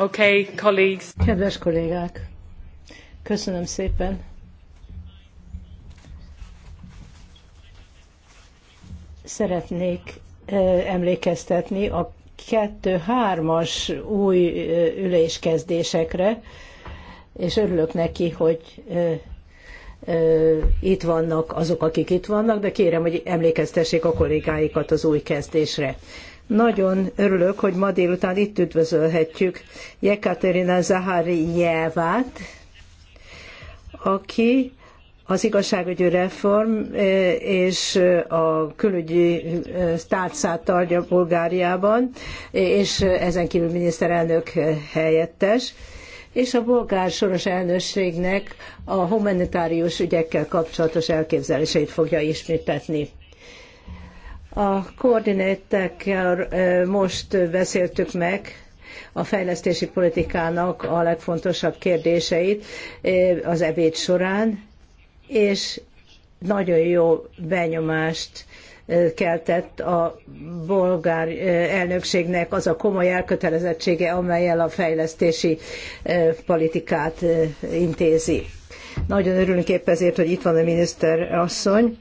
Okay, colleagues. Kedves kollégák, köszönöm szépen. Szeretnék emlékeztetni a 2-3-as új üléskezdésekre, és örülök neki, hogy itt vannak azok, akik itt vannak, de kérem, hogy emlékeztessék a kollégáikat az új kezdésre. Nagyon örülök, hogy ma délután itt üdvözölhetjük Jekaterina Zaharjevát, aki az igazságügyi reform e, és a külügyi e, tárcát tartja Bulgáriában, e, és ezen kívül miniszterelnök helyettes és a bolgár soros elnökségnek a humanitárius ügyekkel kapcsolatos elképzeléseit fogja ismétetni. A koordinétekkel most beszéltük meg a fejlesztési politikának a legfontosabb kérdéseit az ebéd során, és nagyon jó benyomást keltett a bolgár elnökségnek az a komoly elkötelezettsége, amelyel a fejlesztési politikát intézi. Nagyon örülünk épp ezért, hogy itt van a miniszter asszony,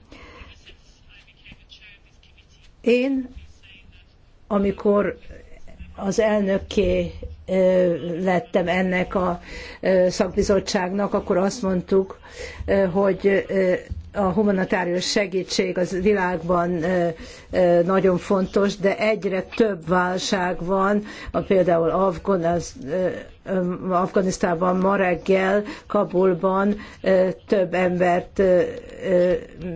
én, amikor az elnökké lettem ennek a szakbizottságnak, akkor azt mondtuk, hogy a humanitárius segítség az világban nagyon fontos, de egyre több válság van, a például Afganisztánban ma reggel, Kabulban több embert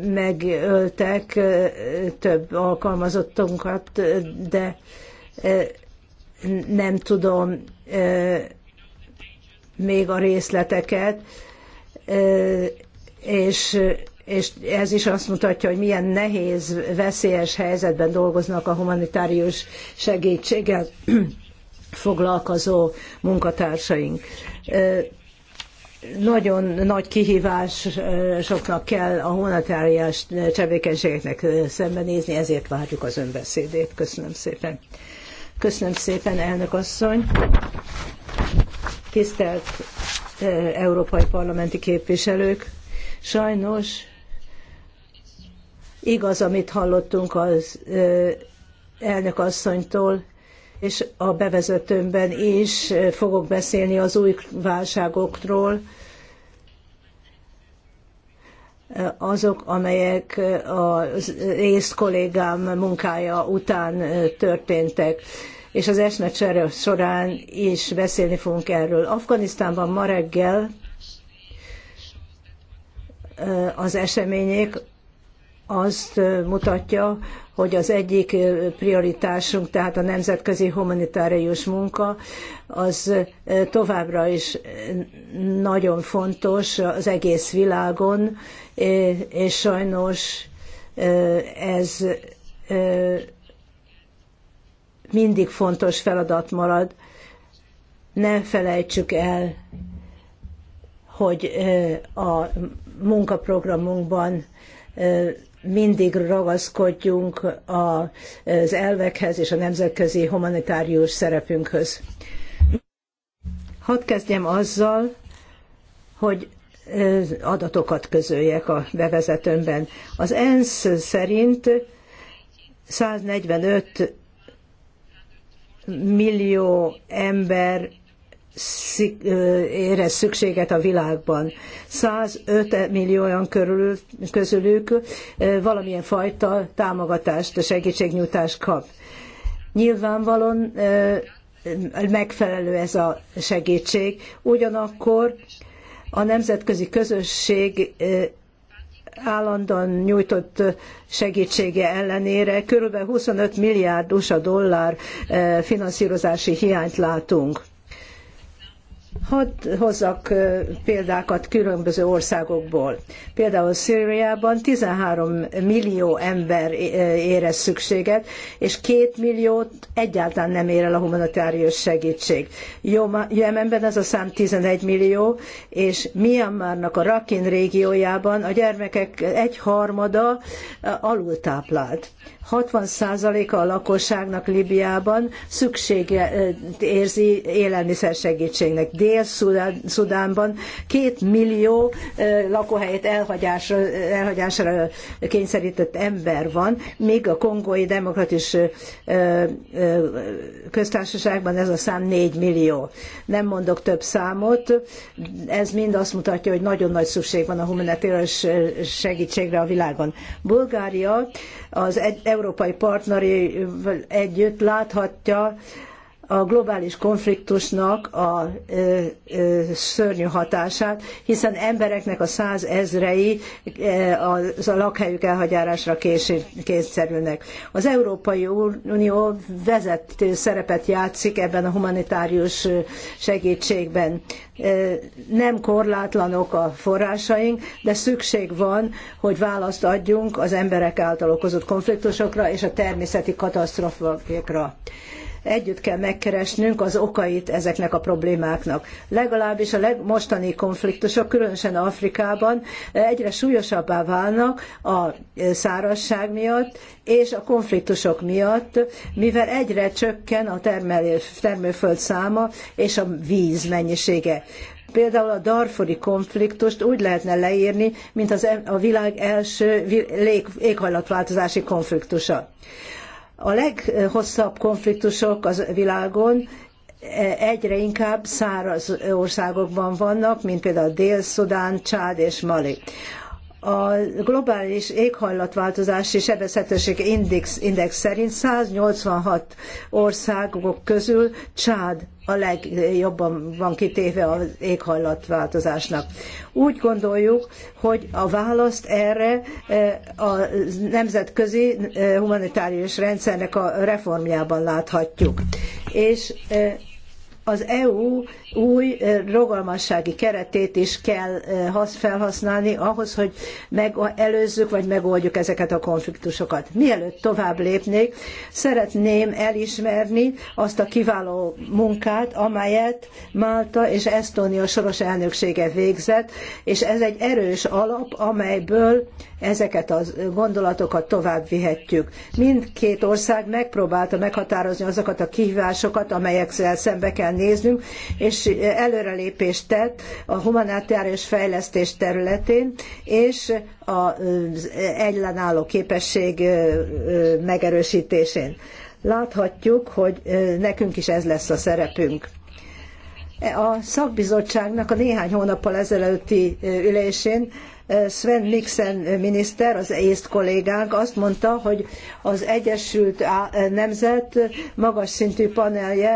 megöltek, több alkalmazottunkat, de nem tudom még a részleteket, és, és ez is azt mutatja, hogy milyen nehéz, veszélyes helyzetben dolgoznak a humanitárius segítséggel foglalkozó munkatársaink. Nagyon nagy kihívásoknak kell a humanitárius tevékenységeknek szembenézni, ezért várjuk az önbeszédét. Köszönöm szépen. Köszönöm szépen, elnök asszony. Tisztelt európai parlamenti képviselők, sajnos igaz, amit hallottunk az elnök asszonytól, és a bevezetőmben is fogok beszélni az új válságokról, azok, amelyek a részt kollégám munkája után történtek és az esmecsere során is beszélni fogunk erről. Afganisztánban ma reggel az események, azt mutatja, hogy az egyik prioritásunk, tehát a nemzetközi humanitárius munka, az továbbra is nagyon fontos az egész világon, és sajnos ez mindig fontos feladat marad. Ne felejtsük el, hogy a munkaprogramunkban mindig ragaszkodjunk az elvekhez és a nemzetközi humanitárius szerepünkhöz. Hadd kezdjem azzal, hogy adatokat közöljek a bevezetőmben. Az ENSZ szerint 145 millió ember érez szükséget a világban. 105 millióan körül, közülük valamilyen fajta támogatást, segítségnyújtást kap. Nyilvánvalóan megfelelő ez a segítség, ugyanakkor a nemzetközi közösség állandóan nyújtott segítsége ellenére körülbelül 25 milliárd USA dollár finanszírozási hiányt látunk Hadd hozzak példákat különböző országokból. Például Szíriában 13 millió ember érez szükséget, és 2 milliót egyáltalán nem ér el a humanitárius segítség. Jemenben ez a szám 11 millió, és Myanmarnak a Rakin régiójában a gyermekek egyharmada alultáplált. 60%-a a lakosságnak Libiában szüksége érzi élelmiszer segítségnek. Dél-Szudánban két millió lakóhelyet elhagyásra, elhagyásra kényszerített ember van, míg a kongói demokratis köztársaságban ez a szám négy millió. Nem mondok több számot, ez mind azt mutatja, hogy nagyon nagy szükség van a humanitárius segítségre a világon. Bulgária az egy, európai partneri együtt láthatja, a globális konfliktusnak a ö, ö, szörnyű hatását, hiszen embereknek a százezrei az a lakhelyük elhagyárásra kényszerülnek. Az Európai Unió vezető szerepet játszik ebben a humanitárius segítségben. Nem korlátlanok a forrásaink, de szükség van, hogy választ adjunk az emberek által okozott konfliktusokra és a természeti katasztrofákra. Együtt kell megkeresnünk az okait ezeknek a problémáknak. Legalábbis a leg, mostani konfliktusok, különösen Afrikában egyre súlyosabbá válnak a szárazság miatt és a konfliktusok miatt, mivel egyre csökken a termelő, termőföld száma és a víz mennyisége. Például a darfuri konfliktust úgy lehetne leírni, mint az, e- a világ első lég, éghajlatváltozási konfliktusa. A leghosszabb konfliktusok az világon egyre inkább száraz országokban vannak, mint például Dél-Szudán, Csád és Mali. A globális éghajlatváltozási sebezhetőség index, index szerint 186 országok közül Csád a legjobban van kitéve az éghajlatváltozásnak. Úgy gondoljuk, hogy a választ erre e, a nemzetközi e, humanitárius rendszernek a reformjában láthatjuk. És e, az EU új rogalmassági keretét is kell felhasználni ahhoz, hogy megelőzzük vagy megoldjuk ezeket a konfliktusokat. Mielőtt tovább lépnék, szeretném elismerni azt a kiváló munkát, amelyet Málta és Esztónia soros elnöksége végzett, és ez egy erős alap, amelyből ezeket a gondolatokat tovább vihetjük. Mindkét ország megpróbálta meghatározni azokat a kihívásokat, amelyekkel szembe kell néznünk, és és előrelépést tett a humanitárius fejlesztés területén, és az ellenálló képesség megerősítésén. Láthatjuk, hogy nekünk is ez lesz a szerepünk. A szakbizottságnak a néhány hónappal ezelőtti ülésén Sven Nixon miniszter, az észt kollégánk azt mondta, hogy az Egyesült Nemzet magas szintű panelje,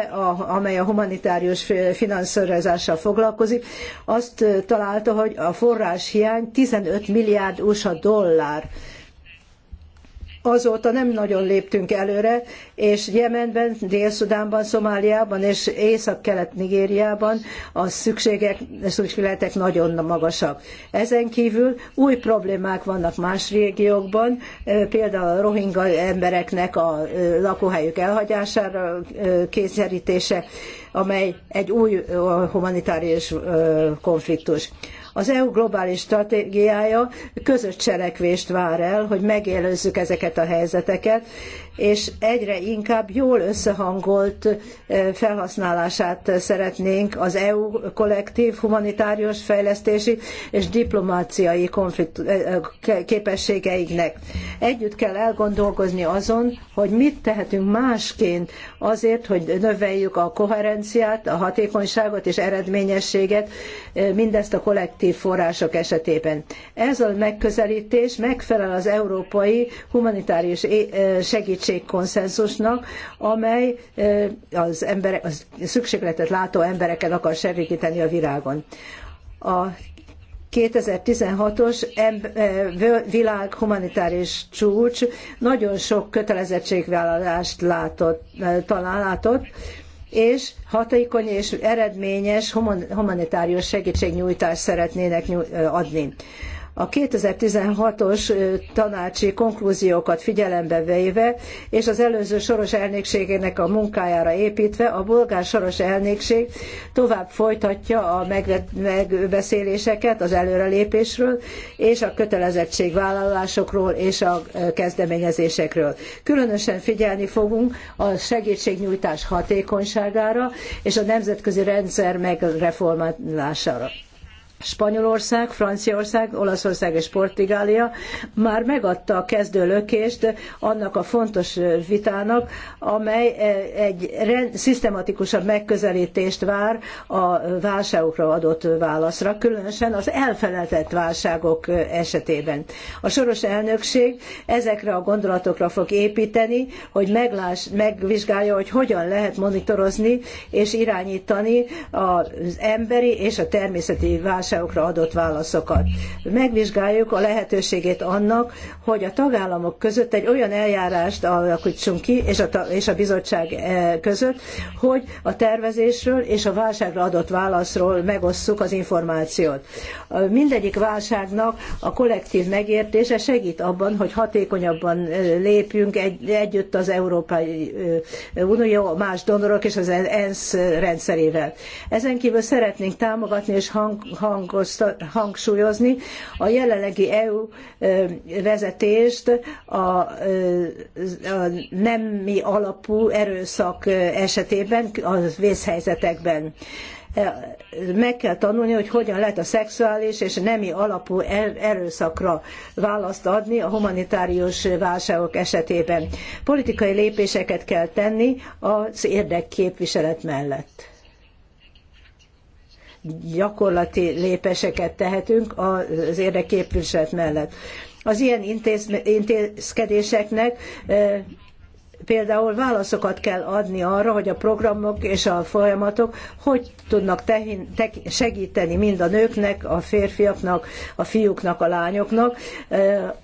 amely a humanitárius finanszírozással foglalkozik, azt találta, hogy a forráshiány 15 milliárd USA dollár azóta nem nagyon léptünk előre, és Jemenben, Dél-Szudánban, Szomáliában és Észak-Kelet-Nigériában a szükségek, szükségletek nagyon magasak. Ezen kívül új problémák vannak más régiókban, például a rohingya embereknek a lakóhelyük elhagyására kényszerítése, amely egy új humanitárius konfliktus. Az EU globális stratégiája közös cselekvést vár el, hogy megélőzzük ezeket a helyzeteket, és egyre inkább jól összehangolt felhasználását szeretnénk az EU kollektív humanitárius fejlesztési és diplomáciai képességeiknek. Együtt kell elgondolkozni azon, hogy mit tehetünk másként azért, hogy növeljük a koherenciát, a hatékonyságot és eredményességet, e, mindezt a kollektív források esetében. Ez a megközelítés megfelel az európai humanitárius e, segítségkonszenzusnak, amely e, az, emberek, az szükségletet látó embereket akar segíteni a világon. A 2016-os e, világ humanitáris csúcs nagyon sok kötelezettségvállalást látott, e, talán látott, és hatékony és eredményes humanitárius segítségnyújtást szeretnének e, adni. A 2016-os tanácsi konklúziókat figyelembe véve, és az előző soros elnökségének a munkájára építve, a bolgár soros elnökség tovább folytatja a megbeszéléseket az előrelépésről, és a kötelezettségvállalásokról, és a kezdeményezésekről. Különösen figyelni fogunk a segítségnyújtás hatékonyságára, és a nemzetközi rendszer megreformálására. Spanyolország, Franciaország, Olaszország és Portugália már megadta a kezdőlökést annak a fontos vitának, amely eh, egy szisztematikusabb megközelítést vár a válságokra adott válaszra, különösen az elfeleltett válságok eh, esetében. A soros elnökség ezekre a gondolatokra fog építeni, hogy megvizsgálja, hogy hogyan lehet monitorozni és irányítani az emberi és a természeti válságokat válságokra adott válaszokat. Megvizsgáljuk a lehetőségét annak, hogy a tagállamok között egy olyan eljárást alakítsunk ki, és a, és a bizottság eh, között, hogy a tervezésről és a válságra adott válaszról megosszuk az információt. Mindegyik válságnak a kollektív megértése segít abban, hogy hatékonyabban eh, lépjünk egy, együtt az Európai eh, Unió, más donorok és az e-, ENSZ rendszerével. Ezen kívül szeretnénk támogatni és hang, hang hangsúlyozni a jelenlegi EU vezetést a, a nemi alapú erőszak esetében, a vészhelyzetekben e, meg kell tanulni, hogy hogyan lehet a szexuális és nemi alapú er-, erőszakra választ adni a humanitárius válságok esetében. Politikai lépéseket kell tenni az érdekképviselet mellett gyakorlati lépéseket tehetünk az érdekképviselet mellett. Az ilyen intézkedéseknek e, például válaszokat kell adni arra, hogy a programok és a folyamatok hogy tudnak segíteni mind a nőknek, a férfiaknak, a fiúknak, a lányoknak, e,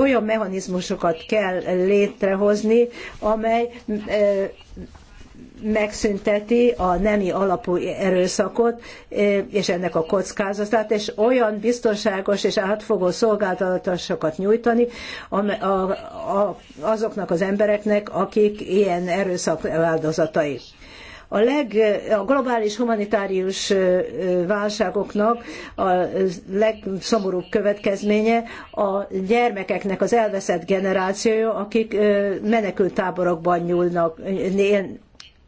olyan mechanizmusokat kell létrehozni, amely e, megszünteti a nemi alapú erőszakot eh, és ennek a kockázatát, és olyan biztonságos és átfogó szolgáltatásokat nyújtani azoknak az embereknek, akik ilyen erőszak áldozatai a, leg, a globális humanitárius eh, válságoknak a legszomorúbb következménye a gyermekeknek az elveszett generációja, akik eh, menekültáborokban nyúlnak,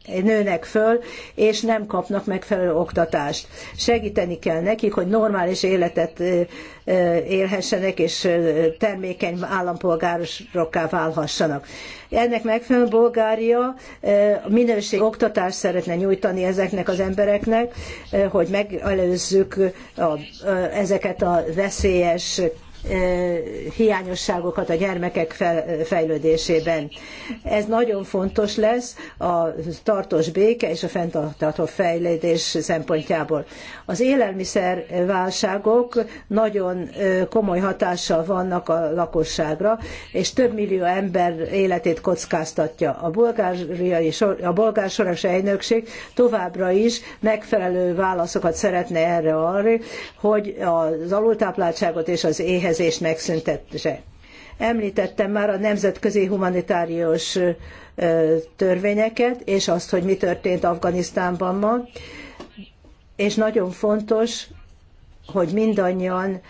nőnek föl, és nem kapnak megfelelő oktatást. Segíteni kell nekik, hogy normális életet élhessenek, és termékeny állampolgárokká válhassanak. Ennek megfelelően Bulgária minőségi oktatást szeretne nyújtani ezeknek az embereknek, hogy megelőzzük a, ezeket a veszélyes hiányosságokat a gyermekek fejlődésében. Ez nagyon fontos lesz a tartós béke és a fenntartható fejlődés szempontjából. Az élelmiszerválságok nagyon komoly hatással vannak a lakosságra, és több millió ember életét kockáztatja. A bulgáriai a bolgár soros elnökség továbbra is megfelelő válaszokat szeretne erre arra, hogy az alultápláltságot és az éhe éhezés megszüntetése. Említettem már a nemzetközi humanitárius törvényeket, és azt, hogy mi történt Afganisztánban ma, és nagyon fontos, hogy mindannyian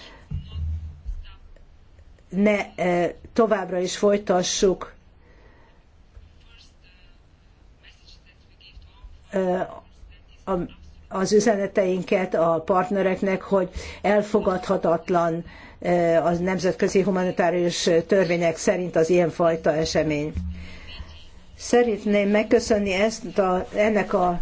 ne továbbra is folytassuk a az üzeneteinket a partnereknek, hogy elfogadhatatlan az nemzetközi humanitárius törvények szerint az ilyen fajta esemény. Szeretném megköszönni ezt a, ennek a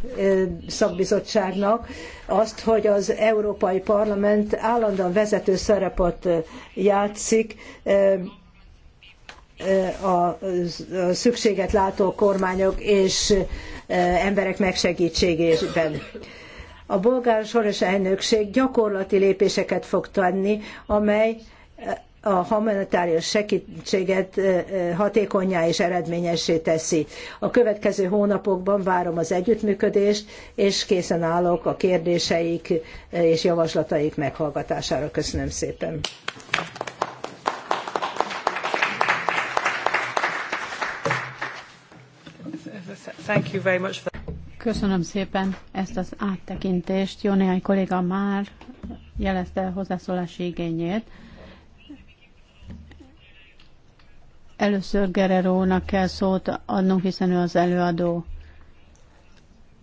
szakbizottságnak azt, hogy az Európai Parlament állandóan vezető szerepet játszik a szükséget látó kormányok és emberek megsegítségében. A bolgár soros elnökség gyakorlati lépéseket fog tenni, amely eh, a humanitárius segítséget eh, eh, hatékonyá és eredményessé teszi. A következő hónapokban várom az együttműködést, és készen állok a kérdéseik és javaslataik meghallgatására. Köszönöm szépen. Köszönöm szépen ezt az áttekintést. Jó néhány kolléga már jelezte hozzászólási igényét. Először Gererónak kell szót adnunk, hiszen ő az előadó.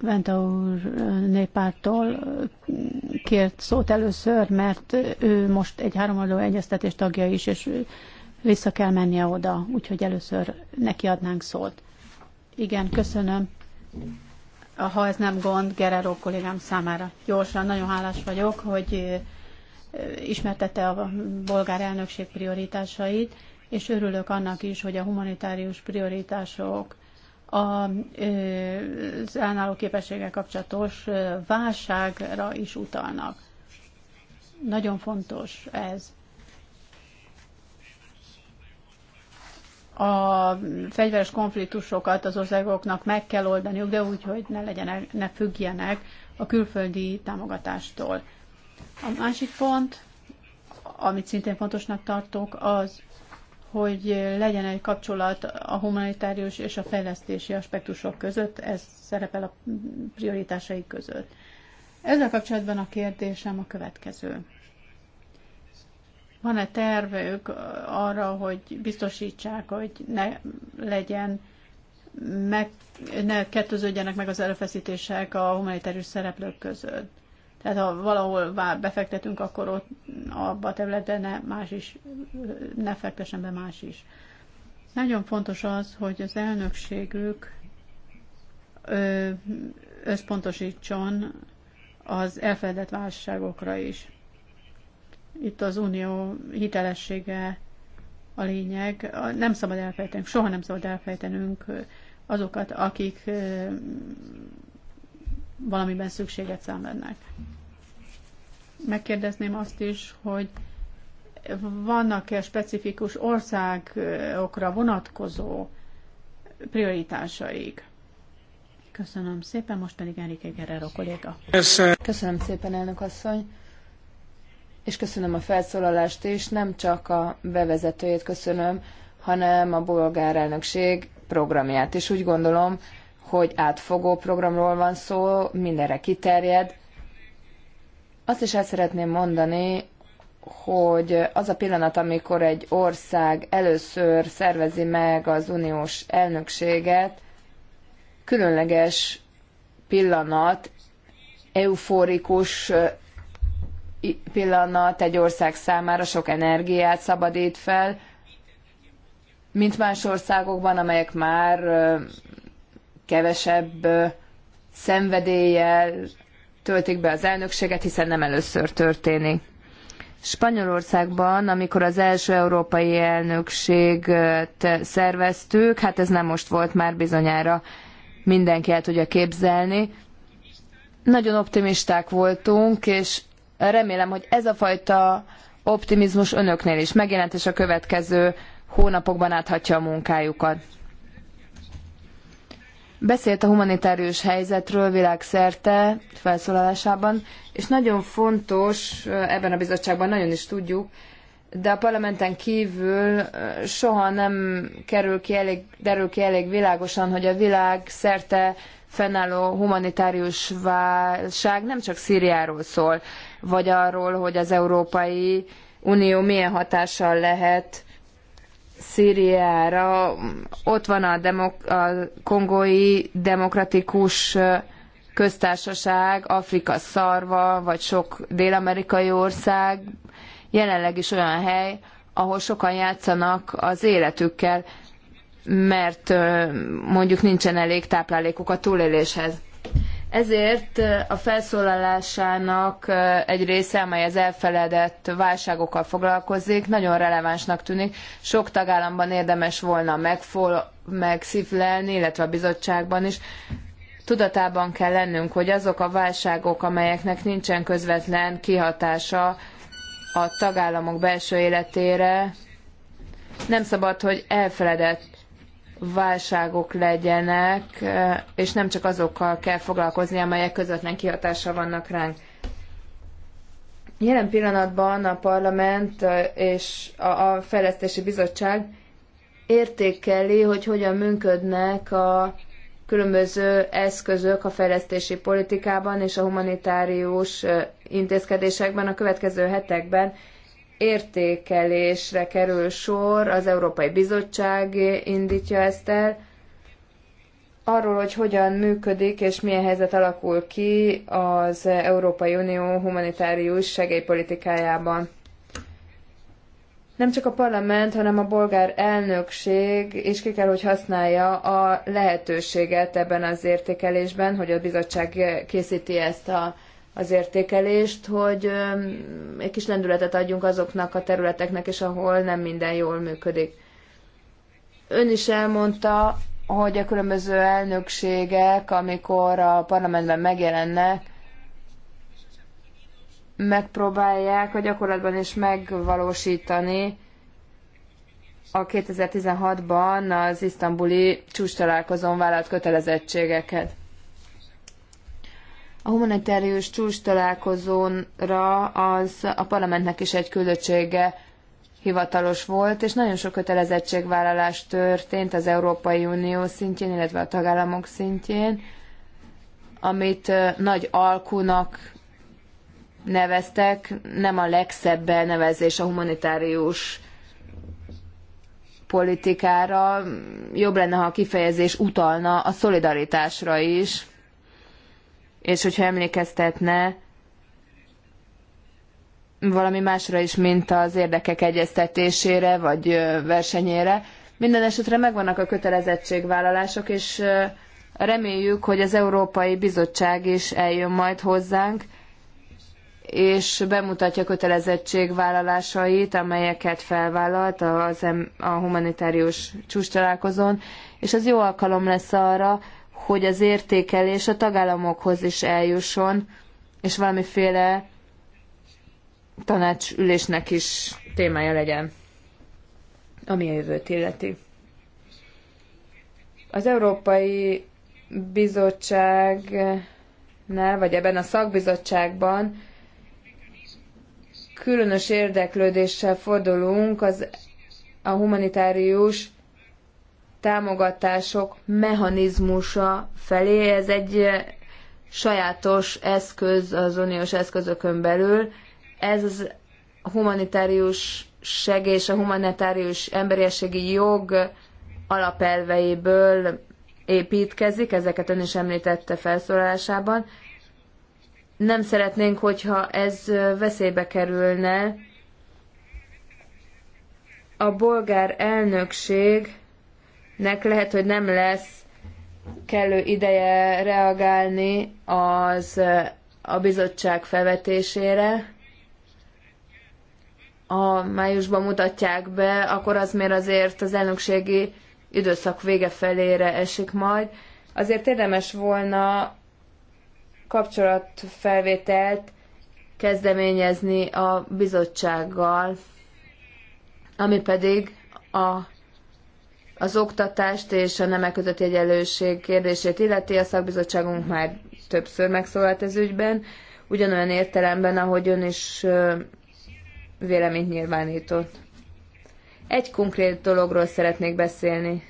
Venta úr néppártól kért szót először, mert ő most egy háromadó egyeztetés tagja is, és vissza kell mennie oda, úgyhogy először neki adnánk szót. Igen, köszönöm ha ez nem gond Gerero kollégám számára. Gyorsan, nagyon hálás vagyok, hogy ismertette a bolgár elnökség prioritásait, és örülök annak is, hogy a humanitárius prioritások az elnáló képességgel kapcsolatos válságra is utalnak. Nagyon fontos ez. a fegyveres konfliktusokat az országoknak meg kell oldaniuk, de úgy, hogy ne, legyenek, ne függjenek a külföldi támogatástól. A másik pont, amit szintén fontosnak tartok, az, hogy legyen egy kapcsolat a humanitárius és a fejlesztési aspektusok között, ez szerepel a prioritásai között. Ezzel kapcsolatban a kérdésem a következő. Van-e tervük arra, hogy biztosítsák, hogy ne legyen meg, ne kettőződjenek meg az erőfeszítések a humanitárius szereplők között. Tehát ha valahol befektetünk, akkor ott abba a területbe ne, más is, ne fektessen be más is. Nagyon fontos az, hogy az elnökségük összpontosítson az elfeledett válságokra is. Itt az unió hitelessége a lényeg. Nem szabad elfejtenünk, soha nem szabad elfejtenünk azokat, akik valamiben szükséget szenvednek. Megkérdezném azt is, hogy vannak-e specifikus országokra vonatkozó prioritásaik? Köszönöm szépen, most pedig Enrique Guerrero kolléga. Köszönöm szépen, elnök asszony és köszönöm a felszólalást is, nem csak a bevezetőjét köszönöm, hanem a bolgár elnökség programját. És úgy gondolom, hogy átfogó programról van szó, mindenre kiterjed. Azt is el szeretném mondani, hogy az a pillanat, amikor egy ország először szervezi meg az uniós elnökséget, különleges pillanat, euforikus pillanat egy ország számára sok energiát szabadít fel, mint más országokban, amelyek már kevesebb szenvedéllyel töltik be az elnökséget, hiszen nem először történik. Spanyolországban, amikor az első európai elnökséget szerveztük, hát ez nem most volt már bizonyára mindenki el tudja képzelni. Nagyon optimisták voltunk, és Remélem, hogy ez a fajta optimizmus önöknél is megjelent, és a következő hónapokban áthatja a munkájukat. Beszélt a humanitárius helyzetről világszerte felszólalásában, és nagyon fontos, eh, ebben a bizottságban nagyon is tudjuk, de a parlamenten kívül eh, soha nem kerül ki elég, derül ki elég világosan, hogy a világ szerte fennálló humanitárius válság nem csak Szíriáról szól vagy arról, hogy az Európai Unió milyen hatással lehet Szíriára. Ott van a, demok- a kongói demokratikus köztársaság, Afrika szarva, vagy sok dél-amerikai ország jelenleg is olyan hely, ahol sokan játszanak az életükkel, mert mondjuk nincsen elég táplálékuk a túléléshez. Ezért a felszólalásának egy része, amely az elfeledett válságokkal foglalkozik, nagyon relevánsnak tűnik. Sok tagállamban érdemes volna megfol, megszívlelni, illetve a bizottságban is. Tudatában kell lennünk, hogy azok a válságok, amelyeknek nincsen közvetlen kihatása a tagállamok belső életére, nem szabad, hogy elfeledett válságok legyenek, eh, és nem csak azokkal kell foglalkozni, amelyek közvetlen kihatása vannak ránk. Jelen pillanatban a parlament eh, és a fejlesztési bizottság értékeli, hogy hogyan működnek a különböző eszközök a fejlesztési politikában és a humanitárius eh, intézkedésekben a következő hetekben értékelésre kerül sor, az Európai Bizottság indítja ezt el, arról, hogy hogyan működik és milyen helyzet alakul ki az Európai Unió humanitárius segélypolitikájában. Nem csak a parlament, hanem a bolgár elnökség is ki kell, hogy használja a lehetőséget ebben az értékelésben, hogy a bizottság készíti ezt a az értékelést, hogy egy kis lendületet adjunk azoknak a területeknek, és ahol nem minden jól működik. Ön is elmondta, hogy a különböző elnökségek, amikor a parlamentben megjelennek, megpróbálják a gyakorlatban is megvalósítani a 2016-ban az isztambuli csúcs találkozón vállalt kötelezettségeket. A humanitárius csúcs találkozónra az a parlamentnek is egy küldöttsége hivatalos volt, és nagyon sok kötelezettségvállalás történt az Európai Unió szintjén, illetve a tagállamok szintjén, amit nagy alkunak neveztek, nem a legszebb nevezés a humanitárius politikára. Jobb lenne, ha a kifejezés utalna a szolidaritásra is, és hogyha emlékeztetne valami másra is, mint az érdekek egyeztetésére vagy versenyére. Minden esetre megvannak a kötelezettségvállalások, és reméljük, hogy az Európai Bizottság is eljön majd hozzánk, és bemutatja kötelezettségvállalásait, amelyeket felvállalt a humanitárius csúcstalálkozón, és az jó alkalom lesz arra, hogy az értékelés a tagállamokhoz is eljusson, és valamiféle tanácsülésnek is témája legyen, ami a jövőt illeti. Az Európai Bizottságnál, vagy ebben a szakbizottságban különös érdeklődéssel fordulunk az a humanitárius támogatások mechanizmusa felé. Ez egy sajátos eszköz az uniós eszközökön belül. Ez az humanitárius segély és a humanitárius emberiességi jog alapelveiből építkezik, ezeket ön is említette felszólalásában. Nem szeretnénk, hogyha ez veszélybe kerülne. A bolgár elnökség nek lehet, hogy nem lesz kellő ideje reagálni az a bizottság felvetésére. Ha májusban mutatják be, akkor az miért azért az elnökségi időszak vége felére esik majd. Azért érdemes volna kapcsolatfelvételt kezdeményezni a bizottsággal, ami pedig a az oktatást és a nemek közötti egyenlőség kérdését illeti, a szakbizottságunk már többször megszólalt ez ügyben, ugyanolyan értelemben, ahogy ön is véleményt nyilvánított. Egy konkrét dologról szeretnék beszélni.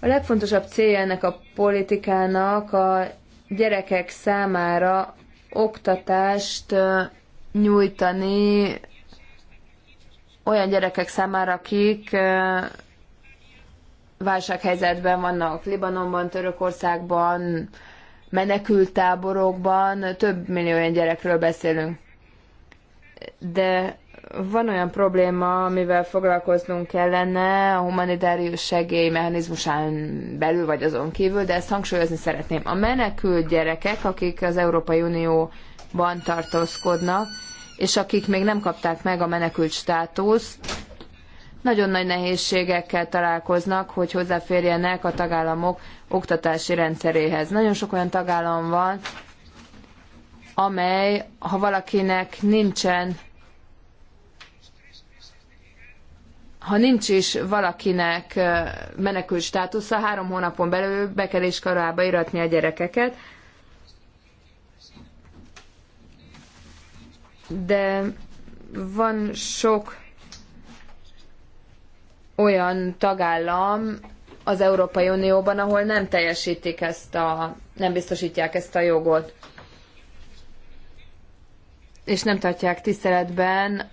A legfontosabb célja ennek a politikának a gyerekek számára oktatást nyújtani olyan gyerekek számára, akik válsághelyzetben vannak Libanonban, Törökországban, menekültáborokban, több millió olyan gyerekről beszélünk. De van olyan probléma, amivel foglalkoznunk kellene a humanitárius segély mechanizmusán belül vagy azon kívül, de ezt hangsúlyozni szeretném. A menekült gyerekek, akik az Európai Unióban tartózkodnak, és akik még nem kapták meg a menekült státuszt, nagyon nagy nehézségekkel találkoznak, hogy hozzáférjenek a tagállamok oktatási rendszeréhez. Nagyon sok olyan tagállam van, amely, ha valakinek nincsen, ha nincs is valakinek menekült státusza, három hónapon belül be kell iskolába iratni a gyerekeket. de van sok olyan tagállam az Európai Unióban, ahol nem teljesítik ezt a, nem biztosítják ezt a jogot. És nem tartják tiszteletben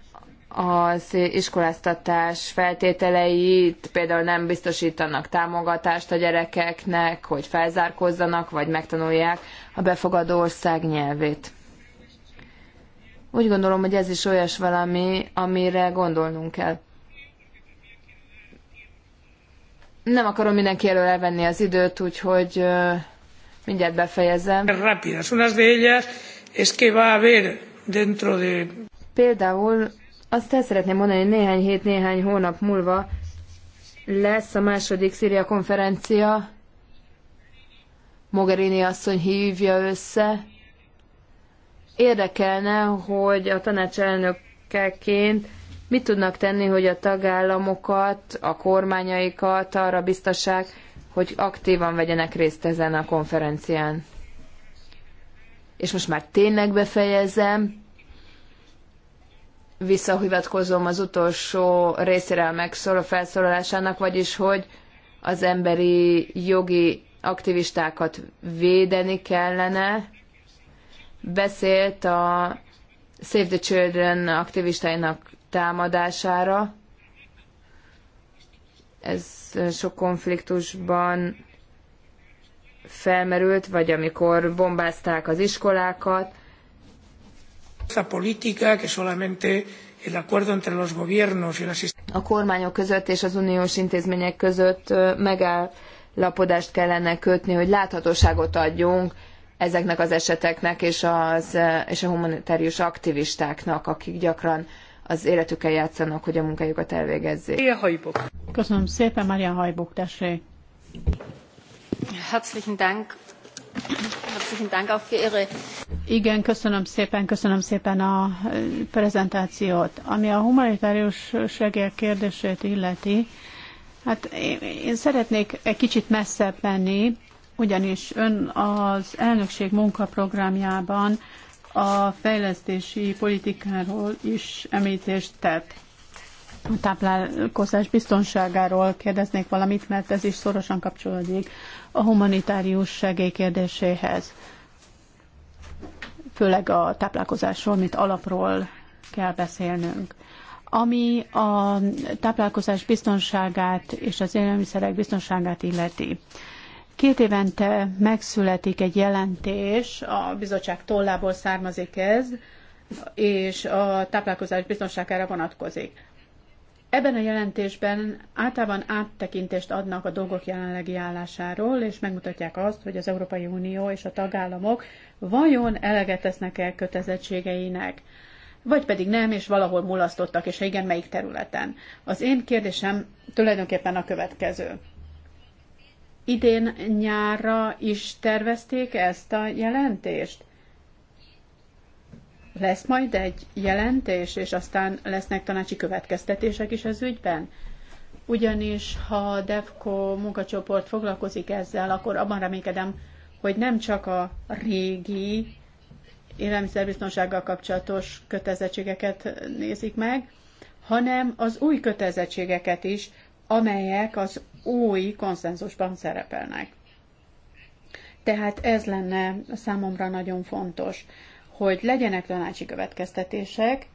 az iskoláztatás feltételeit, például nem biztosítanak támogatást a gyerekeknek, hogy felzárkózzanak, vagy megtanulják a befogadó ország nyelvét. Úgy gondolom, hogy ez is olyas valami, amire gondolnunk kell. Nem akarom mindenki elől elvenni az időt, úgyhogy mindjárt befejezem. Például azt el szeretném mondani, hogy néhány hét, néhány hónap múlva lesz a második Szíria konferencia. Mogherini asszony hívja össze Érdekelne, hogy a tanácselnökeként mit tudnak tenni, hogy a tagállamokat, a kormányaikat arra biztassák, hogy aktívan vegyenek részt ezen a konferencián. És most már tényleg befejezem, visszahivatkozom az utolsó részére a megszóló felszólalásának, vagyis hogy az emberi jogi aktivistákat védeni kellene, beszélt a Save the Children aktivistáinak támadására. Ez sok konfliktusban felmerült, vagy amikor bombázták az iskolákat. A kormányok között és az uniós intézmények között megállapodást kellene kötni, hogy láthatóságot adjunk ezeknek az eseteknek és, az, és a humanitárius aktivistáknak, akik gyakran az életükkel játszanak, hogy a munkájukat elvégezzék. Ilyen hajbok. Köszönöm szépen, Marian Hajbok, tessék. Herzlichen Dank. Herzlichen Dank auch für Ihre... Igen, köszönöm szépen, köszönöm szépen a prezentációt. Ami a humanitárius segélyek kérdését illeti, hát én szeretnék egy kicsit messzebb menni, ugyanis ön az elnökség munkaprogramjában a fejlesztési politikáról is említést tett. A táplálkozás biztonságáról kérdeznék valamit, mert ez is szorosan kapcsolódik a humanitárius segély kérdéséhez. Főleg a táplálkozásról, mint alapról kell beszélnünk. Ami a táplálkozás biztonságát és az élelmiszerek biztonságát illeti. Két évente megszületik egy jelentés, a bizottság tollából származik ez, és a táplálkozás biztonságára vonatkozik. Ebben a jelentésben általában áttekintést adnak a dolgok jelenlegi állásáról, és megmutatják azt, hogy az Európai Unió és a tagállamok vajon eleget tesznek-e kötelezettségeinek, vagy pedig nem, és valahol mulasztottak, és igen, melyik területen. Az én kérdésem tulajdonképpen a következő idén nyárra is tervezték ezt a jelentést? Lesz majd egy jelentés, és aztán lesznek tanácsi következtetések is az ügyben? Ugyanis, ha a DEFCO munkacsoport foglalkozik ezzel, akkor abban reménykedem, hogy nem csak a régi élelmiszerbiztonsággal kapcsolatos kötelezettségeket nézik meg, hanem az új kötelezettségeket is, amelyek az új konszenzusban szerepelnek. Tehát ez lenne számomra nagyon fontos, hogy legyenek tanácsi következtetések,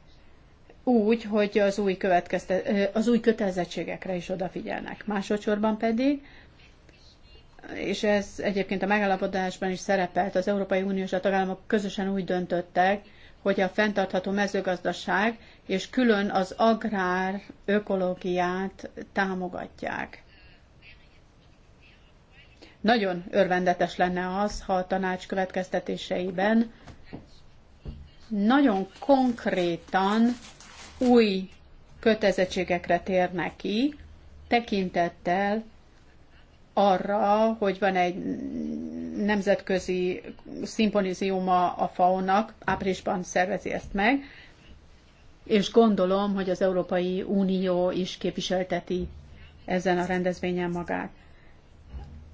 úgy, hogy az új, következte, az új kötelezettségekre is odafigyelnek. Másodszorban pedig, és ez egyébként a megállapodásban is szerepelt, az Európai Unió és a tagállamok közösen úgy döntöttek, hogy a fenntartható mezőgazdaság és külön az agrár ökológiát támogatják. Nagyon örvendetes lenne az, ha a tanács következtetéseiben nagyon konkrétan új kötelezettségekre térnek ki, tekintettel arra, hogy van egy nemzetközi szimpoziuma a FAO-nak, áprilisban szervezi ezt meg, és gondolom, hogy az Európai Unió is képviselteti ezen a rendezvényen magát.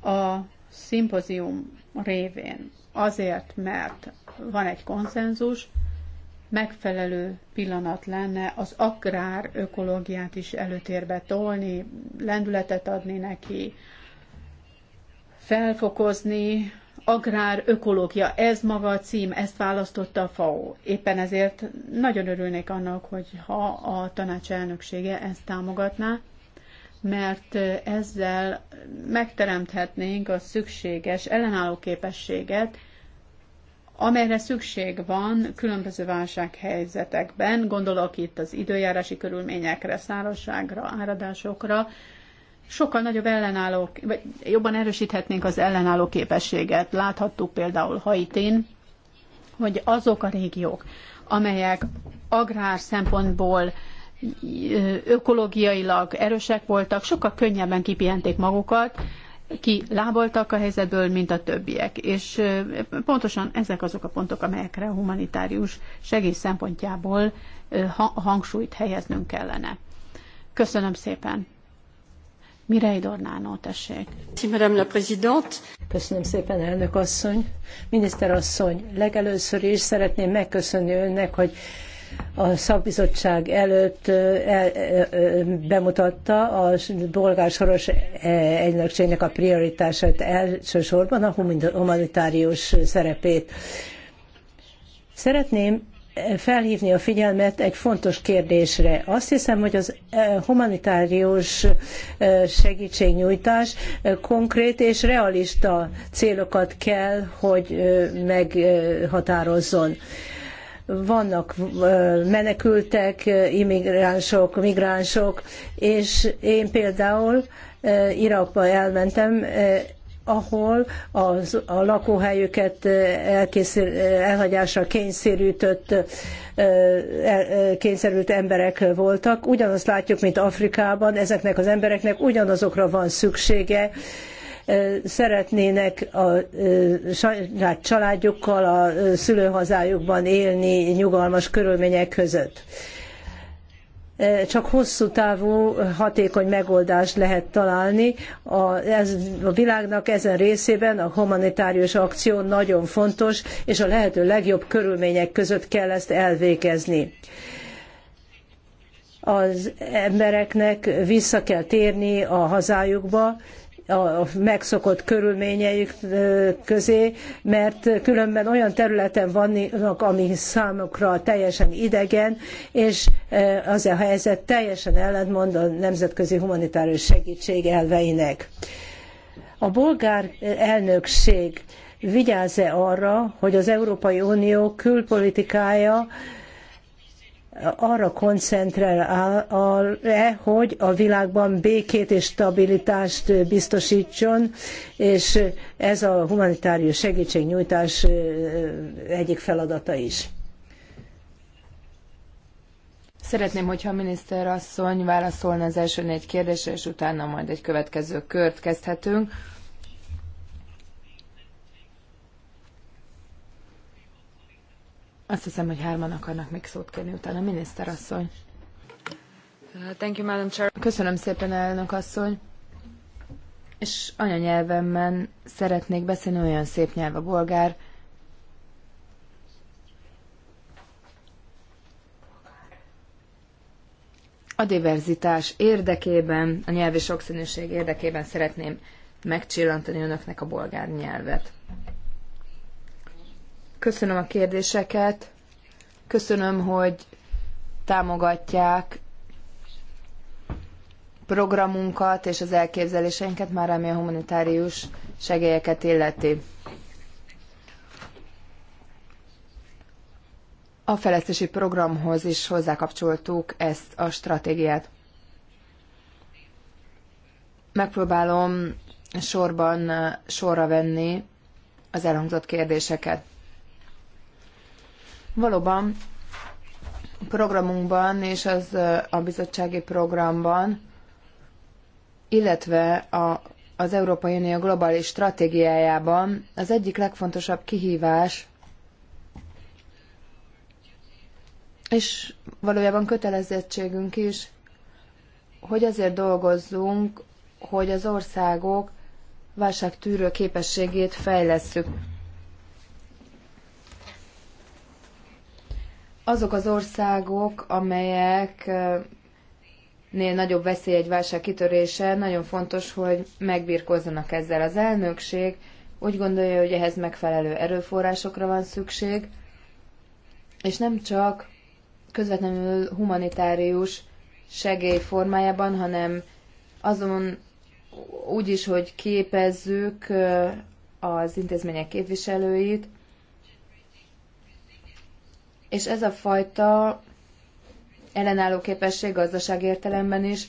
A szimpozium révén azért, mert van egy konszenzus, megfelelő pillanat lenne az agrár ökológiát is előtérbe tolni, lendületet adni neki, felfokozni agrár ökológia, ez maga a cím, ezt választotta a FAO. Éppen ezért nagyon örülnék annak, hogy ha a tanács elnöksége ezt támogatná, mert ezzel megteremthetnénk a szükséges ellenálló képességet, amelyre szükség van különböző válsághelyzetekben, gondolok itt az időjárási körülményekre, szárazságra, áradásokra, sokkal nagyobb ellenálló, vagy jobban erősíthetnénk az ellenálló képességet. Láthattuk például Haitén, hogy azok a régiók, amelyek agrár szempontból ökológiailag erősek voltak, sokkal könnyebben kipihenték magukat, ki láboltak a helyzetből, mint a többiek. És pontosan ezek azok a pontok, amelyekre a humanitárius segély szempontjából hangsúlyt helyeznünk kellene. Köszönöm szépen! Mirei Dornánó, tessék. Köszönöm szépen, elnök asszony. Miniszter asszony, legelőször is szeretném megköszönni önnek, hogy a szakbizottság előtt bemutatta a bolgársoros egynökségnek a prioritását elsősorban a humanitárius szerepét. Szeretném felhívni a figyelmet egy fontos kérdésre. Azt hiszem, hogy az eh, humanitárius eh, segítségnyújtás eh, konkrét és realista célokat kell, hogy meghatározzon vannak menekültek, immigránsok, migránsok, és én például Irakba elmentem, ahol az, a lakóhelyüket elkészül, elhagyásra kényszerített, e, kényszerült emberek voltak. Ugyanazt látjuk, mint Afrikában, ezeknek az embereknek ugyanazokra van szüksége, szeretnének a saját családjukkal, a szülőhazájukban élni nyugalmas körülmények között csak hosszú távú hatékony megoldást lehet találni. A, ez, a világnak ezen részében a humanitárius akció nagyon fontos, és a lehető legjobb körülmények között kell ezt elvégezni az embereknek vissza kell térni a hazájukba, a megszokott körülményeik közé, mert különben olyan területen vannak, ami számukra teljesen idegen, és az a helyzet teljesen ellentmond a nemzetközi humanitárius segítség elveinek. A bolgár elnökség vigyáz-e arra, hogy az Európai Unió külpolitikája arra koncentrál-e, hogy a világban békét és stabilitást biztosítson, és ez a humanitárius segítségnyújtás egyik feladata is. Szeretném, hogyha a miniszter asszony válaszolna az első négy kérdésre, és utána majd egy következő kört kezdhetünk. Azt hiszem, hogy hárman akarnak még szót kérni utána. Miniszter asszony. Thank you, Madam Chair. Köszönöm szépen, elnök asszony. És anyanyelvemben szeretnék beszélni, olyan szép nyelv a bolgár. A diverzitás érdekében, a nyelvi sokszínűség érdekében szeretném megcsillantani önöknek a bolgár nyelvet. Köszönöm a kérdéseket. Köszönöm, hogy támogatják programunkat és az elképzeléseinket már ami a humanitárius segélyeket illeti. A fejlesztési programhoz is hozzákapcsoltuk ezt a stratégiát. Megpróbálom sorban sorra venni az elhangzott kérdéseket. Valóban programunkban és az a bizottsági programban, illetve a, az Európai Unió globális stratégiájában az egyik legfontosabb kihívás, és valójában kötelezettségünk is, hogy azért dolgozzunk, hogy az országok válságtűrő képességét fejlesszük. azok az országok, amelyek nél nagyobb veszély egy válság kitörése, nagyon fontos, hogy megbírkozzanak ezzel. Az elnökség úgy gondolja, hogy ehhez megfelelő erőforrásokra van szükség, és nem csak közvetlenül humanitárius segély formájában, hanem azon úgy is, hogy képezzük az intézmények képviselőit, és ez a fajta ellenálló képesség gazdaság értelemben is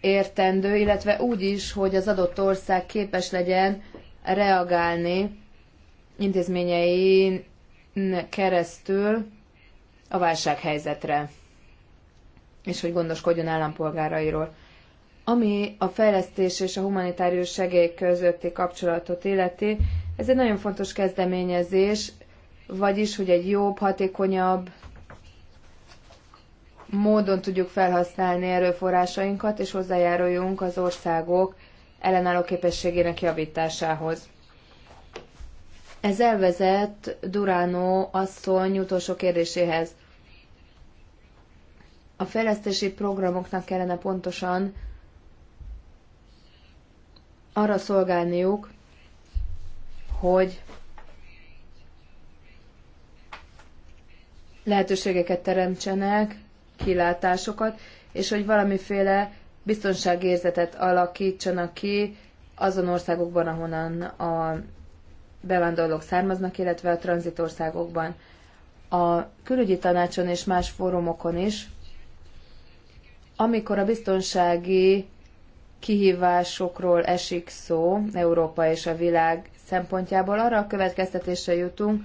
értendő, illetve úgy is, hogy az adott ország képes legyen reagálni intézményein keresztül a válsághelyzetre, és hogy gondoskodjon állampolgárairól. Ami a fejlesztés és a humanitárius segély közötti kapcsolatot illeti, ez egy nagyon fontos kezdeményezés, vagyis hogy egy jobb, hatékonyabb módon tudjuk felhasználni erőforrásainkat, és hozzájáruljunk az országok ellenálló képességének javításához. Ez elvezet Duránó asszony utolsó kérdéséhez. A fejlesztési programoknak kellene pontosan arra szolgálniuk, hogy lehetőségeket teremtsenek, kilátásokat, és hogy valamiféle biztonságérzetet alakítsanak ki azon országokban, ahonnan a bevándorlók származnak, illetve a tranzitországokban. A külügyi tanácson és más fórumokon is, amikor a biztonsági kihívásokról esik szó Európa és a világ szempontjából, arra a következtetésre jutunk,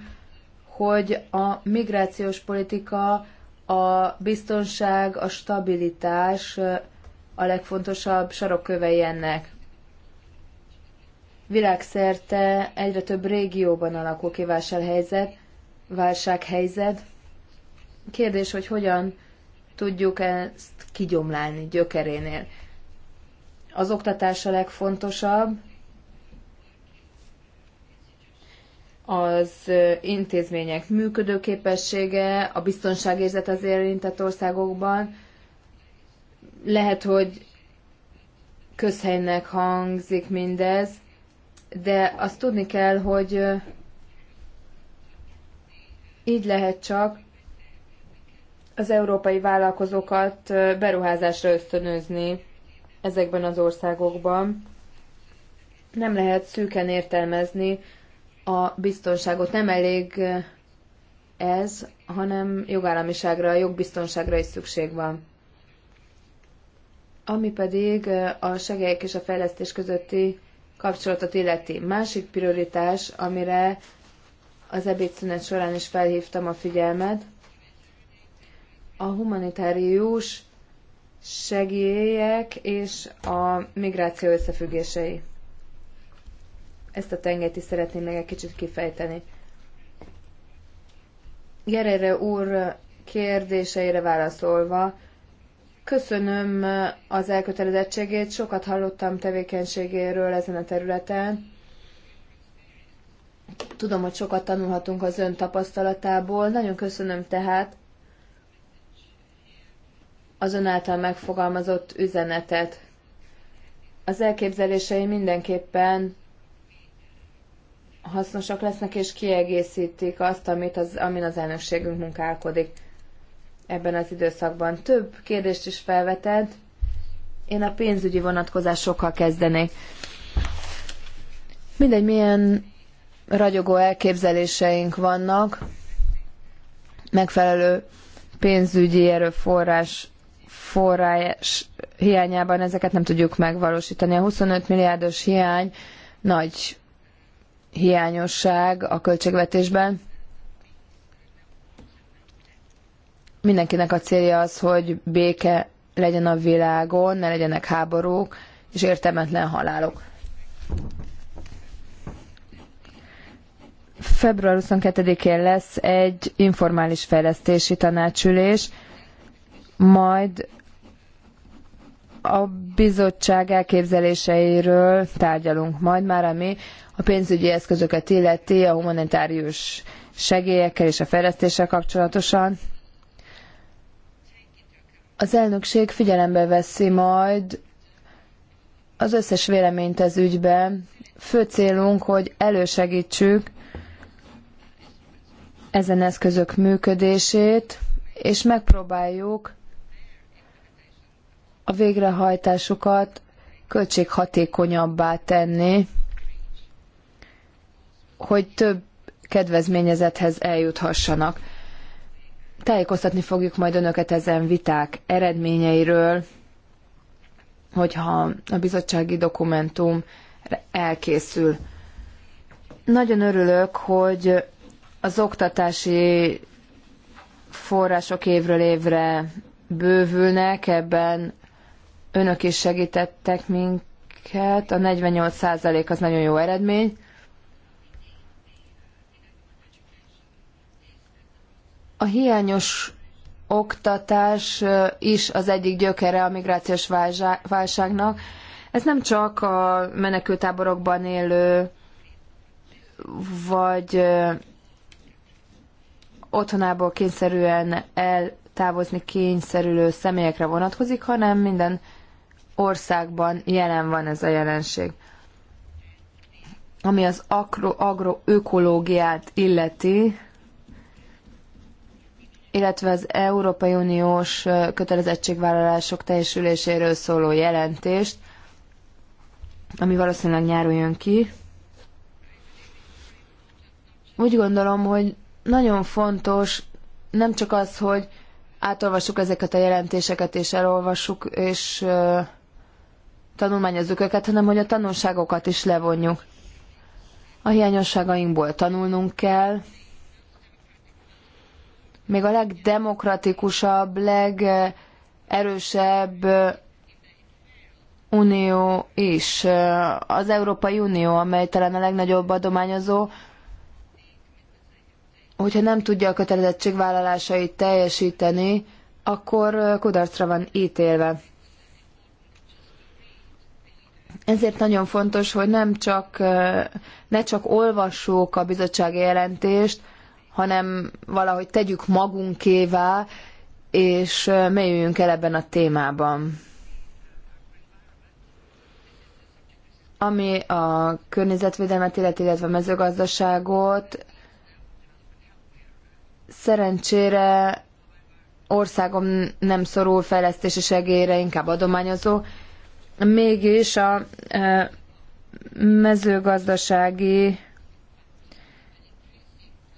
hogy a migrációs politika, a biztonság, a stabilitás a legfontosabb sarokkövei ennek. Világszerte egyre több régióban alakul ki válsághelyzet, válsághelyzet. Kérdés, hogy hogyan tudjuk ezt kigyomlálni gyökerénél. Az oktatás a legfontosabb, az intézmények működőképessége, a biztonságérzet az érintett országokban. Lehet, hogy közhelynek hangzik mindez, de azt tudni kell, hogy így lehet csak az európai vállalkozókat beruházásra ösztönözni ezekben az országokban. Nem lehet szűken értelmezni a biztonságot. Nem elég ez, hanem jogállamiságra, jogbiztonságra is szükség van. Ami pedig a segélyek és a fejlesztés közötti kapcsolatot illeti. Másik prioritás, amire az ebédszünet során is felhívtam a figyelmed, a humanitárius segélyek és a migráció összefüggései. Ezt a tengelyt is szeretném még egy kicsit kifejteni. Gerere úr kérdéseire válaszolva, köszönöm az elkötelezettségét, sokat hallottam tevékenységéről ezen a területen. Tudom, hogy sokat tanulhatunk az ön tapasztalatából. Nagyon köszönöm tehát az ön által megfogalmazott üzenetet. Az elképzelései mindenképpen hasznosak lesznek, és kiegészítik azt, amit az, amin az elnökségünk munkálkodik ebben az időszakban. Több kérdést is felvetett. Én a pénzügyi vonatkozásokkal kezdenék. Mindegy, milyen ragyogó elképzeléseink vannak, megfelelő pénzügyi erőforrás forrás hiányában ezeket nem tudjuk megvalósítani. A 25 milliárdos hiány nagy hiányosság a költségvetésben. Mindenkinek a célja az, hogy béke legyen a világon, ne legyenek háborúk és értelmetlen halálok. Február 22-én lesz egy informális fejlesztési tanácsülés, majd a bizottság elképzeléseiről tárgyalunk majd már, ami a pénzügyi eszközöket illeti, a humanitárius segélyekkel és a fejlesztéssel kapcsolatosan. Az elnökség figyelembe veszi majd az összes véleményt ez ügyben. Fő célunk, hogy elősegítsük ezen eszközök működését, és megpróbáljuk a végrehajtásokat költséghatékonyabbá tenni, hogy több kedvezményezethez eljuthassanak. Tájékoztatni fogjuk majd önöket ezen viták eredményeiről, hogyha a bizottsági dokumentum elkészül. Nagyon örülök, hogy az oktatási források évről évre bővülnek, ebben Önök is segítettek minket, a 48% az nagyon jó eredmény. A hiányos oktatás is az egyik gyökere a migrációs válságnak. Ez nem csak a menekültáborokban élő vagy otthonából kényszerűen eltávozni kényszerülő személyekre vonatkozik, hanem minden országban jelen van ez a jelenség. Ami az agroökológiát illeti, illetve az Európai Uniós kötelezettségvállalások teljesüléséről szóló jelentést, ami valószínűleg nyáron jön ki. Úgy gondolom, hogy nagyon fontos nem csak az, hogy átolvassuk ezeket a jelentéseket, és elolvassuk, és tanulmányozzuk őket, hanem hogy a tanulságokat is levonjuk. A hiányosságainkból tanulnunk kell, még a legdemokratikusabb, legerősebb unió is, az Európai Unió, amely talán a legnagyobb adományozó, hogyha nem tudja a kötelezettségvállalásait teljesíteni, akkor kudarcra van ítélve. Ezért nagyon fontos, hogy nem csak, ne csak olvassuk a bizottsági jelentést, hanem valahogy tegyük magunkévá, és mélyüljünk el ebben a témában. Ami a környezetvédelmet illeti, illetve a mezőgazdaságot, szerencsére országom nem szorul fejlesztési segélyre, inkább adományozó mégis a e, mezőgazdasági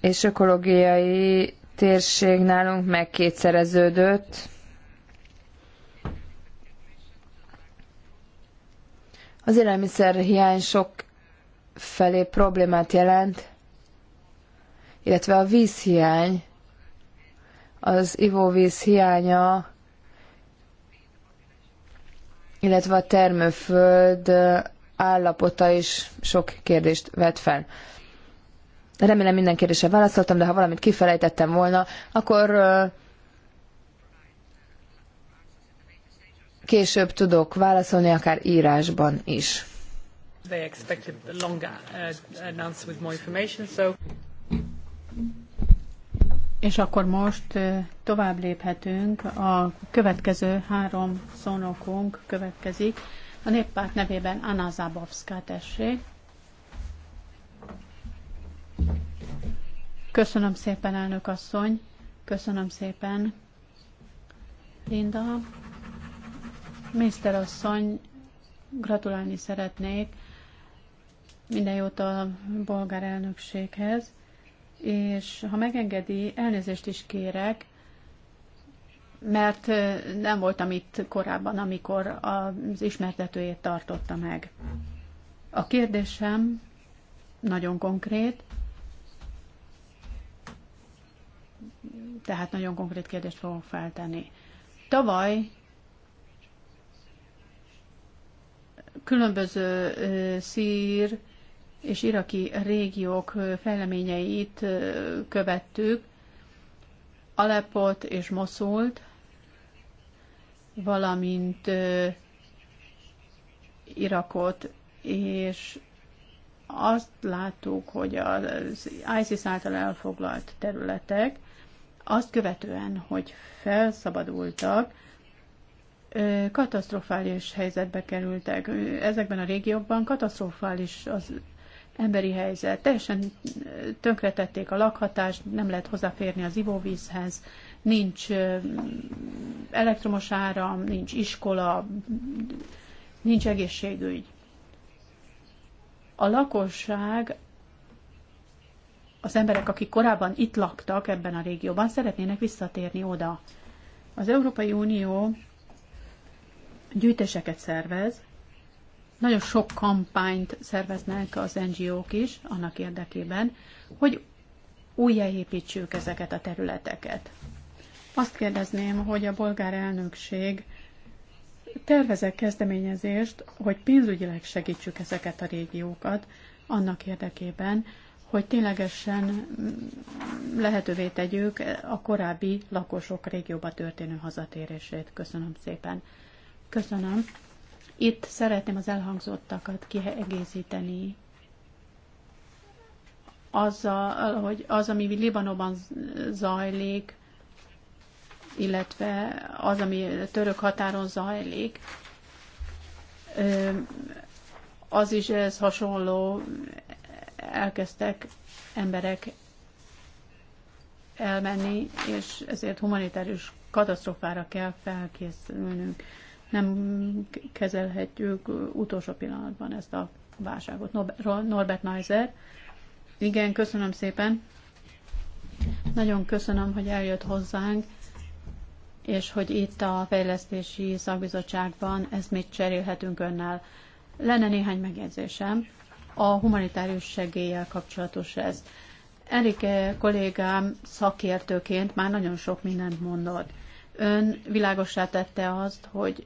és ökológiai térség nálunk megkétszereződött. Az élelmiszer hiány sok felé problémát jelent, illetve a vízhiány, az ivóvíz hiánya illetve a termőföld állapota is sok kérdést vet fel. Remélem minden kérdésre válaszoltam, de ha valamit kifelejtettem volna, akkor később tudok válaszolni, akár írásban is. És akkor most tovább léphetünk. A következő három szónokunk következik. A néppárt nevében Anna Zabowska tessék. Köszönöm szépen, elnök asszony. Köszönöm szépen, Linda. Miniszter asszony, gratulálni szeretnék minden jót a bolgár elnökséghez és ha megengedi, elnézést is kérek, mert nem voltam itt korábban, amikor az ismertetőjét tartotta meg. A kérdésem nagyon konkrét, tehát nagyon konkrét kérdést fogok feltenni. Tavaly különböző szír és iraki régiók fejleményeit követtük, Alepot és Moszult, valamint Irakot, és azt láttuk, hogy az ISIS által elfoglalt területek azt követően, hogy felszabadultak, katasztrofális helyzetbe kerültek. Ezekben a régiókban katasztrofális az emberi helyzet. Teljesen tönkretették a lakhatást, nem lehet hozzáférni az ivóvízhez, nincs elektromos áram, nincs iskola, nincs egészségügy. A lakosság, az emberek, akik korábban itt laktak ebben a régióban, szeretnének visszatérni oda. Az Európai Unió gyűjtéseket szervez, nagyon sok kampányt szerveznek az NGO-k is annak érdekében, hogy újjáépítsük ezeket a területeket. Azt kérdezném, hogy a bolgár elnökség tervezek kezdeményezést, hogy pénzügyileg segítsük ezeket a régiókat annak érdekében, hogy ténylegesen lehetővé tegyük a korábbi lakosok régióba történő hazatérését. Köszönöm szépen. Köszönöm. Itt szeretném az elhangzottakat kiegészíteni azzal, hogy az, ami Libanonban zajlik, illetve az, ami török határon zajlik, az is ez hasonló, elkezdtek emberek elmenni, és ezért humanitárius katasztrófára kell felkészülnünk nem kezelhetjük utolsó pillanatban ezt a válságot. Norbert Neiser. Igen, köszönöm szépen. Nagyon köszönöm, hogy eljött hozzánk, és hogy itt a Fejlesztési Szakbizottságban ezt még cserélhetünk önnel. Lenne néhány megjegyzésem. A humanitárius segéllyel kapcsolatos ez. Erike kollégám szakértőként már nagyon sok mindent mondott. Ön világosá tette azt, hogy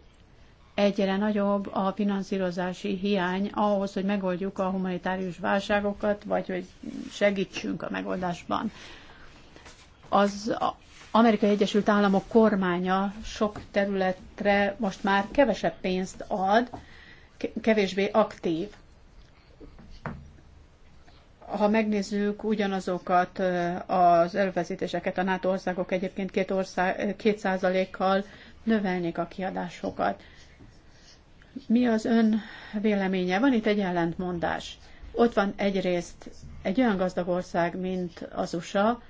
egyre nagyobb a finanszírozási hiány ahhoz, hogy megoldjuk a humanitárius válságokat, vagy hogy segítsünk a megoldásban. Az Amerikai Egyesült Államok kormánya sok területre most már kevesebb pénzt ad, kevésbé aktív. Ha megnézzük ugyanazokat az előfeszítéseket, a NATO országok egyébként két, ország, két százalékkal növelnék a kiadásokat. Mi az ön véleménye? Van itt egy ellentmondás. Ott van egyrészt egy olyan gazdag ország, mint az USA,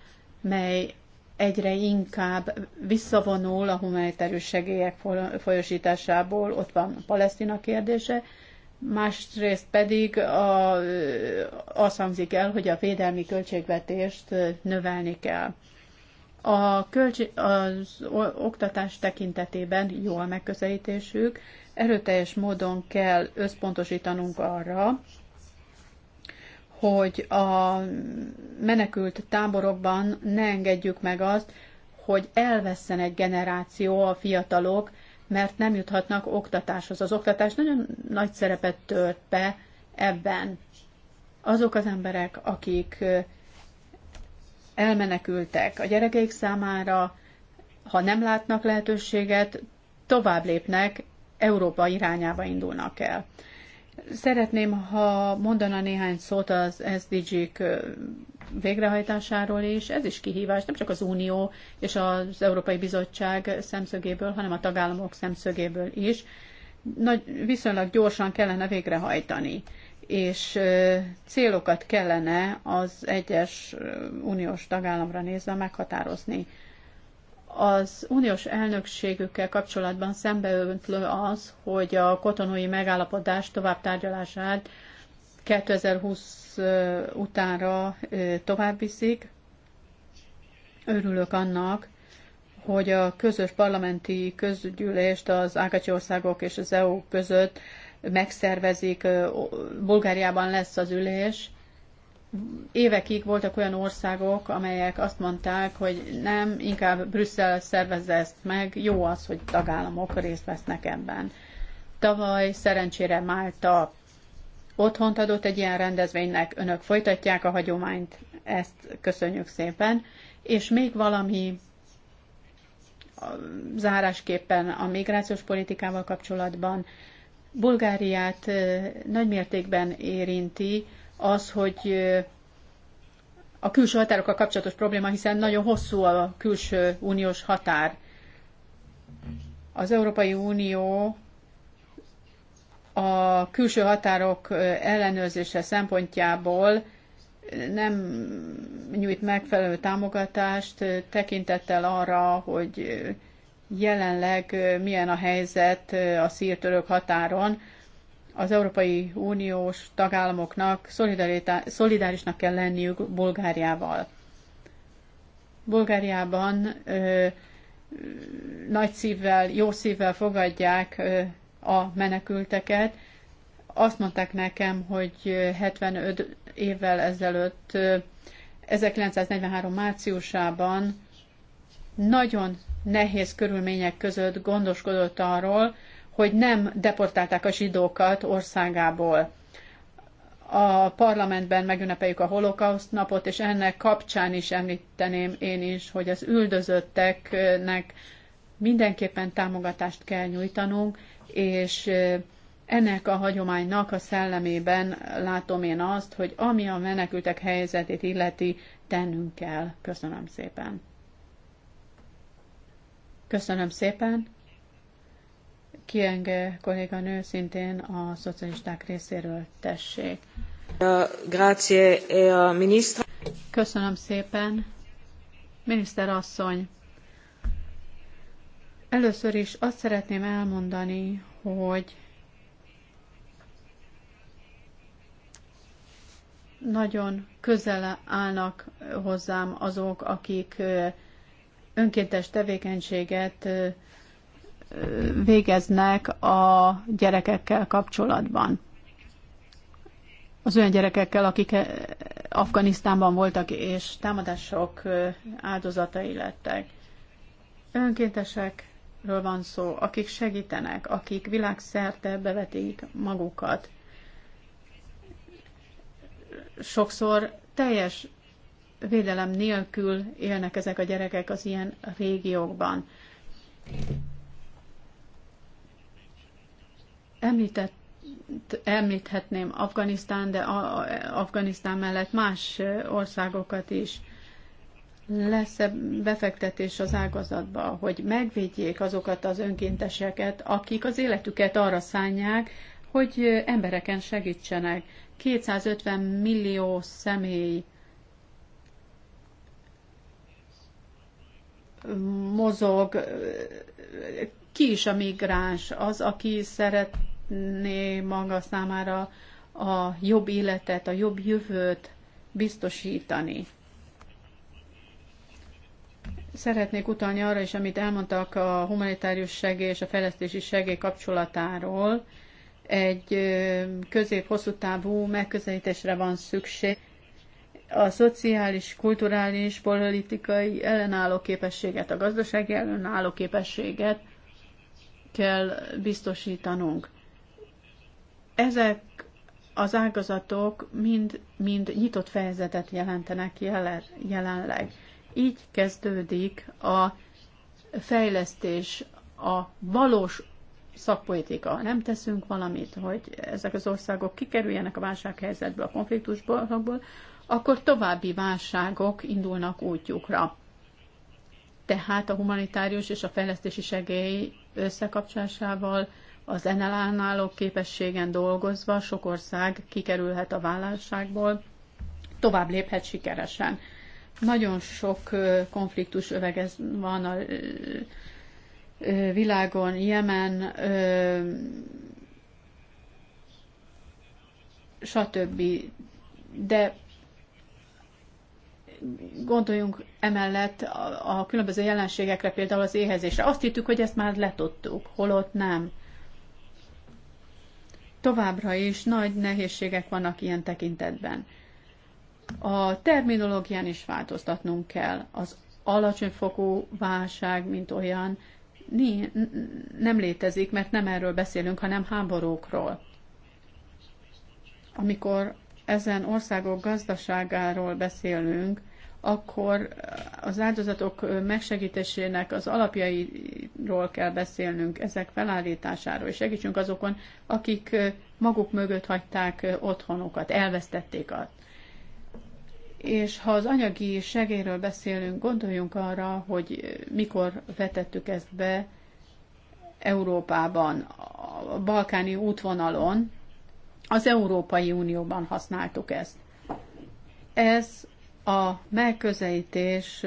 mely egyre inkább visszavonul a humanitárius segélyek folyosításából, ott van a Palesztina kérdése, másrészt pedig a, az hangzik el, hogy a védelmi költségvetést növelni kell. A kölcs, az oktatás tekintetében jó a megközelítésük, erőteljes módon kell összpontosítanunk arra, hogy a menekült táborokban ne engedjük meg azt, hogy elvesszen egy generáció a fiatalok, mert nem juthatnak oktatáshoz. Az oktatás nagyon nagy szerepet tölt be ebben. Azok az emberek, akik elmenekültek. A gyerekeik számára, ha nem látnak lehetőséget, tovább lépnek, Európa irányába indulnak el. Szeretném, ha mondana néhány szót az SDG-k végrehajtásáról is. Ez is kihívás, nem csak az Unió és az Európai Bizottság szemszögéből, hanem a tagállamok szemszögéből is. Nagy, viszonylag gyorsan kellene végrehajtani és célokat kellene az egyes uniós tagállamra nézve meghatározni. Az uniós elnökségükkel kapcsolatban szembeöntlő az, hogy a kotonói megállapodás tovább tárgyalását 2020 utánra tovább viszik. Örülök annak, hogy a közös parlamenti közgyűlést az Ágacsi országok és az EU között megszervezik, Bulgáriában lesz az ülés. Évekig voltak olyan országok, amelyek azt mondták, hogy nem, inkább Brüsszel szervezze ezt meg, jó az, hogy tagállamok részt vesznek ebben. Tavaly szerencsére Málta otthont adott egy ilyen rendezvénynek, önök folytatják a hagyományt, ezt köszönjük szépen. És még valami zárásképpen a migrációs politikával kapcsolatban Bulgáriát nagymértékben érinti az, hogy a külső határokkal kapcsolatos probléma, hiszen nagyon hosszú a külső uniós határ. Az Európai Unió a külső határok ellenőrzése szempontjából nem nyújt megfelelő támogatást tekintettel arra, hogy jelenleg milyen a helyzet a szírtörök határon. Az Európai Uniós tagállamoknak szolidárisnak kell lenniük Bulgáriával. Bulgáriában ö, nagy szívvel, jó szívvel fogadják ö, a menekülteket. Azt mondták nekem, hogy 75 évvel ezelőtt, ö, 1943 márciusában nagyon nehéz körülmények között gondoskodott arról, hogy nem deportálták a zsidókat országából. A parlamentben megünnepeljük a holokauszt napot, és ennek kapcsán is említeném én is, hogy az üldözötteknek mindenképpen támogatást kell nyújtanunk, és ennek a hagyománynak a szellemében látom én azt, hogy ami a menekültek helyzetét illeti, tennünk kell. Köszönöm szépen. Köszönöm szépen. Kienge kolléganő szintén a szocialisták részéről tessék. Grazie, e ministra. Köszönöm szépen. Miniszter asszony, először is azt szeretném elmondani, hogy nagyon közel állnak hozzám azok, akik önkéntes tevékenységet végeznek a gyerekekkel kapcsolatban. Az olyan gyerekekkel, akik Afganisztánban voltak és támadások áldozatai lettek. Önkéntesekről van szó, akik segítenek, akik világszerte bevetik magukat. Sokszor teljes védelem nélkül élnek ezek a gyerekek az ilyen régiókban. Említett, említhetném Afganisztán, de Afganisztán mellett más országokat is lesz -e befektetés az ágazatba, hogy megvédjék azokat az önkénteseket, akik az életüket arra szánják, hogy embereken segítsenek. 250 millió személy mozog, ki is a migráns, az, aki szeretné maga számára a jobb életet, a jobb jövőt biztosítani. Szeretnék utalni arra is, amit elmondtak a humanitárius segély és a fejlesztési segély kapcsolatáról. Egy közép-hosszú távú megközelítésre van szükség a szociális, kulturális, politikai ellenálló képességet, a gazdasági ellenálló képességet kell biztosítanunk. Ezek az ágazatok mind, mind nyitott fejezetet jelentenek jelenleg. Így kezdődik a fejlesztés, a valós szakpolitika. Nem teszünk valamit, hogy ezek az országok kikerüljenek a válsághelyzetből, a konfliktusból, akkor további válságok indulnak útjukra. Tehát a humanitárius és a fejlesztési segély összekapcsolásával az ellenállók képességen dolgozva sok ország kikerülhet a válságból, tovább léphet sikeresen. Nagyon sok konfliktus övegez van a világon, Jemen, stb. De gondoljunk emellett a, a különböző jelenségekre, például az éhezésre. Azt hittük, hogy ezt már letudtuk, holott nem. Továbbra is nagy nehézségek vannak ilyen tekintetben. A terminológián is változtatnunk kell. Az alacsonyfokú válság, mint olyan, nem létezik, mert nem erről beszélünk, hanem háborúkról. Amikor ezen országok gazdaságáról beszélünk, akkor az áldozatok megsegítésének az alapjairól kell beszélnünk, ezek felállításáról, és segítsünk azokon, akik maguk mögött hagyták otthonokat, elvesztették azt. És ha az anyagi segélyről beszélünk, gondoljunk arra, hogy mikor vetettük ezt be Európában, a balkáni útvonalon, az Európai Unióban használtuk ezt. Ez a megközelítés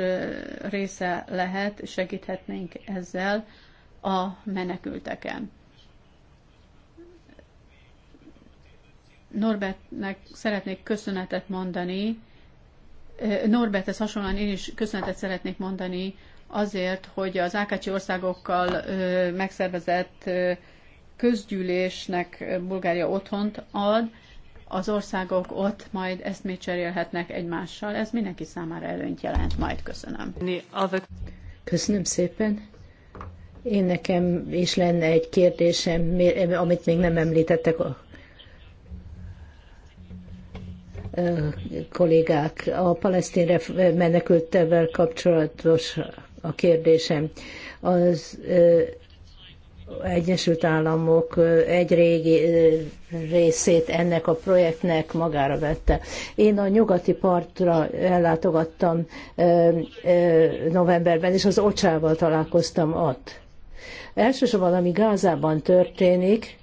része lehet, segíthetnénk ezzel a menekülteken. Norbertnek szeretnék köszönetet mondani. ez hasonlóan én is köszönetet szeretnék mondani azért, hogy az Ákácsi országokkal megszervezett közgyűlésnek Bulgária otthont ad, az országok ott majd ezt még cserélhetnek egymással. Ez mindenki számára előnyt jelent majd. Köszönöm. Köszönöm szépen. Én nekem is lenne egy kérdésem, amit még nem említettek a kollégák. A palesztin menekültevel kapcsolatos a kérdésem. Az Egyesült Államok egy régi részét ennek a projektnek magára vette. Én a nyugati partra ellátogattam novemberben, és az Ocsával találkoztam ott. Elsősorban, ami Gázában történik,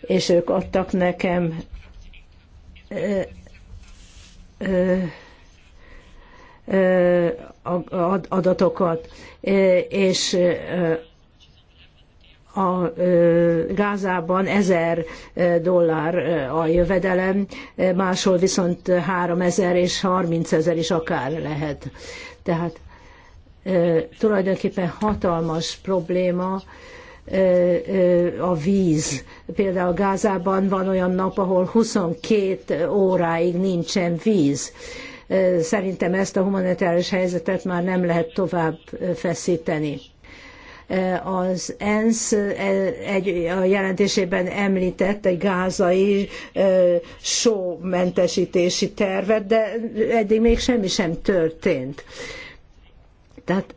és ők adtak nekem adatokat, és a Gázában 1000 dollár a jövedelem, máshol viszont 3000 és 30 ezer is akár lehet. Tehát tulajdonképpen hatalmas probléma a víz. Például Gázában van olyan nap, ahol 22 óráig nincsen víz. Szerintem ezt a humanitárius helyzetet már nem lehet tovább feszíteni az ENSZ e, egy a jelentésében említett egy gázai e, sómentesítési tervet, de eddig még semmi sem történt. Tehát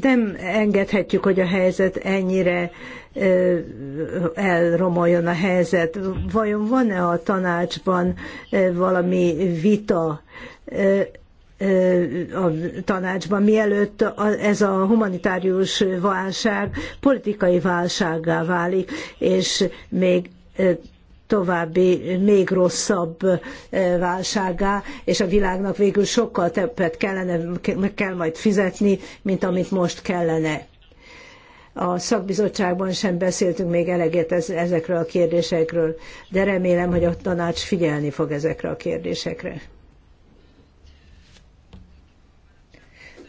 nem engedhetjük, hogy a helyzet ennyire e, elromoljon a helyzet. Vajon van-e a tanácsban valami vita a tanácsban, mielőtt ez a humanitárius válság politikai válsággá válik, és még további, még rosszabb válságá, és a világnak végül sokkal többet kellene, kell majd fizetni, mint amit most kellene. A szakbizottságban sem beszéltünk még eleget ezekről a kérdésekről, de remélem, hogy a tanács figyelni fog ezekre a kérdésekre.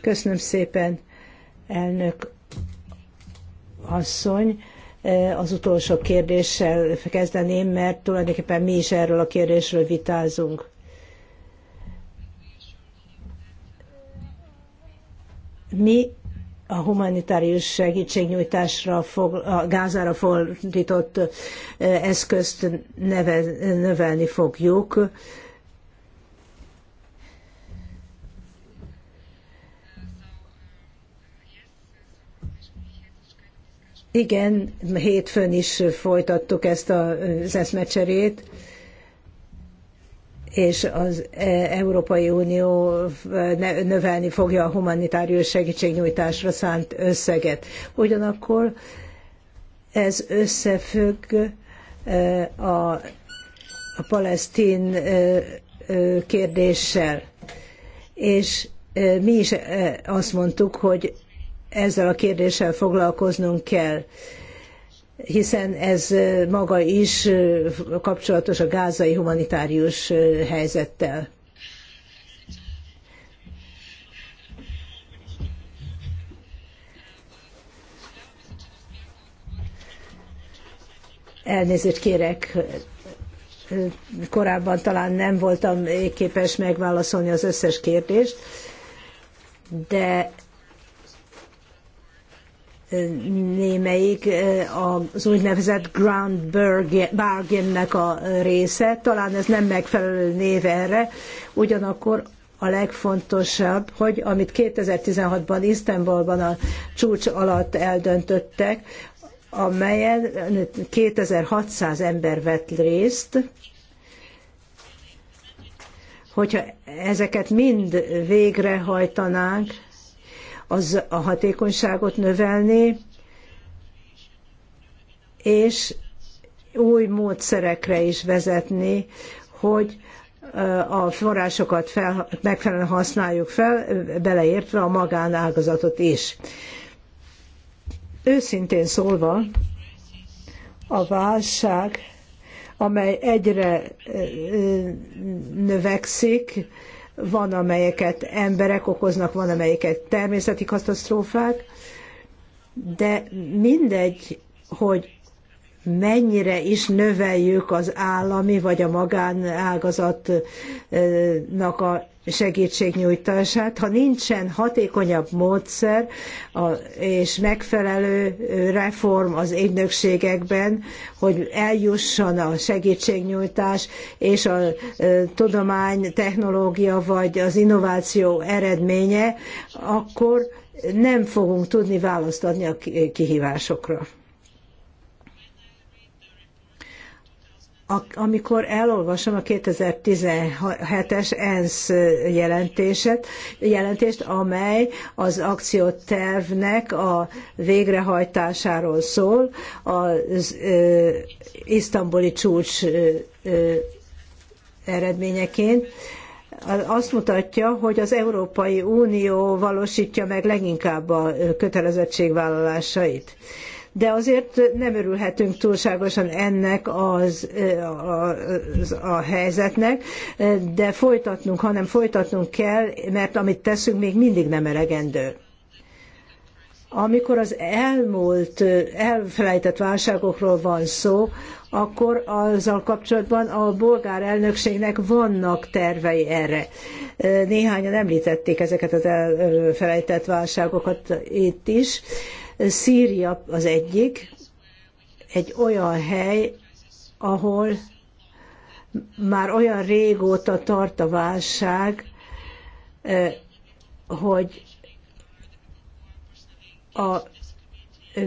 Köszönöm szépen, elnök asszony. Eh, az utolsó kérdéssel kezdeném, mert tulajdonképpen mi is erről a kérdésről vitázunk. Mi a humanitárius segítségnyújtásra, fog, a Gázára fordított eh, eszközt neve, növelni fogjuk Igen, hétfőn is folytattuk ezt az eszmecserét, és az e, Európai Unió e, növelni fogja a humanitárius segítségnyújtásra szánt összeget. Ugyanakkor ez összefügg e, a, a palesztin kérdéssel. És mi is azt mondtuk, hogy ezzel a kérdéssel foglalkoznunk kell hiszen ez maga is kapcsolatos a gázai humanitárius helyzettel. Elnézést kérek, korábban talán nem voltam képes megválaszolni az összes kérdést, de némelyik eh, az úgynevezett Grand Bargain-nek a része, talán ez nem megfelelő név erre, ugyanakkor a legfontosabb, hogy amit 2016-ban Istanbulban a csúcs alatt eldöntöttek, amelyen 2600 ember vett részt, hogyha ezeket mind végrehajtanánk, az a hatékonyságot növelni, és új módszerekre is vezetni, hogy a forrásokat fel, megfelelően használjuk fel, beleértve a magánágazatot is. Őszintén szólva, a válság, amely egyre növekszik, van, amelyeket emberek okoznak, van, amelyeket természeti katasztrófák, de mindegy, hogy mennyire is növeljük az állami vagy a magánágazatnak a segítségnyújtását. Ha nincsen hatékonyabb módszer és megfelelő reform az ügynökségekben, hogy eljusson a segítségnyújtás és a e, tudomány, technológia vagy az innováció eredménye, akkor nem fogunk tudni választ adni a kihívásokra. amikor elolvasom a 2017-es ENSZ jelentéset, jelentést, amely az akciótervnek a végrehajtásáról szól, az isztambuli csúcs ö, ö, eredményeként, azt mutatja, hogy az Európai Unió valósítja meg leginkább a kötelezettségvállalásait de azért nem örülhetünk túlságosan ennek az, az a helyzetnek, de folytatnunk, hanem folytatnunk kell, mert amit teszünk, még mindig nem elegendő. Amikor az elmúlt, elfelejtett válságokról van szó, akkor azzal kapcsolatban a bolgár elnökségnek vannak tervei erre. Néhányan említették ezeket az elfelejtett válságokat itt is. Szíria az egyik, egy olyan hely, ahol már olyan régóta tart a válság, eh, hogy a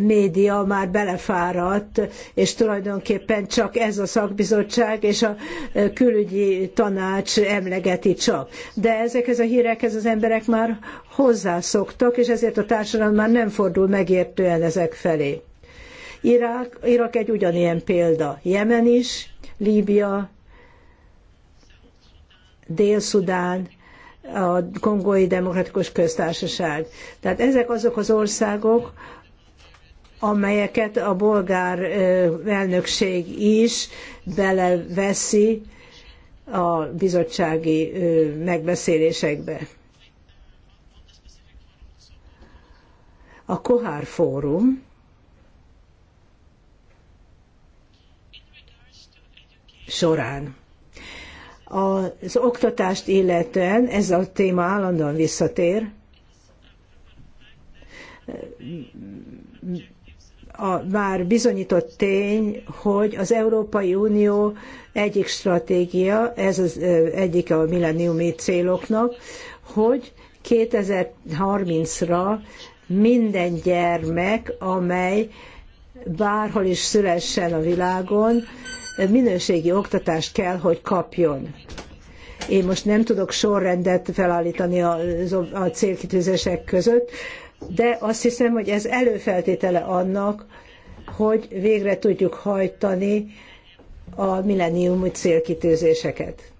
média már belefáradt, és tulajdonképpen csak ez a szakbizottság és a e, külügyi tanács emlegeti csak. De ezekhez a hírekhez az emberek már hozzászoktak, és ezért a társadalom már nem fordul megértően ezek felé. Irak, Irak egy ugyanilyen példa. Jemen is, Líbia, Dél-Szudán, a Kongói Demokratikus Köztársaság. Tehát ezek azok az országok, amelyeket a bolgár elnökség is beleveszi a bizottsági megbeszélésekbe. A Kohár Fórum során. Az oktatást illetően ez a téma állandóan visszatér a már bizonyított tény, hogy az Európai Unió egyik stratégia, ez az egyik a milleniumi céloknak, hogy 2030-ra minden gyermek, amely bárhol is szülessen a világon, minőségi oktatást kell, hogy kapjon. Én most nem tudok sorrendet felállítani a, a célkitűzések között, de azt hiszem, hogy ez előfeltétele annak, hogy végre tudjuk hajtani a milleniumi célkitűzéseket.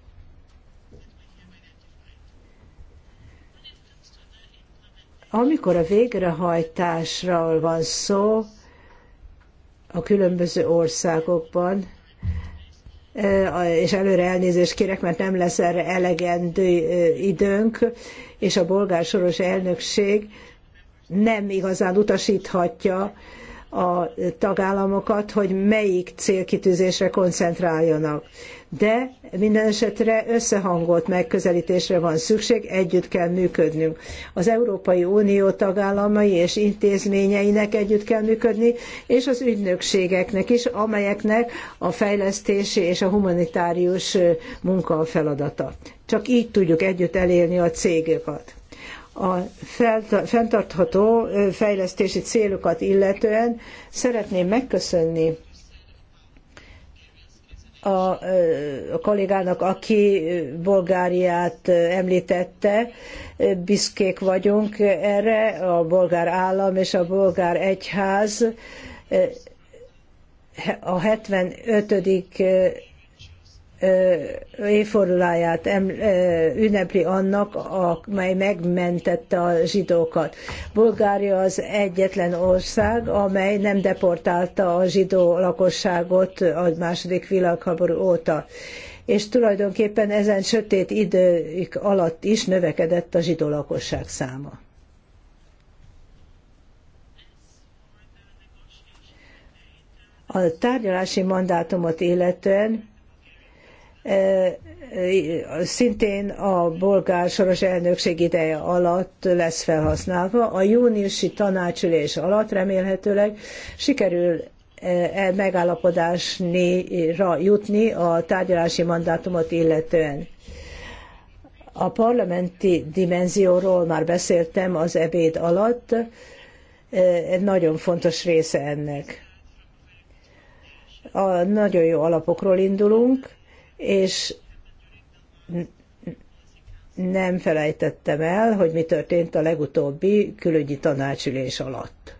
Amikor a végrehajtásról van szó a különböző országokban, eh, és előre elnézést kérek, mert nem lesz erre elegendő eh, időnk, és a bolgár soros elnökség nem igazán utasíthatja a tagállamokat, hogy melyik célkitűzésre koncentráljanak. De minden esetre összehangolt megközelítésre van szükség, együtt kell működnünk. Az Európai Unió tagállamai és intézményeinek együtt kell működni, és az ügynökségeknek is, amelyeknek a fejlesztési és a humanitárius munka a feladata. Csak így tudjuk együtt elérni a cégeket a fenntartható fejlesztési célokat illetően szeretném megköszönni a, a kollégának, aki Bulgáriát említette, büszkék vagyunk erre, a bolgár állam és a bolgár egyház a 75 évforduláját ünnepli annak, amely megmentette a zsidókat. Bulgária az egyetlen ország, amely nem deportálta a zsidó lakosságot a második világháború óta. És tulajdonképpen ezen sötét időik alatt is növekedett a zsidó lakosság száma. A tárgyalási mandátumot illetően E, e, szintén a bolgár soros elnökség ideje alatt lesz felhasználva. A júniusi tanácsülés alatt remélhetőleg sikerül e, megállapodásra jutni a tárgyalási mandátumot illetően. A parlamenti dimenzióról már beszéltem az ebéd alatt, egy nagyon fontos része ennek. A nagyon jó alapokról indulunk, és nem felejtettem el, hogy mi történt a legutóbbi külügyi tanácsülés alatt.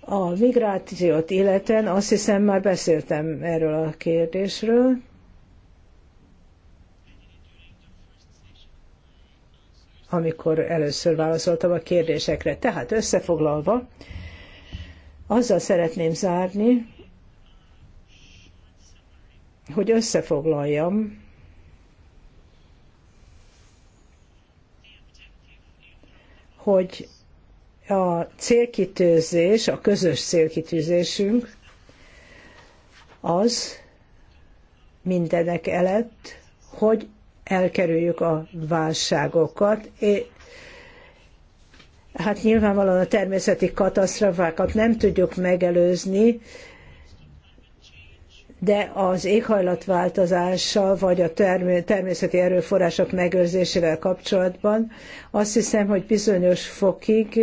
A migrációt illetően azt hiszem már beszéltem erről a kérdésről. amikor először válaszoltam a kérdésekre. Tehát összefoglalva, azzal szeretném zárni, hogy összefoglaljam, hogy a célkitűzés, a közös célkitűzésünk az mindenek elett, hogy elkerüljük a válságokat. Hát nyilvánvalóan a természeti katasztrofákat nem tudjuk megelőzni, de az éghajlatváltozással vagy a természeti erőforrások megőrzésével kapcsolatban azt hiszem, hogy bizonyos fokig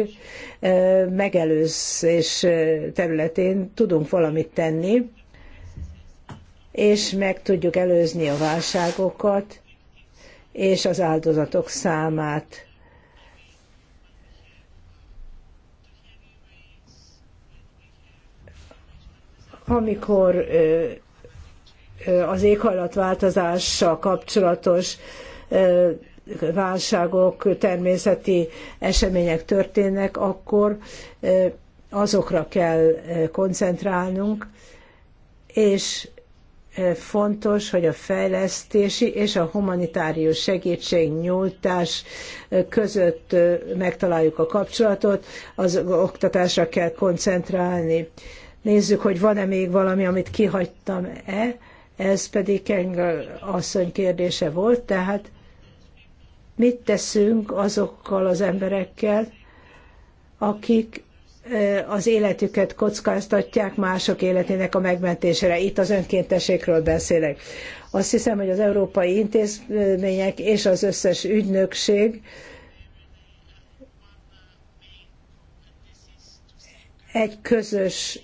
megelőzés területén tudunk valamit tenni, és meg tudjuk előzni a válságokat, és az áldozatok számát. Amikor az éghajlatváltozással kapcsolatos válságok, természeti események történnek, akkor azokra kell koncentrálnunk, és fontos, hogy a fejlesztési és a humanitárius segítségnyújtás között megtaláljuk a kapcsolatot, az oktatásra kell koncentrálni. Nézzük, hogy van-e még valami, amit kihagytam-e, ez pedig Engel asszony kérdése volt, tehát mit teszünk azokkal az emberekkel, akik Eh, az életüket kockáztatják mások életének a megmentésére. Itt az önkéntesekről beszélek. Azt hiszem, hogy az európai intézmények és az összes ügynökség egy közös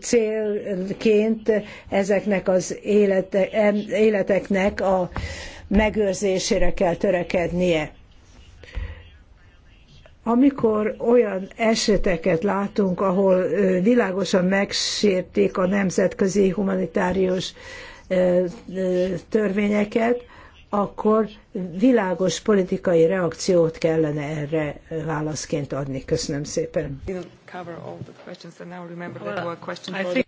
célként ezeknek az élete, életeknek a megőrzésére kell törekednie. Amikor olyan eseteket látunk, ahol világosan megsértik a nemzetközi humanitárius törvényeket, akkor világos politikai reakciót kellene erre válaszként adni. Köszönöm szépen.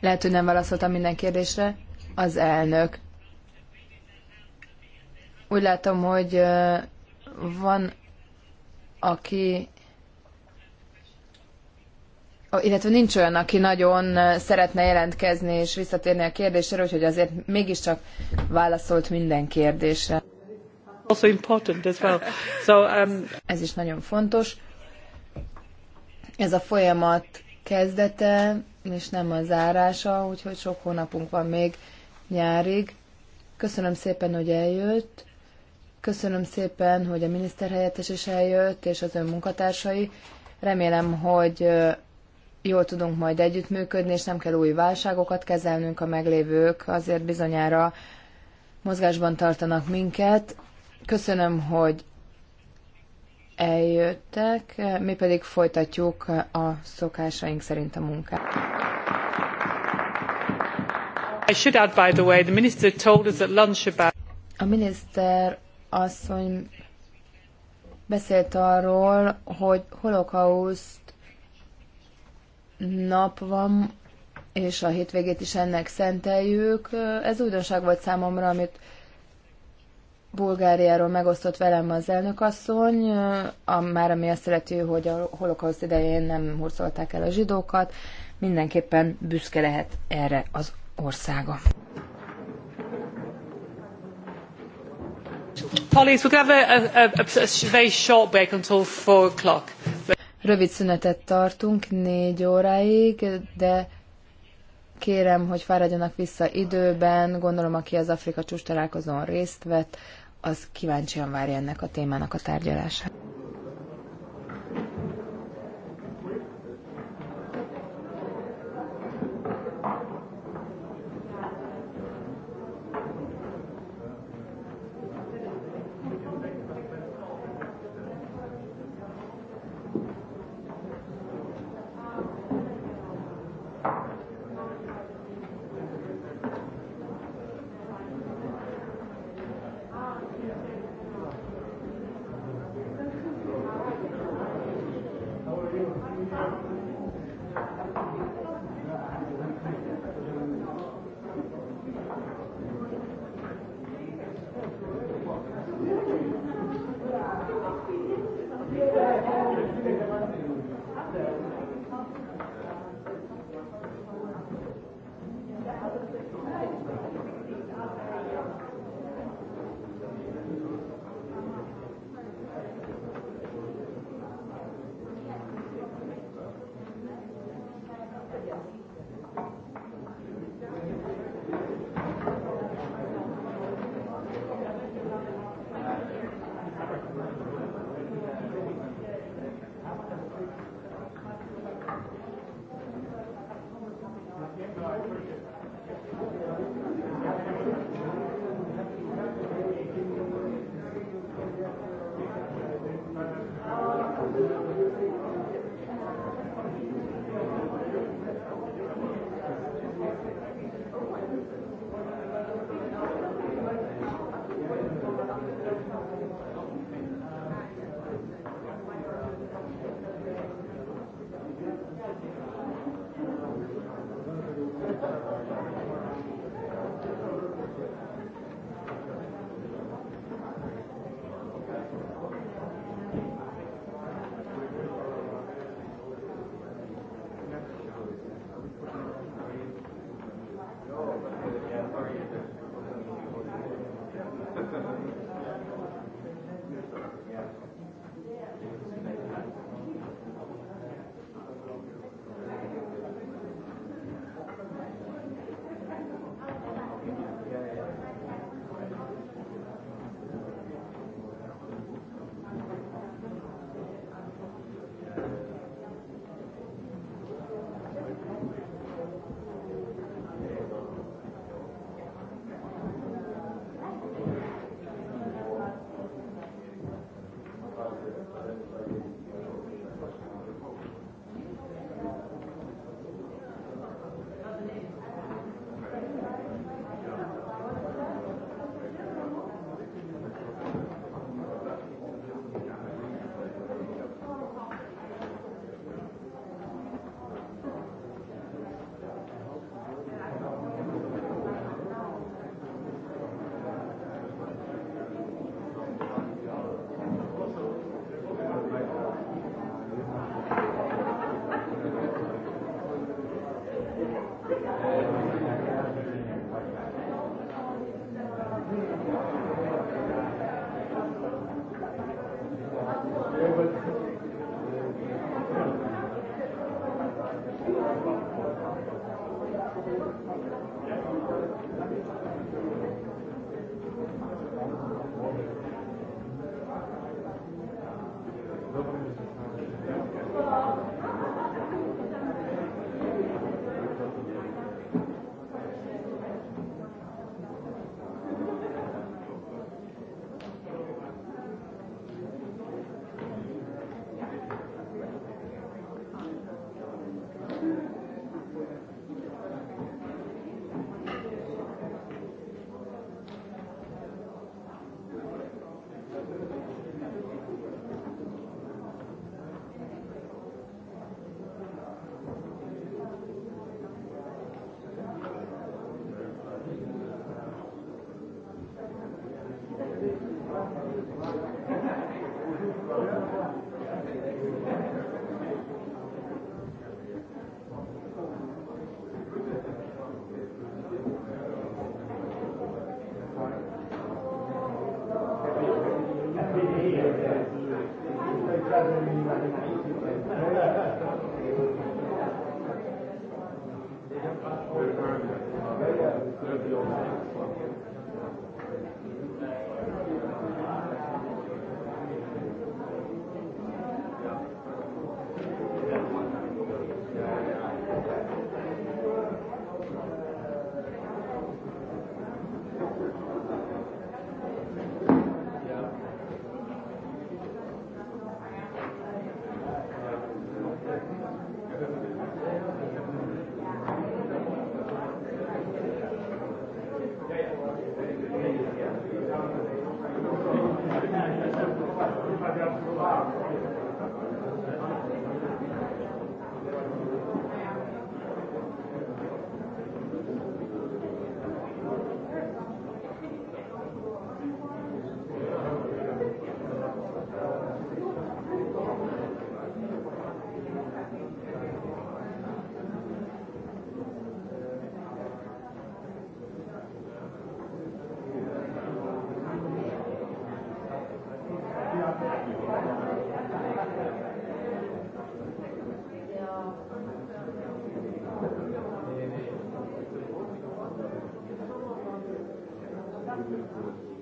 Lehet, hogy nem válaszoltam minden kérdésre. Az elnök. Úgy látom, hogy van, aki illetve nincs olyan, aki nagyon szeretne jelentkezni és visszatérni a kérdésre, úgyhogy azért mégiscsak válaszolt minden kérdésre. Also important as well. So, um... Ez is nagyon fontos. Ez a folyamat kezdete, és nem a zárása, úgyhogy sok hónapunk van még nyárig. Köszönöm szépen, hogy eljött. Köszönöm szépen, hogy a miniszterhelyettes is eljött, és az ön munkatársai. Remélem, hogy jól tudunk majd együttműködni, és nem kell új válságokat kezelnünk, a meglévők azért bizonyára mozgásban tartanak minket. Köszönöm, hogy eljöttek, mi pedig folytatjuk a szokásaink szerint a munkát. I should add, by the way, the minister told us at lunch about... A miniszter asszony beszélt arról, hogy holokauszt nap van, és a hétvégét is ennek szenteljük. Ez újdonság volt számomra, amit Bulgáriáról megosztott velem az elnökasszony, a, már ami azt jelenti, hogy a holokauszt idején nem hurcolták el a zsidókat, mindenképpen büszke lehet erre az országa. Colleagues, we're we have a, a, a, a very short break until four o'clock. Rövid szünetet tartunk négy óráig, de kérem, hogy fáradjanak vissza időben. Gondolom, aki az Afrika csúcs találkozón részt vett, az kíváncsian várja ennek a témának a tárgyalását. Amen.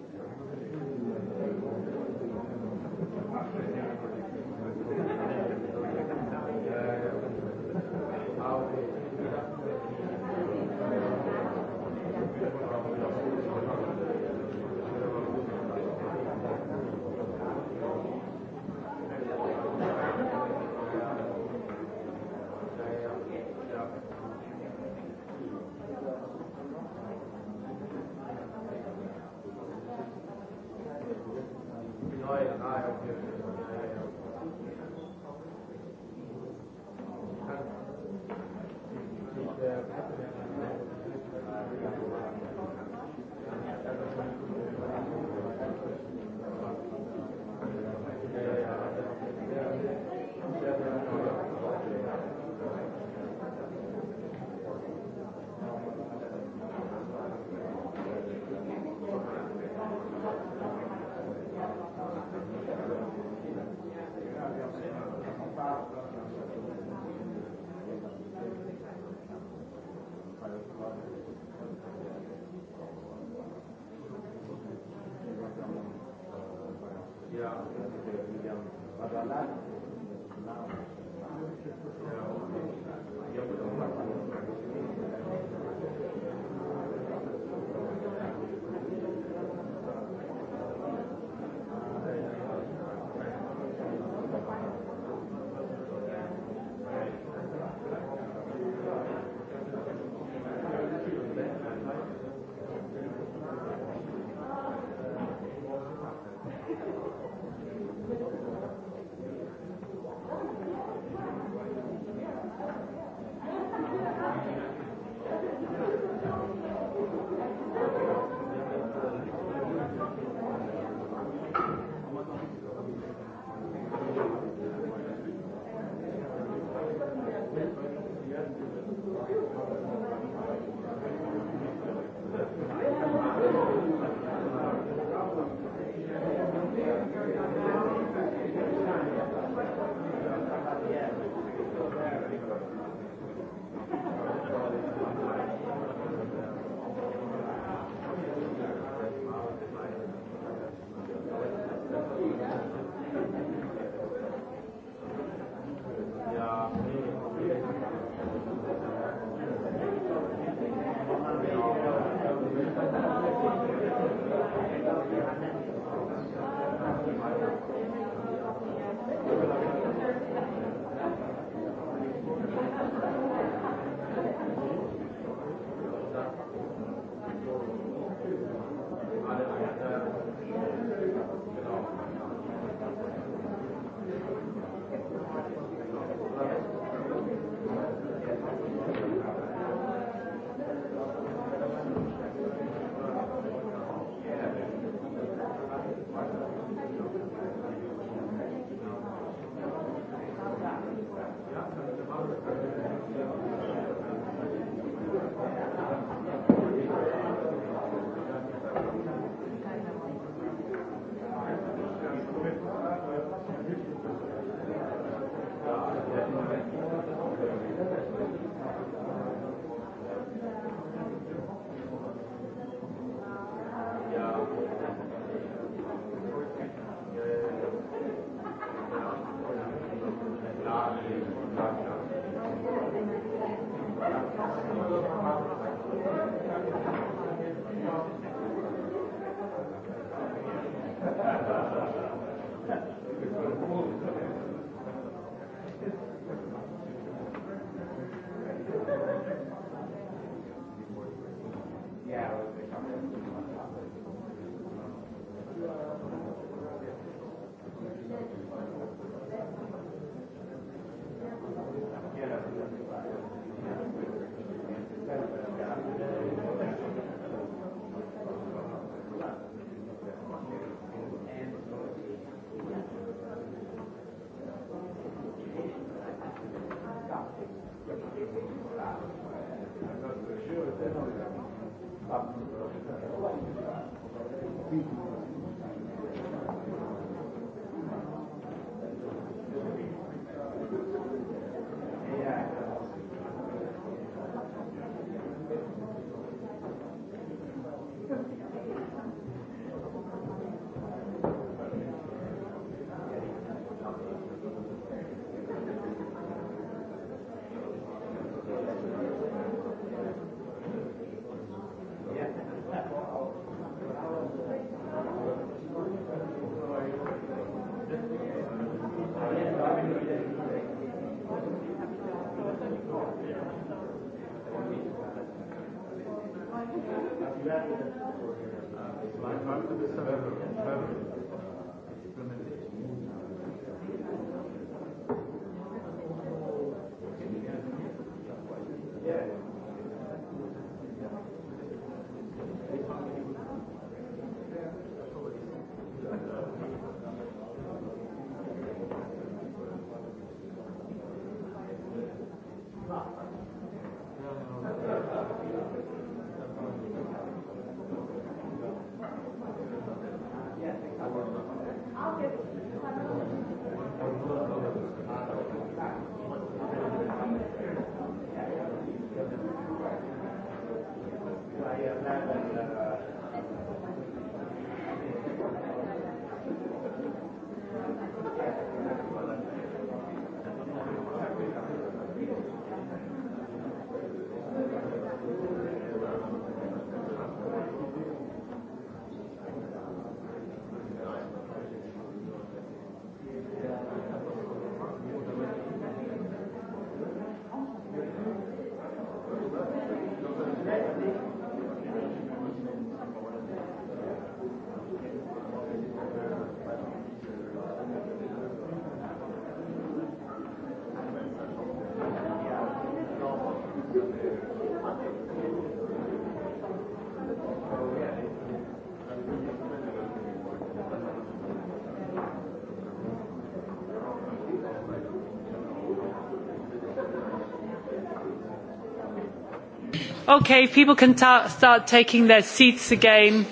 Okay, if people can ta- start taking their seats again,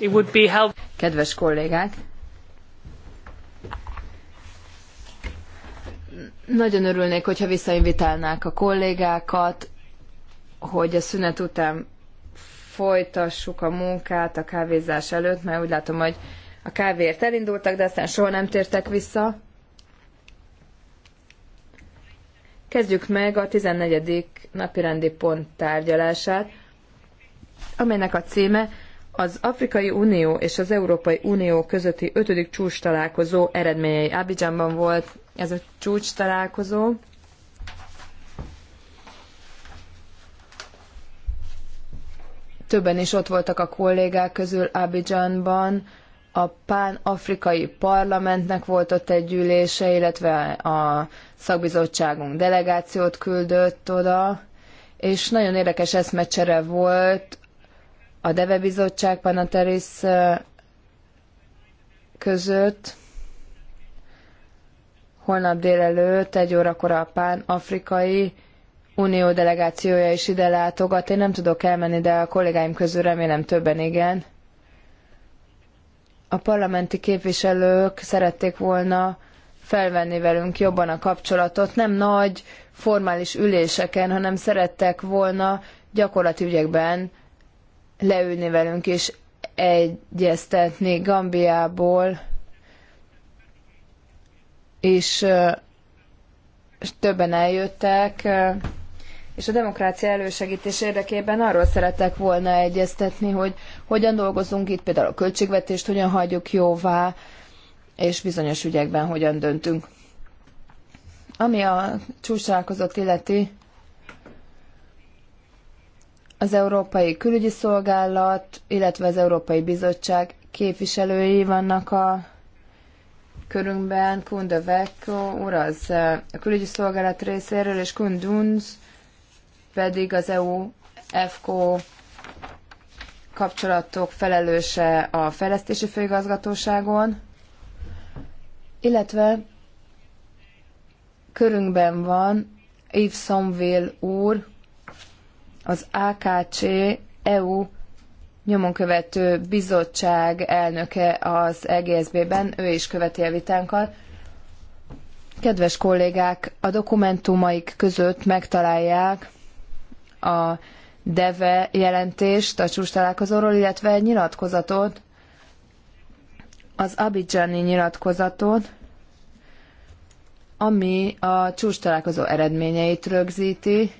it would be helpful. Kedves kollégák, nagyon örülnék, hogyha visszainvitálnák a kollégákat, hogy a szünet után folytassuk a munkát a kávézás előtt, mert úgy látom, hogy a kávéért elindultak, de aztán soha nem tértek vissza. Kezdjük meg a 14. napirendi pont tárgyalását, amelynek a címe az Afrikai Unió és az Európai Unió közötti ötödik csúcs találkozó eredményei. Abidjanban volt ez a csúcs találkozó. Többen is ott voltak a kollégák közül Abidjanban a Pán-Afrikai Parlamentnek volt ott egy ülése, illetve a szakbizottságunk delegációt küldött oda, és nagyon érdekes eszmecsere volt a Deve Bizottság Panateris között. Holnap délelőtt egy órakor a Pán-Afrikai Unió delegációja is ide látogat. Én nem tudok elmenni, de a kollégáim közül remélem többen igen a parlamenti képviselők szerették volna felvenni velünk jobban a kapcsolatot, nem nagy formális üléseken, hanem szerettek volna gyakorlati ügyekben leülni velünk és egyeztetni Gambiából, és többen eljöttek, és a demokrácia elősegítés érdekében arról szeretek volna egyeztetni, hogy hogyan dolgozunk itt, például a költségvetést hogyan hagyjuk jóvá, és bizonyos ügyekben hogyan döntünk. Ami a csúcsálkozót illeti, az Európai Külügyi Szolgálat, illetve az Európai Bizottság képviselői vannak a körünkben. Kunda Vekko úr az eh, a külügyi szolgálat részéről, és Kundunz pedig az EU-EFKO kapcsolatok felelőse a fejlesztési főigazgatóságon, illetve körünkben van Yves Somville úr, az AKC EU nyomonkövető bizottság elnöke az EGSB-ben, ő is követi a vitánkat. Kedves kollégák, a dokumentumaik között megtalálják a DEVE jelentést a csúcs találkozóról, illetve egy nyilatkozatot, az Abidjani nyilatkozatot, ami a csúcs találkozó eredményeit rögzíti.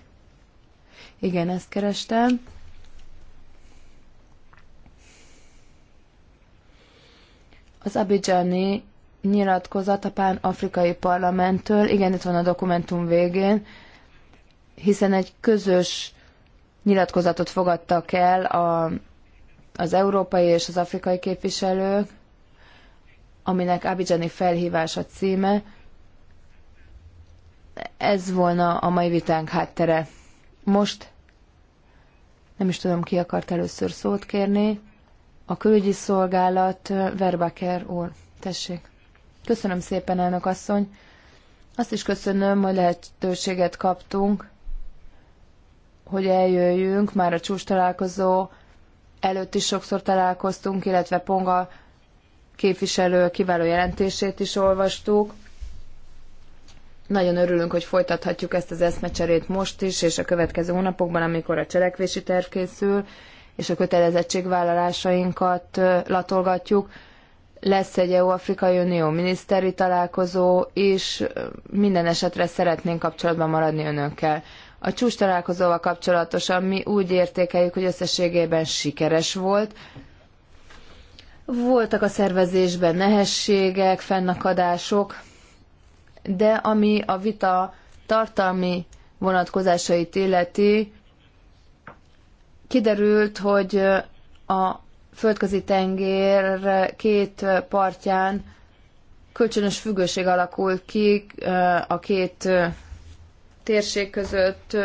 Igen, ezt kerestem. Az Abidjani nyilatkozat a Pán-Afrikai Parlamenttől, igen, itt van a dokumentum végén, hiszen egy közös nyilatkozatot fogadtak el a, az európai és az afrikai képviselők, aminek Abidjani felhívása címe. Ez volna a mai vitánk háttere. Most nem is tudom, ki akart először szót kérni. A külügyi szolgálat Verbaker úr. Tessék. Köszönöm szépen, elnök asszony. Azt is köszönöm, hogy lehetőséget kaptunk hogy eljöjjünk, már a csúcs találkozó előtt is sokszor találkoztunk, illetve Ponga képviselő kiváló jelentését is olvastuk. Nagyon örülünk, hogy folytathatjuk ezt az eszmecserét most is, és a következő hónapokban, amikor a cselekvési terv készül, és a kötelezettségvállalásainkat latolgatjuk. Lesz egy EU-Afrikai Unió miniszteri találkozó, és minden esetre szeretnénk kapcsolatban maradni önökkel. A csúcs találkozóval kapcsolatosan mi úgy értékeljük, hogy összességében sikeres volt. Voltak a szervezésben nehézségek, fennakadások, de ami a vita tartalmi vonatkozásait illeti, kiderült, hogy a földközi tenger két partján kölcsönös függőség alakult ki a két térség között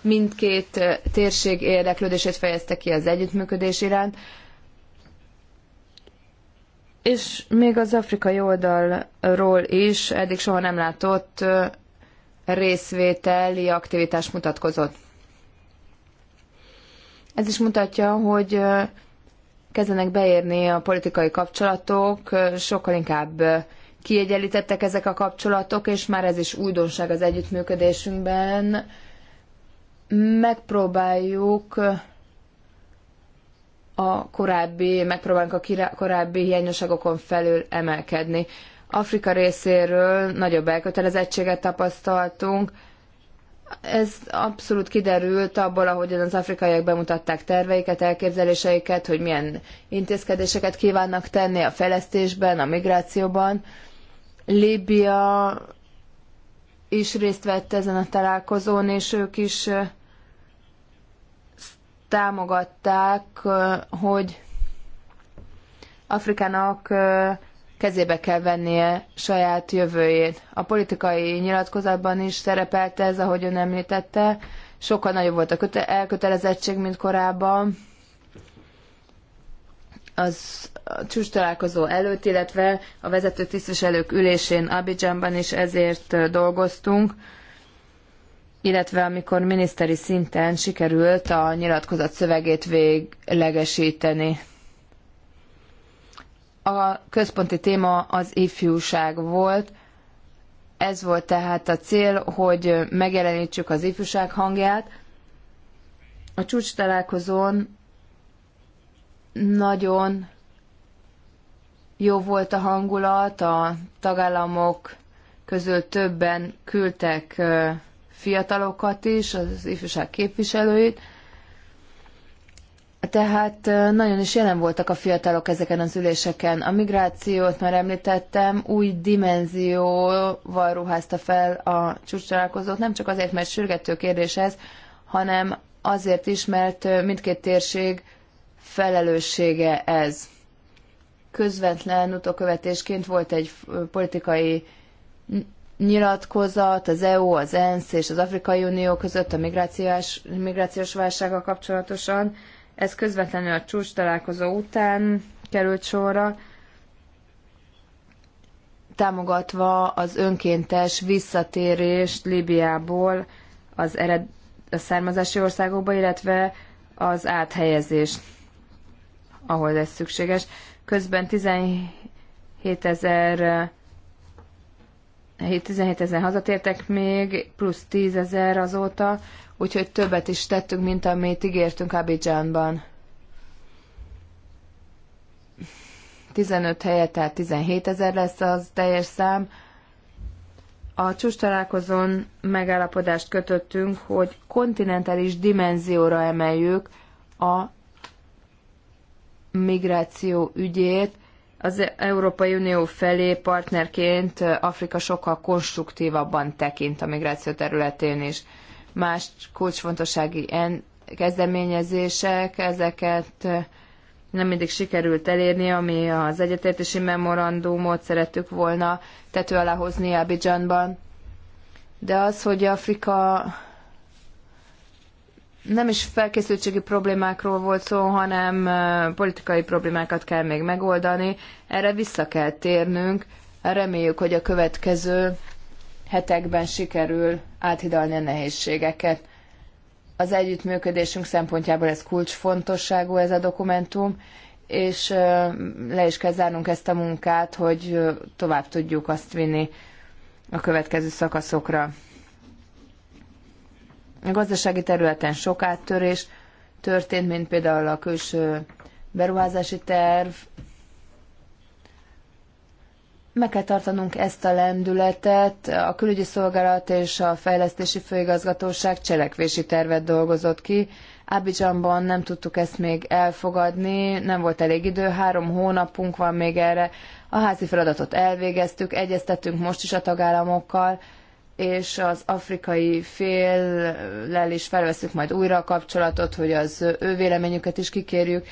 mindkét térség érdeklődését fejezte ki az együttműködés iránt. És még az afrikai oldalról is eddig soha nem látott részvételi aktivitás mutatkozott. Ez is mutatja, hogy kezdenek beérni a politikai kapcsolatok, sokkal inkább kiegyenlítettek ezek a kapcsolatok, és már ez is újdonság az együttműködésünkben. Megpróbáljuk a korábbi, megpróbálunk a korábbi hiányosságokon felül emelkedni. Afrika részéről nagyobb elkötelezettséget tapasztaltunk, ez abszolút kiderült abból, ahogyan az afrikaiak bemutatták terveiket, elképzeléseiket, hogy milyen intézkedéseket kívánnak tenni a fejlesztésben, a migrációban. Líbia is részt vett ezen a találkozón, és ők is támogatták, hogy Afrikának kezébe kell vennie saját jövőjét. A politikai nyilatkozatban is szerepelt ez, ahogy ön említette, sokkal nagyobb volt a elkötelezettség, mint korábban az a csúcs találkozó előtt, illetve a vezető tisztviselők ülésén Abidjanban is ezért dolgoztunk, illetve amikor miniszteri szinten sikerült a nyilatkozat szövegét véglegesíteni. A központi téma az ifjúság volt, ez volt tehát a cél, hogy megjelenítsük az ifjúság hangját. A csúcs találkozón nagyon jó volt a hangulat, a tagállamok közül többen küldtek fiatalokat is, az ifjúság képviselőit, tehát nagyon is jelen voltak a fiatalok ezeken az üléseken. A migrációt már említettem, új dimenzióval ruházta fel a csúcsalálkozót, nem csak azért, mert sürgető kérdés ez, hanem azért is, mert mindkét térség felelőssége ez. Közvetlen utókövetésként volt egy politikai nyilatkozat az EU, az ENSZ és az Afrikai Unió között a migrációs, migrációs válsággal kapcsolatosan. Ez közvetlenül a csúcs találkozó után került sorra, támogatva az önkéntes visszatérést Líbiából az ered, a származási országokba, illetve az áthelyezést ahol ez szükséges. Közben 17 ezer 17 ezer hazatértek még, plusz 10 ezer azóta, úgyhogy többet is tettünk, mint amit ígértünk Abidjanban. 15 helyet, tehát 17 ezer lesz az teljes szám. A csúcs találkozón megállapodást kötöttünk, hogy kontinentális dimenzióra emeljük a migráció ügyét az Európai Unió felé partnerként Afrika sokkal konstruktívabban tekint a migráció területén is. Más kulcsfontossági kezdeményezések, ezeket nem mindig sikerült elérni, ami az egyetértési memorandumot szerettük volna tető alá hozni Abidjanban. De az, hogy Afrika nem is felkészültségi problémákról volt szó, hanem politikai problémákat kell még megoldani. Erre vissza kell térnünk. Reméljük, hogy a következő hetekben sikerül áthidalni a nehézségeket. Az együttműködésünk szempontjából ez kulcsfontosságú ez a dokumentum, és le is kell zárnunk ezt a munkát, hogy tovább tudjuk azt vinni a következő szakaszokra. A gazdasági területen sok áttörés történt, mint például a külső beruházási terv. Meg kell tartanunk ezt a lendületet. A külügyi szolgálat és a fejlesztési főigazgatóság cselekvési tervet dolgozott ki. Abidjanban nem tudtuk ezt még elfogadni, nem volt elég idő, három hónapunk van még erre. A házi feladatot elvégeztük, egyeztettünk most is a tagállamokkal, és az afrikai féllel is felveszünk majd újra a kapcsolatot, hogy az ő véleményüket is kikérjük,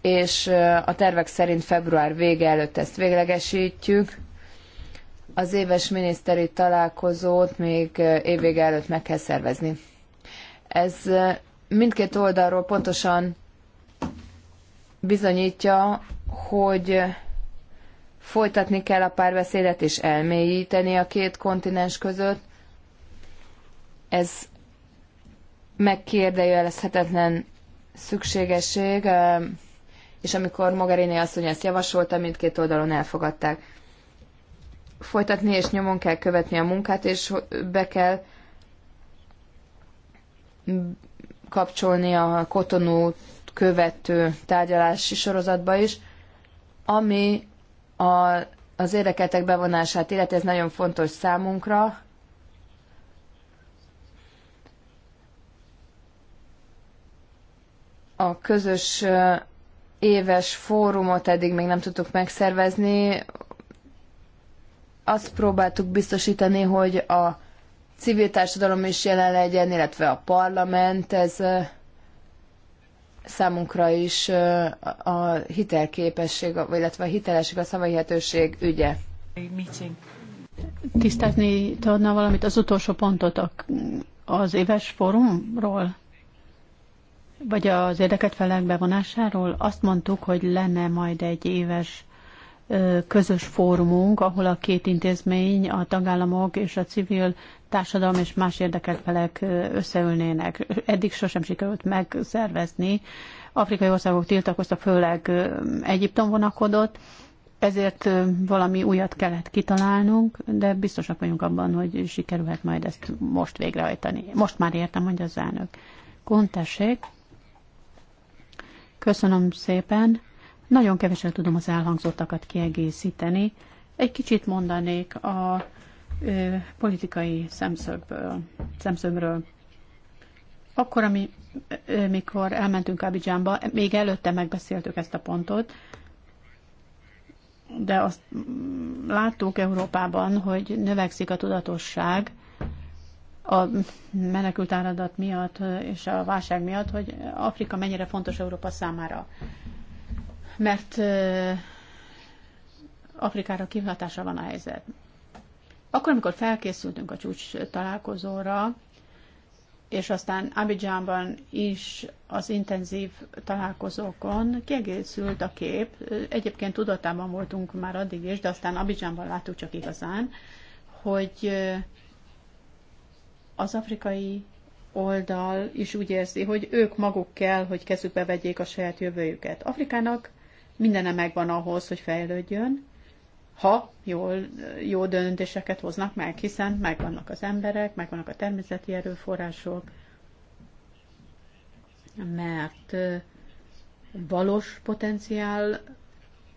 és a tervek szerint február vége előtt ezt véglegesítjük. Az éves miniszteri találkozót még évvége előtt meg kell szervezni. Ez mindkét oldalról pontosan bizonyítja, hogy folytatni kell a párbeszédet és elmélyíteni a két kontinens között. Ez megkérdőjelezhetetlen szükségesség, és amikor Mogherini asszony ezt javasolta, mindkét oldalon elfogadták. Folytatni és nyomon kell követni a munkát, és be kell kapcsolni a kotonú követő tárgyalási sorozatba is, ami a, az érdekeltek bevonását illeti, ez nagyon fontos számunkra. A közös éves fórumot eddig még nem tudtuk megszervezni. Azt próbáltuk biztosítani, hogy a civil társadalom is jelen legyen, illetve a parlament, ez számunkra is a hitelképesség, illetve a hitelesség, a szavahihetőség ügye. Tisztázni tudna valamit az utolsó pontot az éves fórumról? Vagy az érdeket felek bevonásáról? Azt mondtuk, hogy lenne majd egy éves közös fórumunk, ahol a két intézmény, a tagállamok és a civil társadalom és más érdekelt felek összeülnének. Eddig sosem sikerült megszervezni. Afrikai országok tiltakoztak, főleg Egyiptom vonakodott, ezért valami újat kellett kitalálnunk, de biztosak vagyunk abban, hogy sikerülhet majd ezt most végrehajtani. Most már értem, mondja az elnök. Kontessék. Köszönöm szépen. Nagyon kevesen tudom az elhangzottakat kiegészíteni. Egy kicsit mondanék a politikai szemszögből, szemszögről. Akkor, ami, mikor elmentünk Abidjánba, még előtte megbeszéltük ezt a pontot, de azt mm, láttuk Európában, hogy növekszik a tudatosság a menekült áradat miatt és a válság miatt, hogy Afrika mennyire fontos Európa számára. Mert Afrikára kihatása van a helyzet. Akkor, amikor felkészültünk a csúcs találkozóra, és aztán Abidjanban is az intenzív találkozókon kiegészült a kép. Egyébként tudatában voltunk már addig is, de aztán Abidjanban láttuk csak igazán, hogy az afrikai oldal is úgy érzi, hogy ők maguk kell, hogy kezükbe vegyék a saját jövőjüket. Afrikának mindene megvan ahhoz, hogy fejlődjön, ha jól, jó döntéseket hoznak meg, hiszen megvannak az emberek, megvannak a természeti erőforrások, mert valós potenciál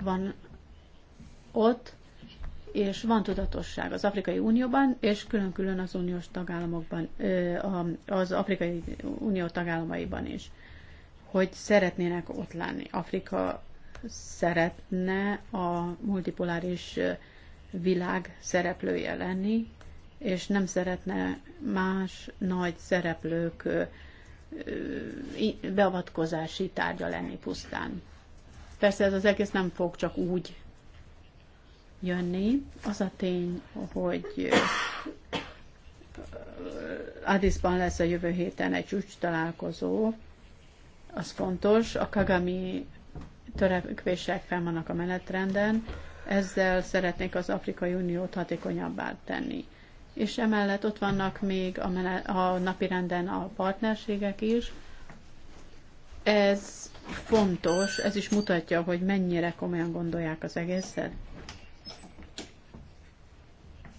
van ott, és van tudatosság az Afrikai Unióban, és külön-külön az uniós tagállamokban, az Afrikai Unió tagállamaiban is, hogy szeretnének ott lenni. Afrika szeretne a multipoláris világ szereplője lenni, és nem szeretne más nagy szereplők beavatkozási tárgya lenni pusztán. Persze ez az egész nem fog csak úgy jönni. Az a tény, hogy Addisban lesz a jövő héten egy csúcs találkozó, az fontos. A Kagami törekvések fel vannak a menetrenden, ezzel szeretnék az Afrikai Uniót hatékonyabbá tenni. És emellett ott vannak még a, menet, a napirenden a partnerségek is. Ez fontos, ez is mutatja, hogy mennyire komolyan gondolják az egészet.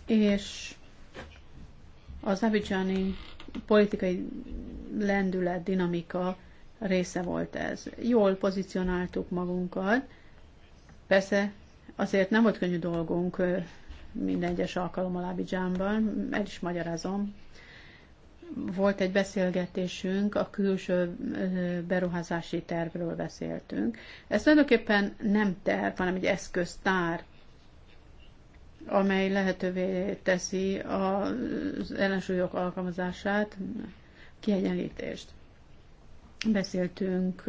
És az abidjani politikai lendület, dinamika része volt ez. Jól pozícionáltuk magunkat, persze azért nem volt könnyű dolgunk minden egyes alkalommal Abidjánban, el is magyarázom. Volt egy beszélgetésünk, a külső beruházási tervről beszéltünk. Ez tulajdonképpen nem terv, hanem egy eszköztár, amely lehetővé teszi az ellensúlyok alkalmazását, kiegyenlítést. Beszéltünk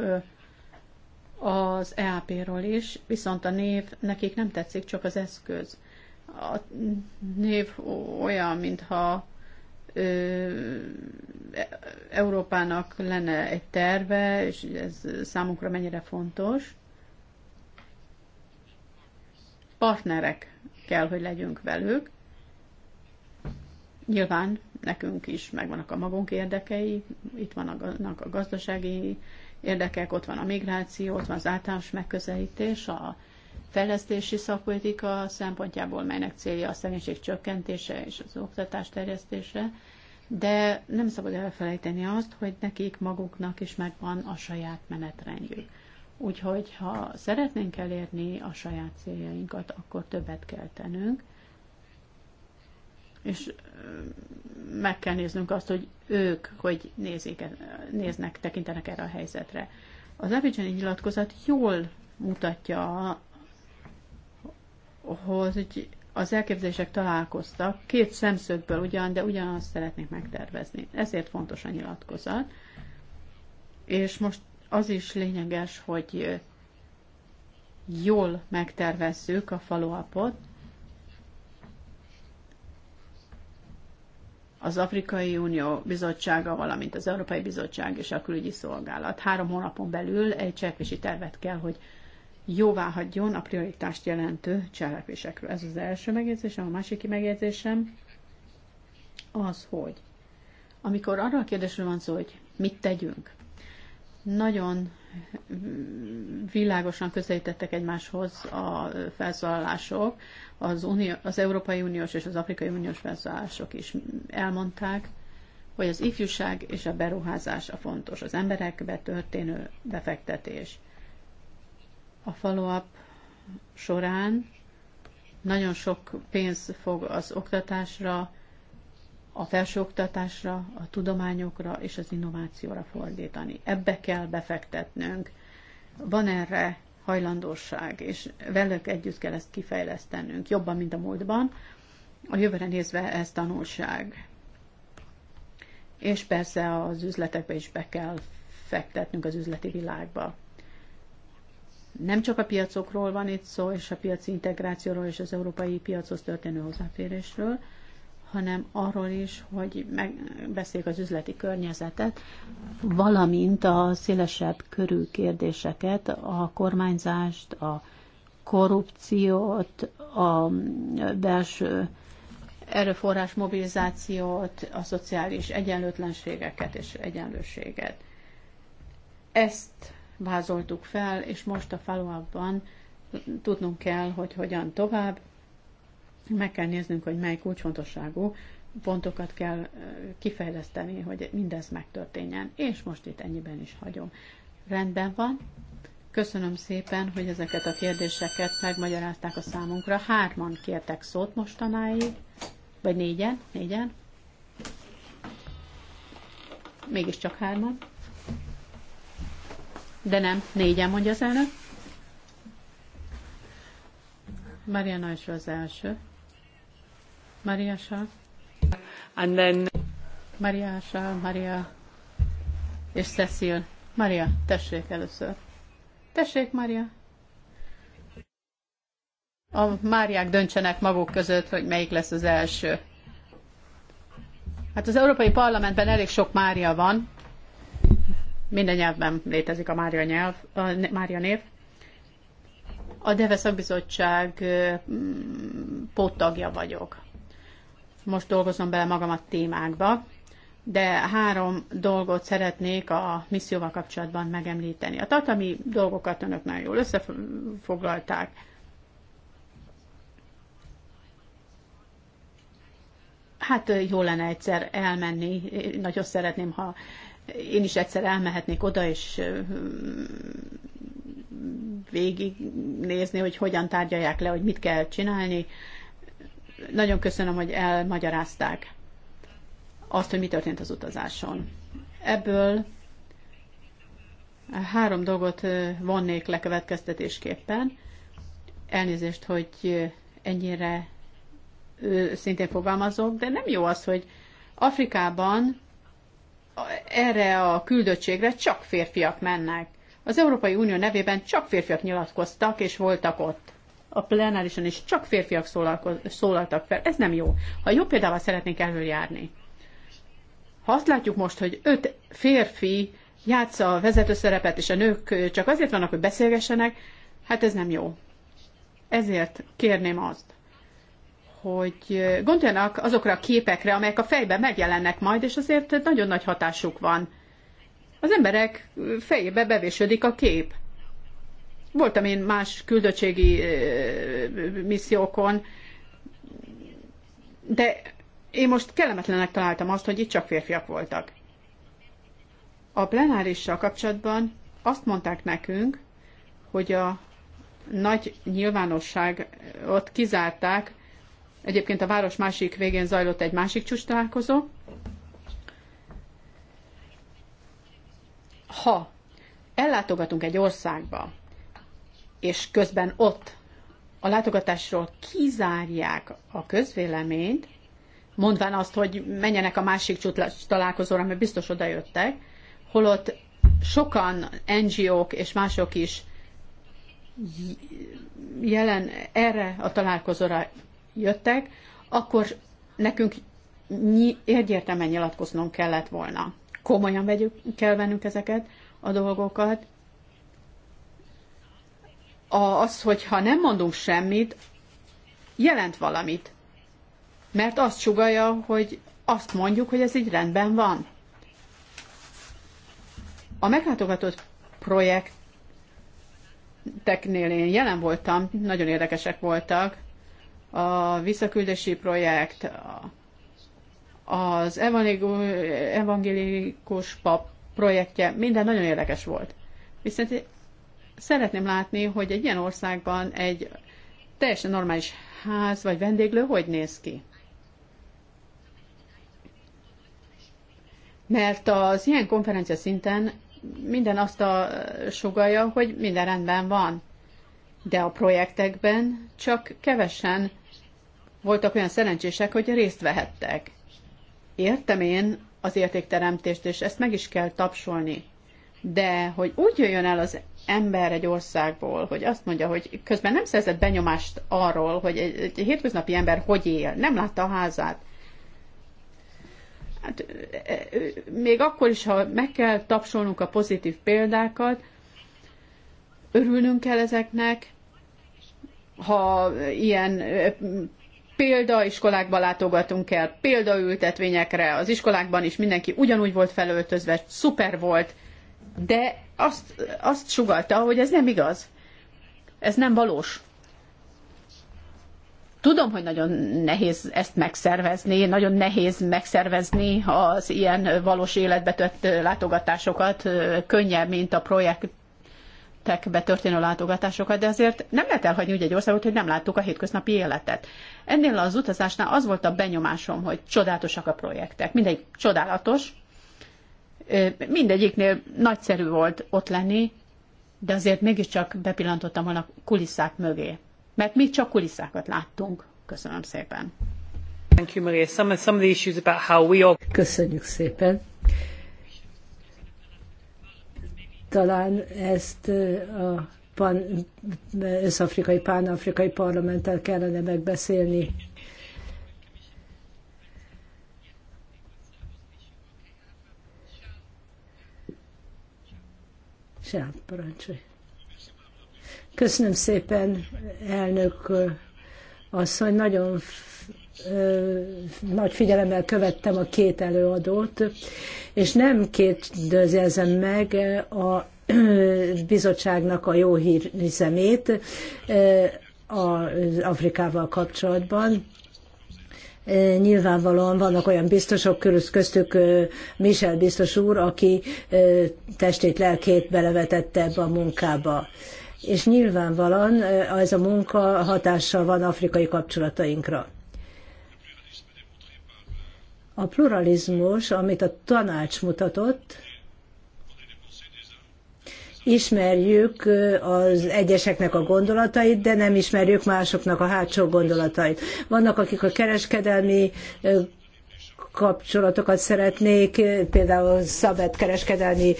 az EAP-ról is, viszont a név nekik nem tetszik, csak az eszköz. A név olyan, mintha e, Európának lenne egy terve, és ez számunkra mennyire fontos. Partnerek kell, hogy legyünk velük. Nyilván nekünk is megvannak a magunk érdekei, itt vannak a gazdasági érdekek, ott van a migráció, ott van az általános megközelítés, a fejlesztési szakpolitika szempontjából, melynek célja a szegénység csökkentése és az oktatás terjesztése, de nem szabad elfelejteni azt, hogy nekik maguknak is megvan a saját menetrendjük. Úgyhogy ha szeretnénk elérni a saját céljainkat, akkor többet kell tennünk, és meg kell néznünk azt, hogy ők hogy nézik, e, néznek, tekintenek erre a helyzetre. Az Abidjani nyilatkozat jól mutatja, hogy az elképzelések találkoztak, két szemszögből ugyan, de ugyanazt szeretnék megtervezni. Ezért fontos a nyilatkozat. És most az is lényeges, hogy jól megtervezzük a faluapot, az Afrikai Unió Bizottsága, valamint az Európai Bizottság és a Külügyi Szolgálat. Három hónapon belül egy cselekvési tervet kell, hogy jóvá hagyjon a prioritást jelentő cselekvésekről. Ez az első megjegyzésem, a másik megjegyzésem az, hogy amikor arra a kérdésről van szó, hogy mit tegyünk, nagyon világosan közelítettek egymáshoz a felszólalások, az, unió, az Európai Uniós és az Afrikai Uniós felszólalások is elmondták, hogy az ifjúság és a beruházás a fontos, az emberekbe történő befektetés. A follow-up során nagyon sok pénz fog az oktatásra, a felsőoktatásra, a tudományokra és az innovációra fordítani. Ebbe kell befektetnünk. Van erre hajlandóság, és velük együtt kell ezt kifejlesztenünk, jobban, mint a múltban. A jövőre nézve ez tanulság. És persze az üzletekbe is be kell fektetnünk az üzleti világba. Nem csak a piacokról van itt szó, és a piaci integrációról és az európai piachoz történő hozzáférésről, hanem arról is, hogy megbeszéljük az üzleti környezetet, valamint a szélesebb körű kérdéseket, a kormányzást, a korrupciót, a belső erőforrás mobilizációt, a szociális egyenlőtlenségeket és egyenlőséget. Ezt vázoltuk fel, és most a faluapban tudnunk kell, hogy hogyan tovább, meg kell néznünk, hogy mely kulcsfontosságú pontokat kell kifejleszteni, hogy mindez megtörténjen. És most itt ennyiben is hagyom. Rendben van. Köszönöm szépen, hogy ezeket a kérdéseket megmagyarázták a számunkra. Hárman kértek szót mostanáig, vagy négyen, négyen. Mégiscsak hárman. De nem, négyen mondja az elnök. Mariana is az első. Mariasa. And then... Mariasa, Maria és Cecil. Maria, tessék először. Tessék, Maria. A Máriák döntsenek maguk között, hogy melyik lesz az első. Hát az Európai Parlamentben elég sok Mária van. Minden nyelvben létezik a Mária, nyelv, a Mária név. A Deve Szakbizottság mm, póttagja vagyok most dolgozom bele magamat témákba, de három dolgot szeretnék a misszióval kapcsolatban megemlíteni. A tartalmi dolgokat önök nagyon jól összefoglalták. Hát eh, jó lenne egyszer elmenni, én nagyon szeretném, ha én is egyszer elmehetnék oda, és eh, végignézni, hogy hogyan tárgyalják le, hogy mit kell csinálni nagyon köszönöm, hogy elmagyarázták azt, hogy mi történt az utazáson. Ebből három dolgot vonnék le következtetésképpen. Elnézést, hogy ennyire szintén fogalmazok, de nem jó az, hogy Afrikában erre a küldöttségre csak férfiak mennek. Az Európai Unió nevében csak férfiak nyilatkoztak és voltak ott a plenárison is csak férfiak szólaltak fel. Ez nem jó. Ha jó példával szeretnénk előjárni. Ha azt látjuk most, hogy öt férfi játsza a vezető szerepet, és a nők csak azért vannak, hogy beszélgessenek, hát ez nem jó. Ezért kérném azt, hogy gondoljanak azokra a képekre, amelyek a fejben megjelennek majd, és azért nagyon nagy hatásuk van. Az emberek fejébe bevésődik a kép. Voltam én más küldöttségi missziókon, de én most kellemetlenek találtam azt, hogy itt csak férfiak voltak. A plenárissal kapcsolatban azt mondták nekünk, hogy a nagy nyilvánosságot kizárták. Egyébként a város másik végén zajlott egy másik csúcs találkozó. Ha ellátogatunk egy országba, és közben ott a látogatásról kizárják a közvéleményt, mondván azt, hogy menjenek a másik találkozóra, mert biztos jöttek, holott sokan NGO-k és mások is jelen erre a találkozóra jöttek, akkor nekünk egyértelműen nyilatkoznunk kellett volna. Komolyan vegyük, kell vennünk ezeket a dolgokat, az, hogy ha nem mondunk semmit, jelent valamit. Mert azt sugalja, hogy azt mondjuk, hogy ez így rendben van. A meglátogatott projekteknél én jelen voltam, nagyon érdekesek voltak. A visszaküldési projekt, az evangélikus pap projektje, minden nagyon érdekes volt. Viszont Szeretném látni, hogy egy ilyen országban egy teljesen normális ház vagy vendéglő hogy néz ki. Mert az ilyen konferencia szinten minden azt a sugalja, hogy minden rendben van. De a projektekben csak kevesen voltak olyan szerencsések, hogy részt vehettek. Értem én az értékteremtést, és ezt meg is kell tapsolni de hogy úgy jöjjön el az ember egy országból, hogy azt mondja, hogy közben nem szerzett benyomást arról, hogy egy, egy hétköznapi ember hogy él, nem látta a házát. Hát, még akkor is, ha meg kell tapsolnunk a pozitív példákat, örülnünk kell ezeknek, ha ilyen példaiskolákba látogatunk el, példaültetvényekre, az iskolákban is mindenki ugyanúgy volt felöltözve, szuper volt, de azt, azt sugalta, hogy ez nem igaz. Ez nem valós. Tudom, hogy nagyon nehéz ezt megszervezni, nagyon nehéz megszervezni az ilyen valós életbe tört látogatásokat, könnyebb, mint a projektekbe történő látogatásokat, de azért nem lehet elhagyni úgy egy országot, hogy nem láttuk a hétköznapi életet. Ennél az utazásnál az volt a benyomásom, hogy csodálatosak a projektek. Mindegy csodálatos, Mindegyiknél nagyszerű volt ott lenni, de azért mégiscsak bepillantottam volna kulisszák mögé. Mert mi csak kulisszákat láttunk. Köszönöm szépen. Thank you, Maria. Some, some of the issues about how we all... Köszönjük szépen. Talán ezt a pan, összafrikai, afrikai parlamenttel kellene megbeszélni. Sirán, parancsolj. Köszönöm szépen, elnök asszony. Nagyon ö, nagy figyelemmel követtem a két előadót, és nem kérdezem meg a bizottságnak a jó hír szemét az Afrikával kapcsolatban Nyilvánvalóan vannak olyan biztosok, köztük Michel biztos úr, aki testét, lelkét belevetette ebbe a munkába. És nyilvánvalóan ez a munka hatással van afrikai kapcsolatainkra. A pluralizmus, amit a tanács mutatott, ismerjük az egyeseknek a gondolatait, de nem ismerjük másoknak a hátsó gondolatait. Vannak, akik a kereskedelmi kapcsolatokat szeretnék, például szabad kereskedelmi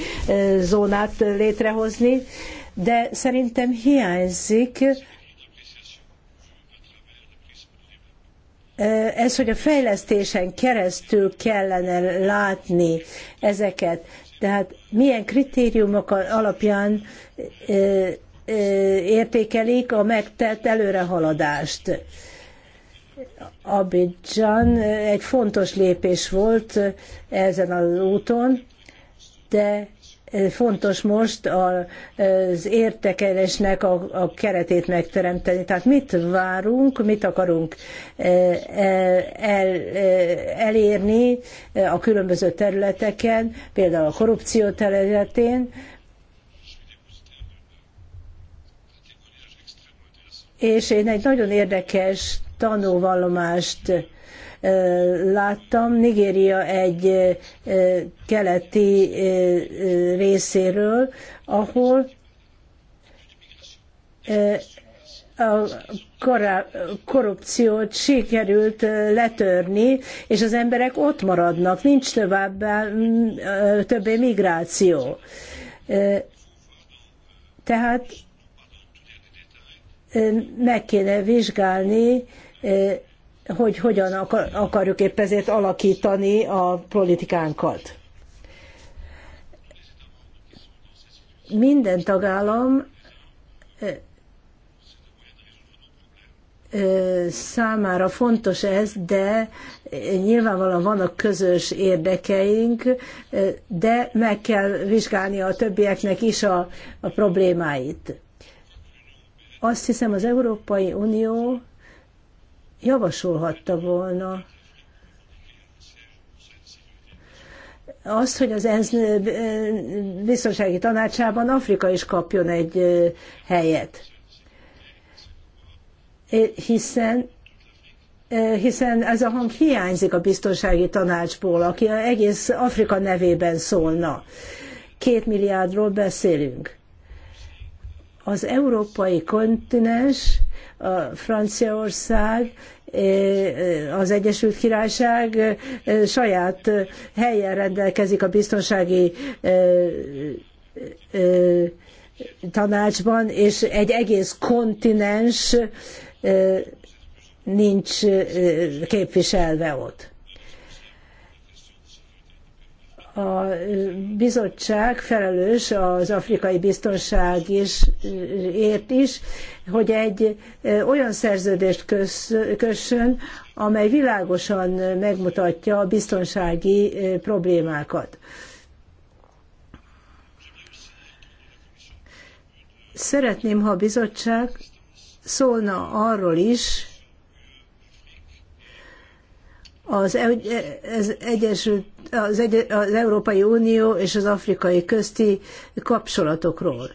zónát létrehozni, de szerintem hiányzik ez, hogy a fejlesztésen keresztül kellene látni ezeket. Tehát milyen kritériumok alapján értékelik a megtett előrehaladást. Abidjan egy fontos lépés volt ezen az úton, de Fontos most az értekelésnek a, keretét megteremteni. Tehát mit várunk, mit akarunk e, e, e, elérni a különböző területeken, például a korrupció területén, és én egy nagyon érdekes tanúvallomást láttam. Nigéria egy keleti részéről, ahol a korrupciót sikerült letörni, és az emberek ott maradnak, nincs továbbá, többé migráció. Tehát meg kéne vizsgálni hogy hogyan akarjuk épp ezért alakítani a politikánkat. Minden tagállam számára fontos ez, de nyilvánvalóan vannak közös érdekeink, de meg kell vizsgálni a többieknek is a, a problémáit. Azt hiszem az Európai Unió javasolhatta volna azt, hogy az ENSZ biztonsági tanácsában Afrika is kapjon egy helyet. Hiszen hiszen ez a hang hiányzik a biztonsági tanácsból, aki egész Afrika nevében szólna. Két milliárdról beszélünk. Az európai kontinens, a Franciaország, eh, eh, az Egyesült Királyság eh, saját helyen rendelkezik a biztonsági tanácsban, és egy egész kontinens nincs képviselve ott a bizottság felelős az afrikai biztonság is, ért is, hogy egy olyan szerződést kössön, amely világosan megmutatja a biztonsági problémákat. Szeretném, ha a bizottság szólna arról is, az, Egyesült, az, egy, az Európai Unió és az afrikai közti kapcsolatokról.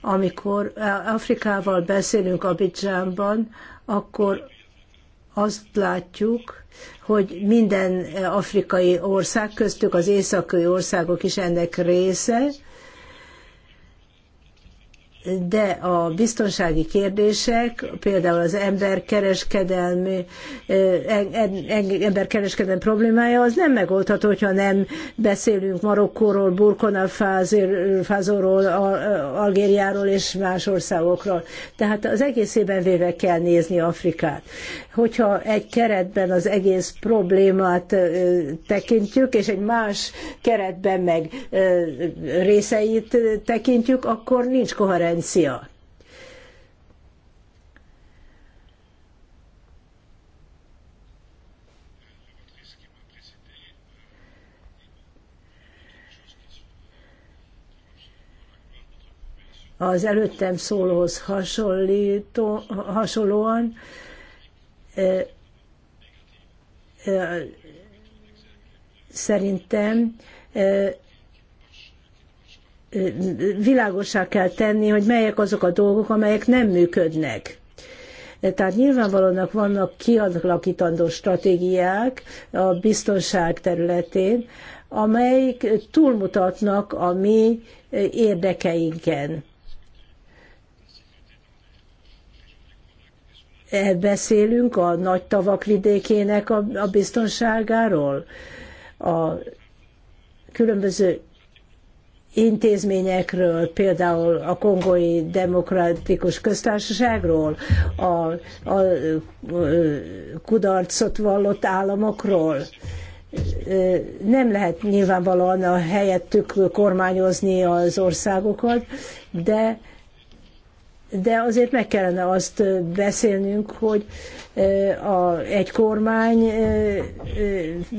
Amikor Afrikával beszélünk Abidjánban, akkor azt látjuk, hogy minden afrikai ország, köztük az északi országok is ennek része, de a biztonsági kérdések, például az emberkereskedelmi, emberkereskedelmi problémája, az nem megoldható, hogyha nem beszélünk Marokkóról, Burkona Fázóról, Algériáról és más országokról. Tehát az egészében véve kell nézni Afrikát. Hogyha egy keretben az egész problémát tekintjük, és egy más keretben meg részeit tekintjük, akkor nincs koherencia konferencia. az előttem szólóhoz hasonlító, hasonlóan e, e, szerintem e, világosá kell tenni, hogy melyek azok a dolgok, amelyek nem működnek. Tehát nyilvánvalóan vannak kialakítandó stratégiák a biztonság területén, amelyik túlmutatnak a mi érdekeinken. Beszélünk a nagy tavak vidékének a, biztonságáról, a különböző intézményekről, például a Kongói Demokratikus Köztársaságról, a, a, a kudarcot vallott államokról. Nem lehet nyilvánvalóan a helyettük kormányozni az országokat, de de azért meg kellene azt beszélnünk, hogy a, egy kormány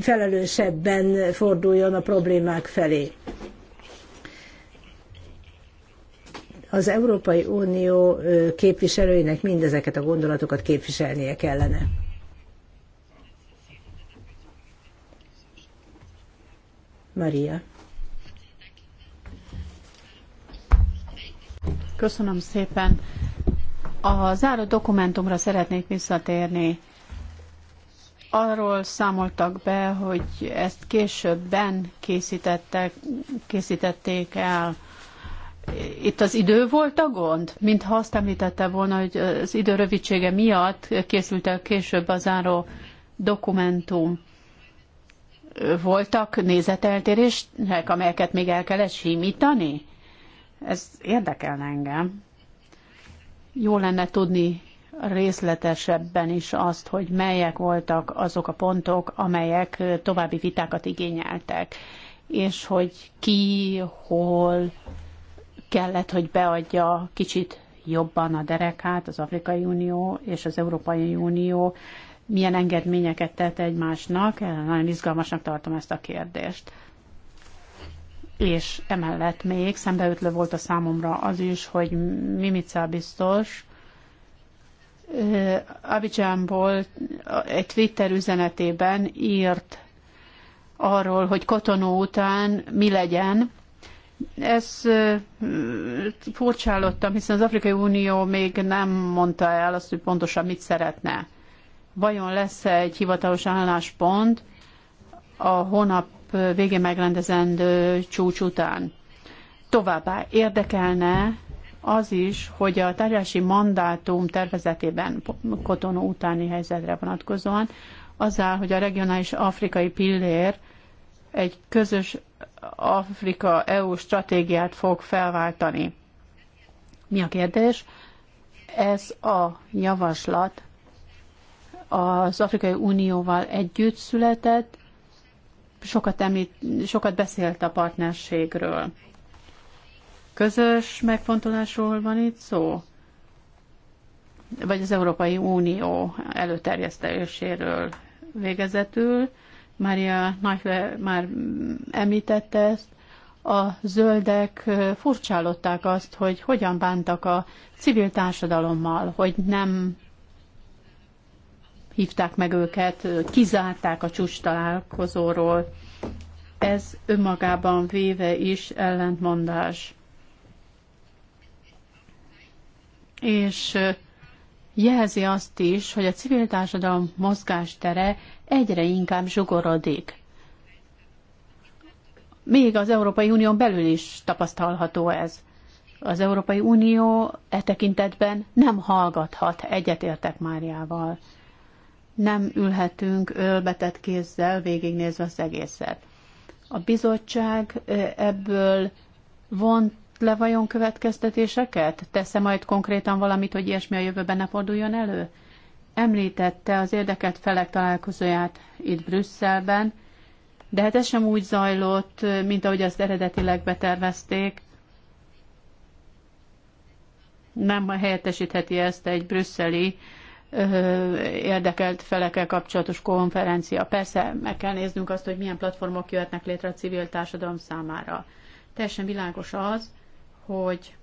felelősebben forduljon a problémák felé. Az Európai Unió képviselőinek mindezeket a gondolatokat képviselnie kellene. Maria. Köszönöm szépen. A záró dokumentumra szeretnék visszatérni. Arról számoltak be, hogy ezt későbben készítettek, készítették el itt az idő volt a gond? Mintha azt említette volna, hogy az idő rövidsége miatt készült el később a záró dokumentum. Voltak nézeteltérések, amelyeket még el kellett simítani? Ez érdekel engem. Jó lenne tudni részletesebben is azt, hogy melyek voltak azok a pontok, amelyek további vitákat igényeltek, és hogy ki, hol, kellett, hogy beadja kicsit jobban a derekát az Afrikai Unió és az Európai Unió milyen engedményeket tett egymásnak. Nagyon izgalmasnak tartom ezt a kérdést. És emellett még szembeütlő volt a számomra az is, hogy Mimica biztos Abidjanból egy Twitter üzenetében írt arról, hogy Kotonó után mi legyen, ez furcsálódtam, hiszen az Afrikai Unió még nem mondta el azt, hogy pontosan mit szeretne. Vajon lesz -e egy hivatalos álláspont a hónap végén megrendezendő csúcs után? Továbbá érdekelne az is, hogy a tárgyalási mandátum tervezetében Kotonó utáni helyzetre vonatkozóan azzal, hogy a regionális afrikai pillér egy közös Afrika-EU stratégiát fog felváltani. Mi a kérdés? Ez a javaslat az Afrikai Unióval együtt született, sokat, említ, sokat beszélt a partnerségről. Közös megfontolásról van itt szó? Vagy az Európai Unió előterjesztéséről végezetül? Mária Nagyle már említette ezt, a zöldek furcsálották azt, hogy hogyan bántak a civil társadalommal, hogy nem hívták meg őket, kizárták a csúcs találkozóról. Ez önmagában véve is ellentmondás. És jelzi azt is, hogy a civil társadalom mozgástere egyre inkább zsugorodik. Még az Európai Unión belül is tapasztalható ez. Az Európai Unió e tekintetben nem hallgathat, egyetértek Máriával. Nem ülhetünk ölbetett kézzel végignézve az egészet. A bizottság ebből vont le vajon következtetéseket? Tesz-e majd konkrétan valamit, hogy ilyesmi a jövőben ne forduljon elő? Említette az érdekelt felek találkozóját itt Brüsszelben, de hát ez sem úgy zajlott, mint ahogy azt eredetileg betervezték. Nem helyettesítheti ezt egy brüsszeli érdekelt felekkel kapcsolatos konferencia. Persze meg kell néznünk azt, hogy milyen platformok jöhetnek létre a civil társadalom számára. Teljesen világos az, hogy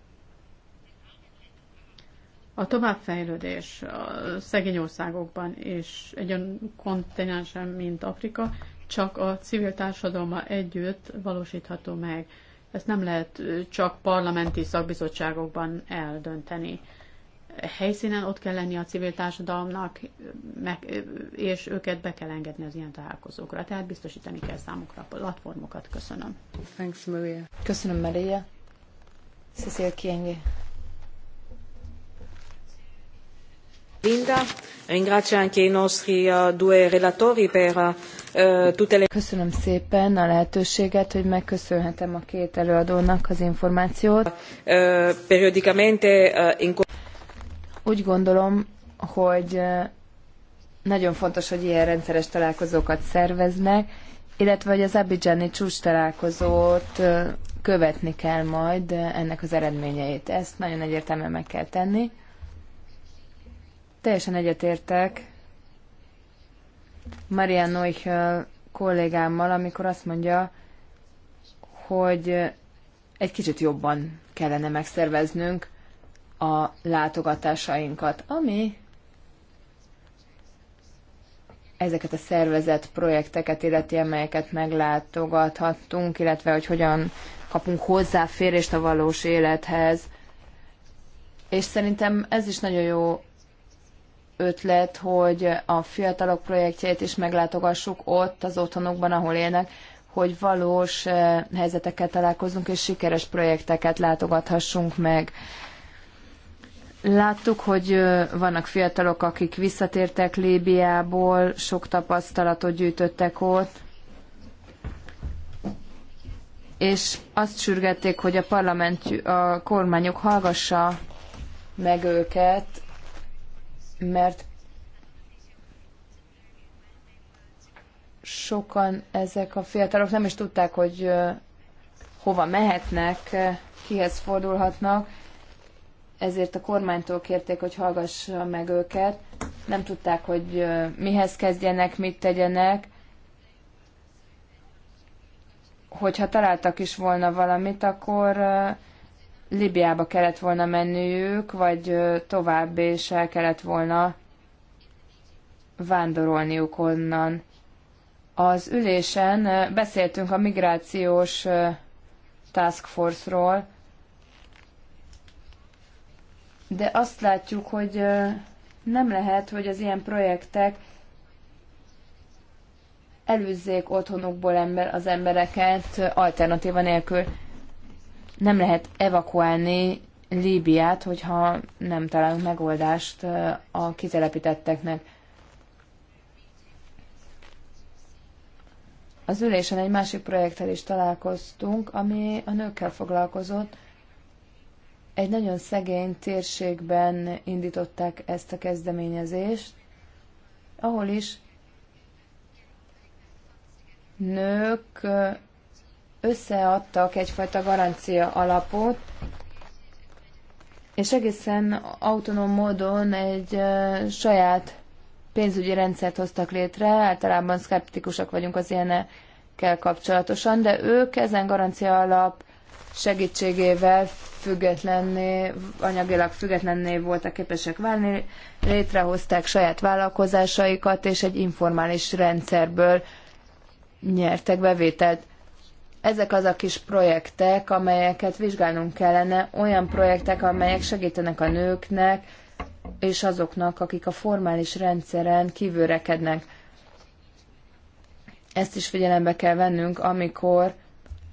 a továbbfejlődés a szegény országokban és egy olyan kontinensen, mint Afrika, csak a civil társadalma együtt valósítható meg. Ezt nem lehet csak parlamenti szakbizottságokban eldönteni. Helyszínen ott kell lenni a civil társadalomnak, meg, és őket be kell engedni az ilyen találkozókra. Tehát biztosítani kell számukra a platformokat. Köszönöm. Thanks, Maria. Köszönöm, Maria. Linda, ringrazio anche i nostri eh, due relatori per eh, tutte le... Köszönöm szépen a lehetőséget, hogy megköszönhetem a két előadónak az információt. Eh, periodicamente... Úgy gondolom, hogy nagyon fontos, hogy ilyen rendszeres találkozókat szerveznek, illetve hogy az Abidjani csúcs találkozót követni kell majd ennek az eredményeit. Ezt nagyon egyértelműen meg kell tenni. Teljesen egyetértek Marian Noich kollégámmal, amikor azt mondja, hogy egy kicsit jobban kellene megszerveznünk a látogatásainkat, ami ezeket a szervezett projekteket illeti, amelyeket meglátogathattunk, illetve hogy hogyan kapunk hozzáférést a valós élethez. És szerintem ez is nagyon jó ötlet, hogy a fiatalok projektjeit is meglátogassuk ott az otthonokban, ahol élnek, hogy valós eh, helyzetekkel találkozunk, és sikeres projekteket látogathassunk meg. Láttuk, hogy vannak fiatalok, akik visszatértek Líbiából, sok tapasztalatot gyűjtöttek ott, és azt sürgették, hogy a parlament, a kormányok hallgassa meg őket, mert sokan ezek a fiatalok nem is tudták, hogy hova mehetnek, kihez fordulhatnak, ezért a kormánytól kérték, hogy hallgassa meg őket. Nem tudták, hogy mihez kezdjenek, mit tegyenek. Hogyha találtak is volna valamit, akkor Libiába kellett volna menniük, vagy tovább, és el kellett volna vándorolniuk onnan. Az ülésen beszéltünk a migrációs task force-ról, de azt látjuk, hogy nem lehet, hogy az ilyen projektek előzzék otthonukból ember, az embereket alternatíva nélkül. Nem lehet evakuálni Líbiát, hogyha nem találunk megoldást a kitelepítetteknek. Az ülésen egy másik projekttel is találkoztunk, ami a nőkkel foglalkozott, egy nagyon szegény térségben indították ezt a kezdeményezést, ahol is nők összeadtak egyfajta garancia alapot, és egészen autonóm módon egy saját pénzügyi rendszert hoztak létre, általában szkeptikusak vagyunk az ilyenekkel kapcsolatosan, de ők ezen garancia alap segítségével függetlenné, anyagilag függetlenné voltak képesek válni, létrehozták saját vállalkozásaikat, és egy informális rendszerből nyertek bevételt. Ezek az a kis projektek, amelyeket vizsgálnunk kellene, olyan projektek, amelyek segítenek a nőknek, és azoknak, akik a formális rendszeren kívülrekednek. Ezt is figyelembe kell vennünk, amikor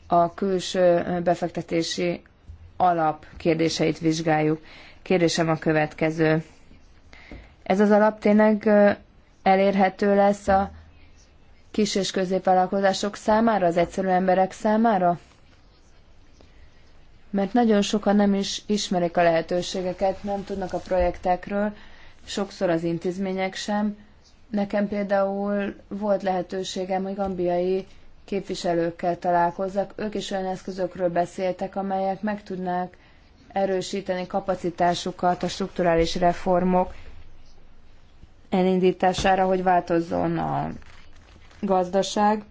a külső befektetési alap kérdéseit vizsgáljuk. Kérdésem a következő. Ez az alap tényleg elérhető lesz a kis és középvállalkozások számára, az egyszerű emberek számára? Mert nagyon sokan nem is ismerik a lehetőségeket, nem tudnak a projektekről, sokszor az intézmények sem. Nekem például volt lehetőségem, hogy gambiai képviselőkkel találkozzak. Ők is olyan eszközökről beszéltek, amelyek meg tudnák erősíteni kapacitásukat a strukturális reformok elindítására, hogy változzon a gazdaság.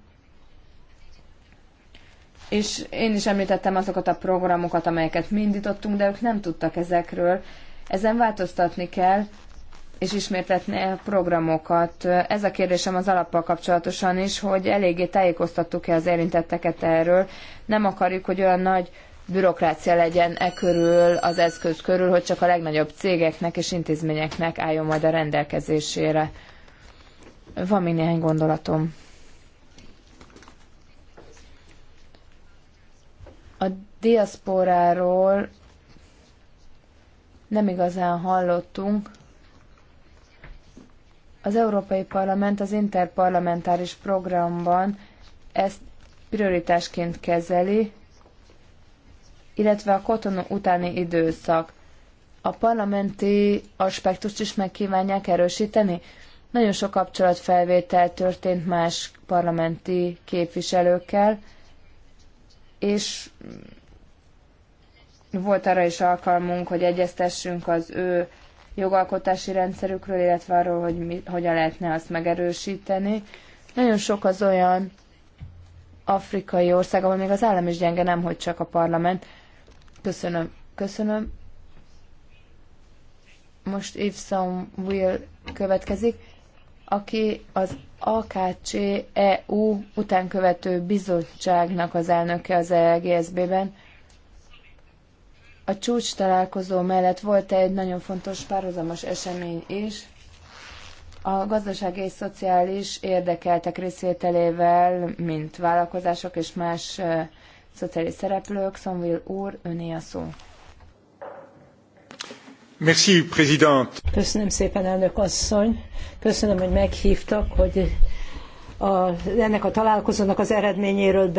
És én is említettem azokat a programokat, amelyeket mindítottunk, de ők nem tudtak ezekről. Ezen változtatni kell, és ismertetni a programokat. Ez a kérdésem az alappal kapcsolatosan is, hogy eléggé tájékoztattuk-e az érintetteket erről. Nem akarjuk, hogy olyan nagy bürokrácia legyen e körül, az eszköz körül, hogy csak a legnagyobb cégeknek és intézményeknek álljon majd a rendelkezésére. Van még néhány gondolatom. A diaszporáról nem igazán hallottunk. Az Európai Parlament az interparlamentáris programban ezt prioritásként kezeli, illetve a kotonó utáni időszak. A parlamenti aspektust is megkívánják erősíteni. Nagyon sok kapcsolatfelvétel történt más parlamenti képviselőkkel, és volt arra is alkalmunk, hogy egyeztessünk az ő jogalkotási rendszerükről, illetve arról, hogy mi, hogyan lehetne azt megerősíteni. Nagyon sok az olyan afrikai ország, ahol még az állam is gyenge, nem hogy csak a parlament. Köszönöm. Köszönöm. Most Ivson Will következik, aki az AKC EU utánkövető bizottságnak az elnöke az EGSB-ben. A csúcs találkozó mellett volt egy nagyon fontos párhuzamos esemény is. A gazdasági és szociális érdekeltek részvételével, mint vállalkozások és más szociális szereplők, szomvil, úr, öné a szó. Merci, président. Köszönöm szépen, elnök asszony. Köszönöm, hogy meghívtak, hogy a, ennek a találkozónak az eredményéről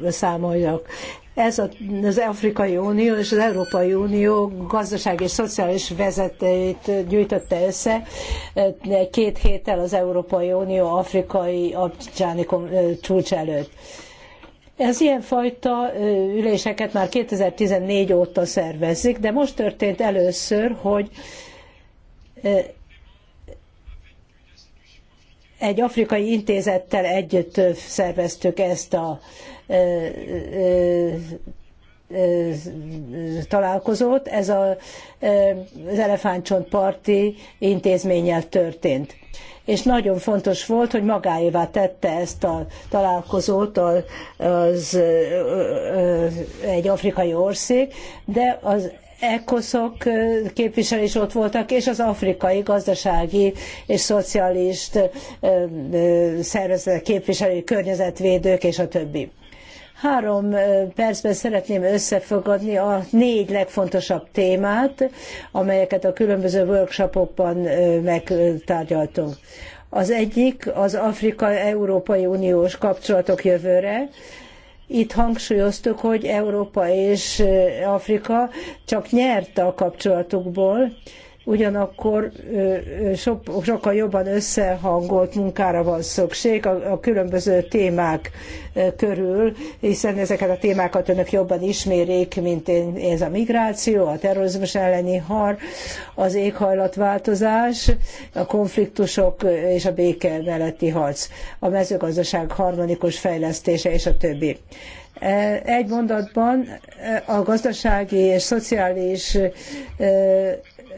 beszámoljak. Ez az Afrikai Unió és az Európai Unió gazdasági és szociális vezetőit gyűjtötte össze eh, két héttel az Európai Unió afrikai abcsáni eh, csúcs előtt. Ez ilyenfajta eh, üléseket már 2014 óta szervezik, de most történt először, hogy egy afrikai intézettel együtt szerveztük ezt a találkozót, ez a, az parti intézménnyel történt. És nagyon fontos volt, hogy magáévá tette ezt a találkozót az, az egy afrikai ország, de az ECOSZok képviselői is ott voltak, és az afrikai gazdasági és szocialist szervezetek képviselői, környezetvédők és a többi. Három percben szeretném összefogadni a négy legfontosabb témát, amelyeket a különböző workshopokban megtárgyaltunk. Az egyik az Afrika-Európai Uniós kapcsolatok jövőre, itt hangsúlyoztuk, hogy Európa és Afrika csak nyert a kapcsolatukból, ugyanakkor sokkal jobban összehangolt munkára van szükség a, különböző témák körül, hiszen ezeket a témákat önök jobban ismérik, mint én, ez a migráció, a terrorizmus elleni har, az éghajlatváltozás, a konfliktusok és a béke melletti harc, a mezőgazdaság harmonikus fejlesztése és a többi. E, egy mondatban a gazdasági és szociális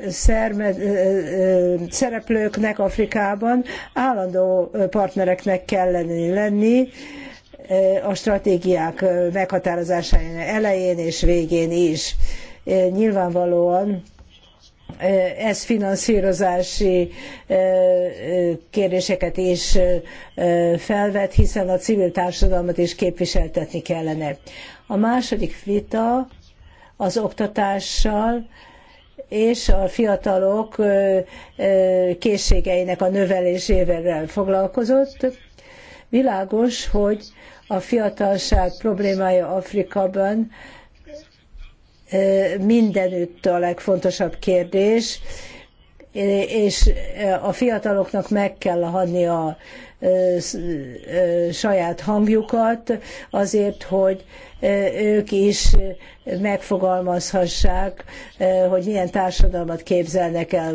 szerme, szereplőknek Afrikában állandó partnereknek kellene lenni a stratégiák meghatározásának elején és végén is. Nyilvánvalóan ez finanszírozási kérdéseket is felvet, hiszen a civil társadalmat is képviseltetni kellene. A második vita az oktatással, és a fiatalok készségeinek a növelésével foglalkozott. Világos, hogy a fiatalság problémája Afrikában mindenütt a legfontosabb kérdés, és a fiataloknak meg kell adni a saját hangjukat azért, hogy ők is megfogalmazhassák, hogy milyen társadalmat képzelnek el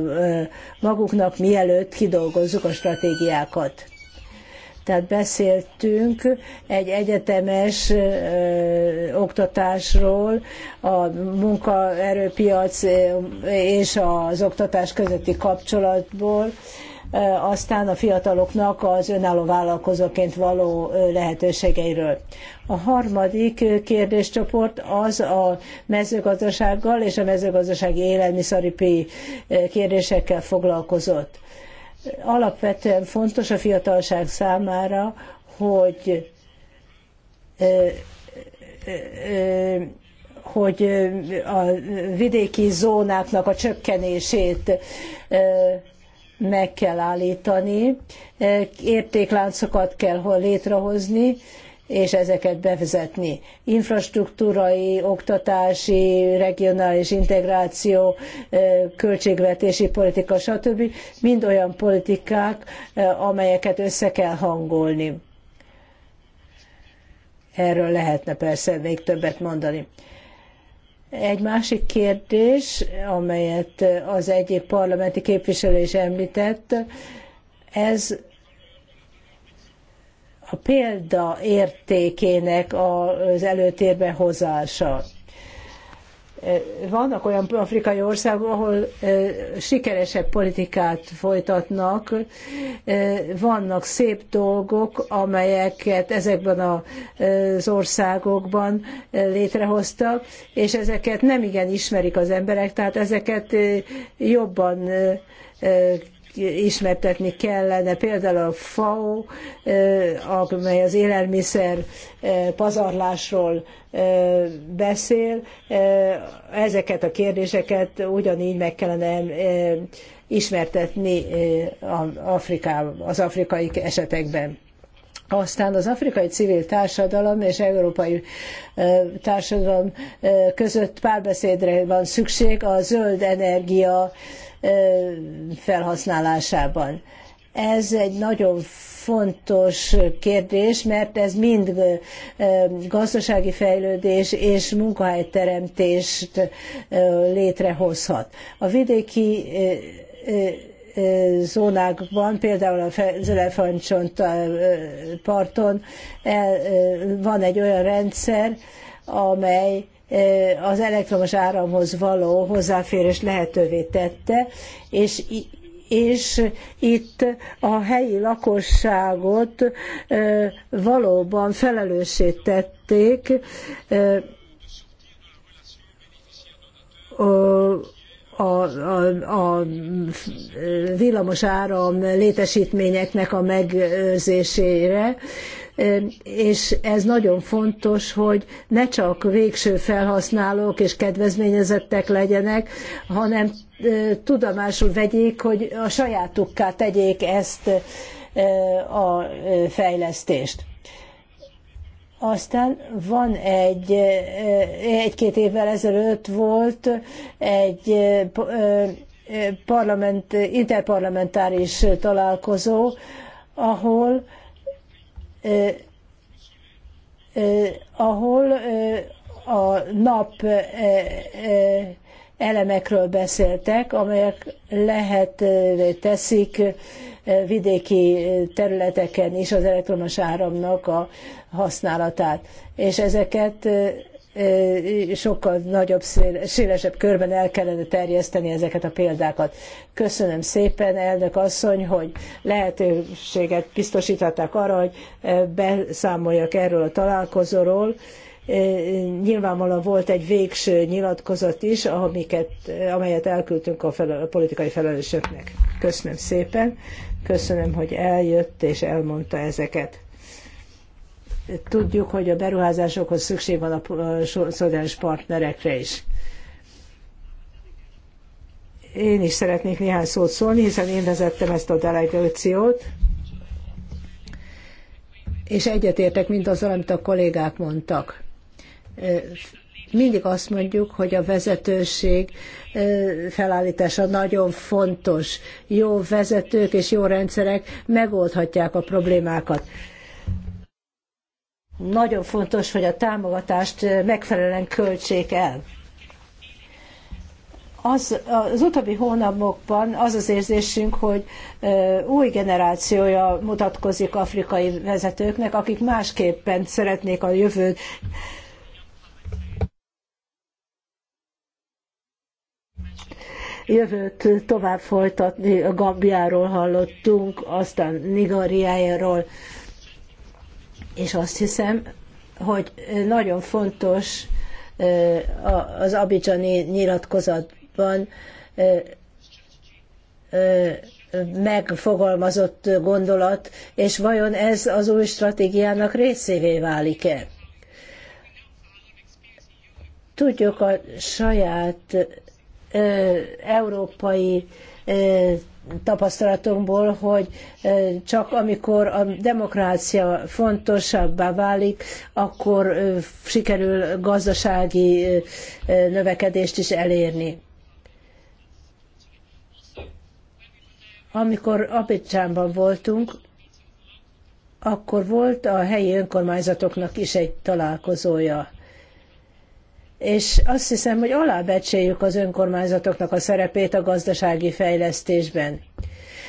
maguknak, mielőtt kidolgozzuk a stratégiákat. Tehát beszéltünk egy egyetemes oktatásról, a munkaerőpiac és az oktatás közötti kapcsolatból, aztán a fiataloknak az önálló vállalkozóként való lehetőségeiről. A harmadik kérdéscsoport az a mezőgazdasággal és a mezőgazdasági élelmiszaripi kérdésekkel foglalkozott alapvetően fontos a fiatalság számára, hogy hogy a vidéki zónáknak a csökkenését meg kell állítani, értékláncokat kell létrehozni, és ezeket bevezetni. Infrastruktúrai, oktatási, regionális integráció, költségvetési politika, stb. mind olyan politikák, amelyeket össze kell hangolni. Erről lehetne persze még többet mondani. Egy másik kérdés, amelyet az egyik parlamenti képviselő is említett, ez a példa értékének az előtérbe hozása. Vannak olyan afrikai országok, ahol sikeresebb politikát folytatnak, vannak szép dolgok, amelyeket ezekben az országokban létrehoztak, és ezeket nem igen ismerik az emberek, tehát ezeket jobban ismertetni kellene. Például a FAO, eh, amely az élelmiszer eh, pazarlásról eh, beszél, ezeket a kérdéseket ugyanígy meg kellene ismertetni az afrikai esetekben. Aztán az afrikai civil társadalom és európai társadalom között párbeszédre van szükség a zöld energia felhasználásában. Ez egy nagyon fontos kérdés, mert ez mind gazdasági fejlődés és munkahelyteremtést létrehozhat. A vidéki zónákban, például a Zelefancsont parton van egy olyan rendszer, amely Eh, az elektromos áramhoz való hozzáférés lehetővé tette, és és itt a helyi lakosságot eh, valóban felelőssé tették eh, a, a, a villamos áram létesítményeknek a megőrzésére, és ez nagyon fontos, hogy ne csak végső felhasználók és kedvezményezettek legyenek, hanem tudomásul vegyék, hogy a sajátukká tegyék ezt a fejlesztést. Aztán van egy, egy-két évvel ezelőtt volt egy parlament, interparlamentáris találkozó, ahol ahol a nap elemekről beszéltek, amelyek lehetővé teszik eh, vidéki eh, területeken is az elektromos áramnak a használatát. És ezeket eh, sokkal nagyobb, szélesebb körben el kellene terjeszteni ezeket a példákat. Köszönöm szépen, elnök asszony, hogy lehetőséget biztosították arra, hogy beszámoljak erről a találkozóról Nyilvánvalóan volt egy végső nyilatkozat is, amiket, amelyet elküldtünk a, felel, a politikai felelősöknek. Köszönöm szépen, köszönöm, hogy eljött és elmondta ezeket tudjuk, hogy a beruházásokhoz szükség van a szociális partnerekre is. Én is szeretnék néhány szót szólni, hiszen én vezettem ezt a delegációt, és egyetértek mindazzal, amit a kollégák mondtak mindig azt mondjuk, hogy a vezetőség felállítása nagyon fontos. Jó vezetők és jó rendszerek megoldhatják a problémákat. Nagyon fontos, hogy a támogatást megfelelően költsék el. Az, az utóbbi hónapokban az az érzésünk, hogy új generációja mutatkozik afrikai vezetőknek, akik másképpen szeretnék a jövőt jövőt tovább folytatni. A Gambiáról hallottunk, aztán Nigériáról, és azt hiszem, hogy nagyon fontos az abidzsani nyilatkozatban megfogalmazott gondolat, és vajon ez az új stratégiának részévé válik-e? Tudjuk a saját európai tapasztalatomból, hogy csak amikor a demokrácia fontosabbá válik, akkor sikerül gazdasági növekedést is elérni. Amikor Apicsánban voltunk, akkor volt a helyi önkormányzatoknak is egy találkozója és azt hiszem, hogy alábecséljük az önkormányzatoknak a szerepét a gazdasági fejlesztésben.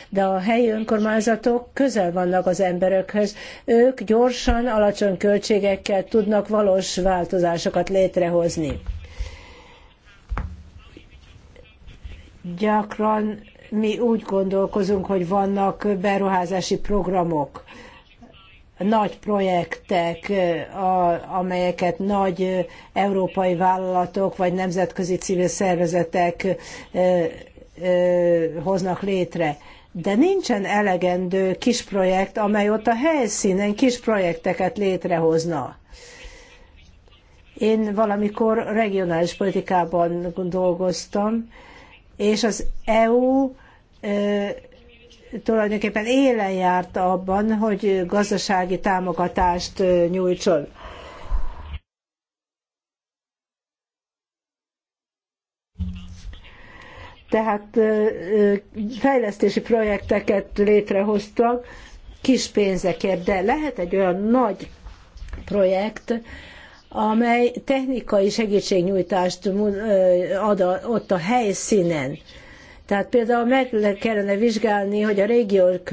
De a helyi önkormányzatok közel vannak az emberekhez, ők gyorsan, alacsony költségekkel tudnak valós változásokat létrehozni. Gyakran mi úgy gondolkozunk, hogy vannak beruházási programok nagy projektek, amelyeket nagy európai vállalatok vagy nemzetközi civil szervezetek hoznak létre. De nincsen elegendő kis projekt, amely ott a helyszínen kis projekteket létrehozna. Én valamikor regionális politikában dolgoztam, és az EU tulajdonképpen élen járt abban, hogy gazdasági támogatást nyújtson. Tehát fejlesztési projekteket létrehoztak kis pénzekért, de lehet egy olyan nagy projekt, amely technikai segítségnyújtást ad ott a helyszínen tehát például meg kellene vizsgálni, hogy a régiók,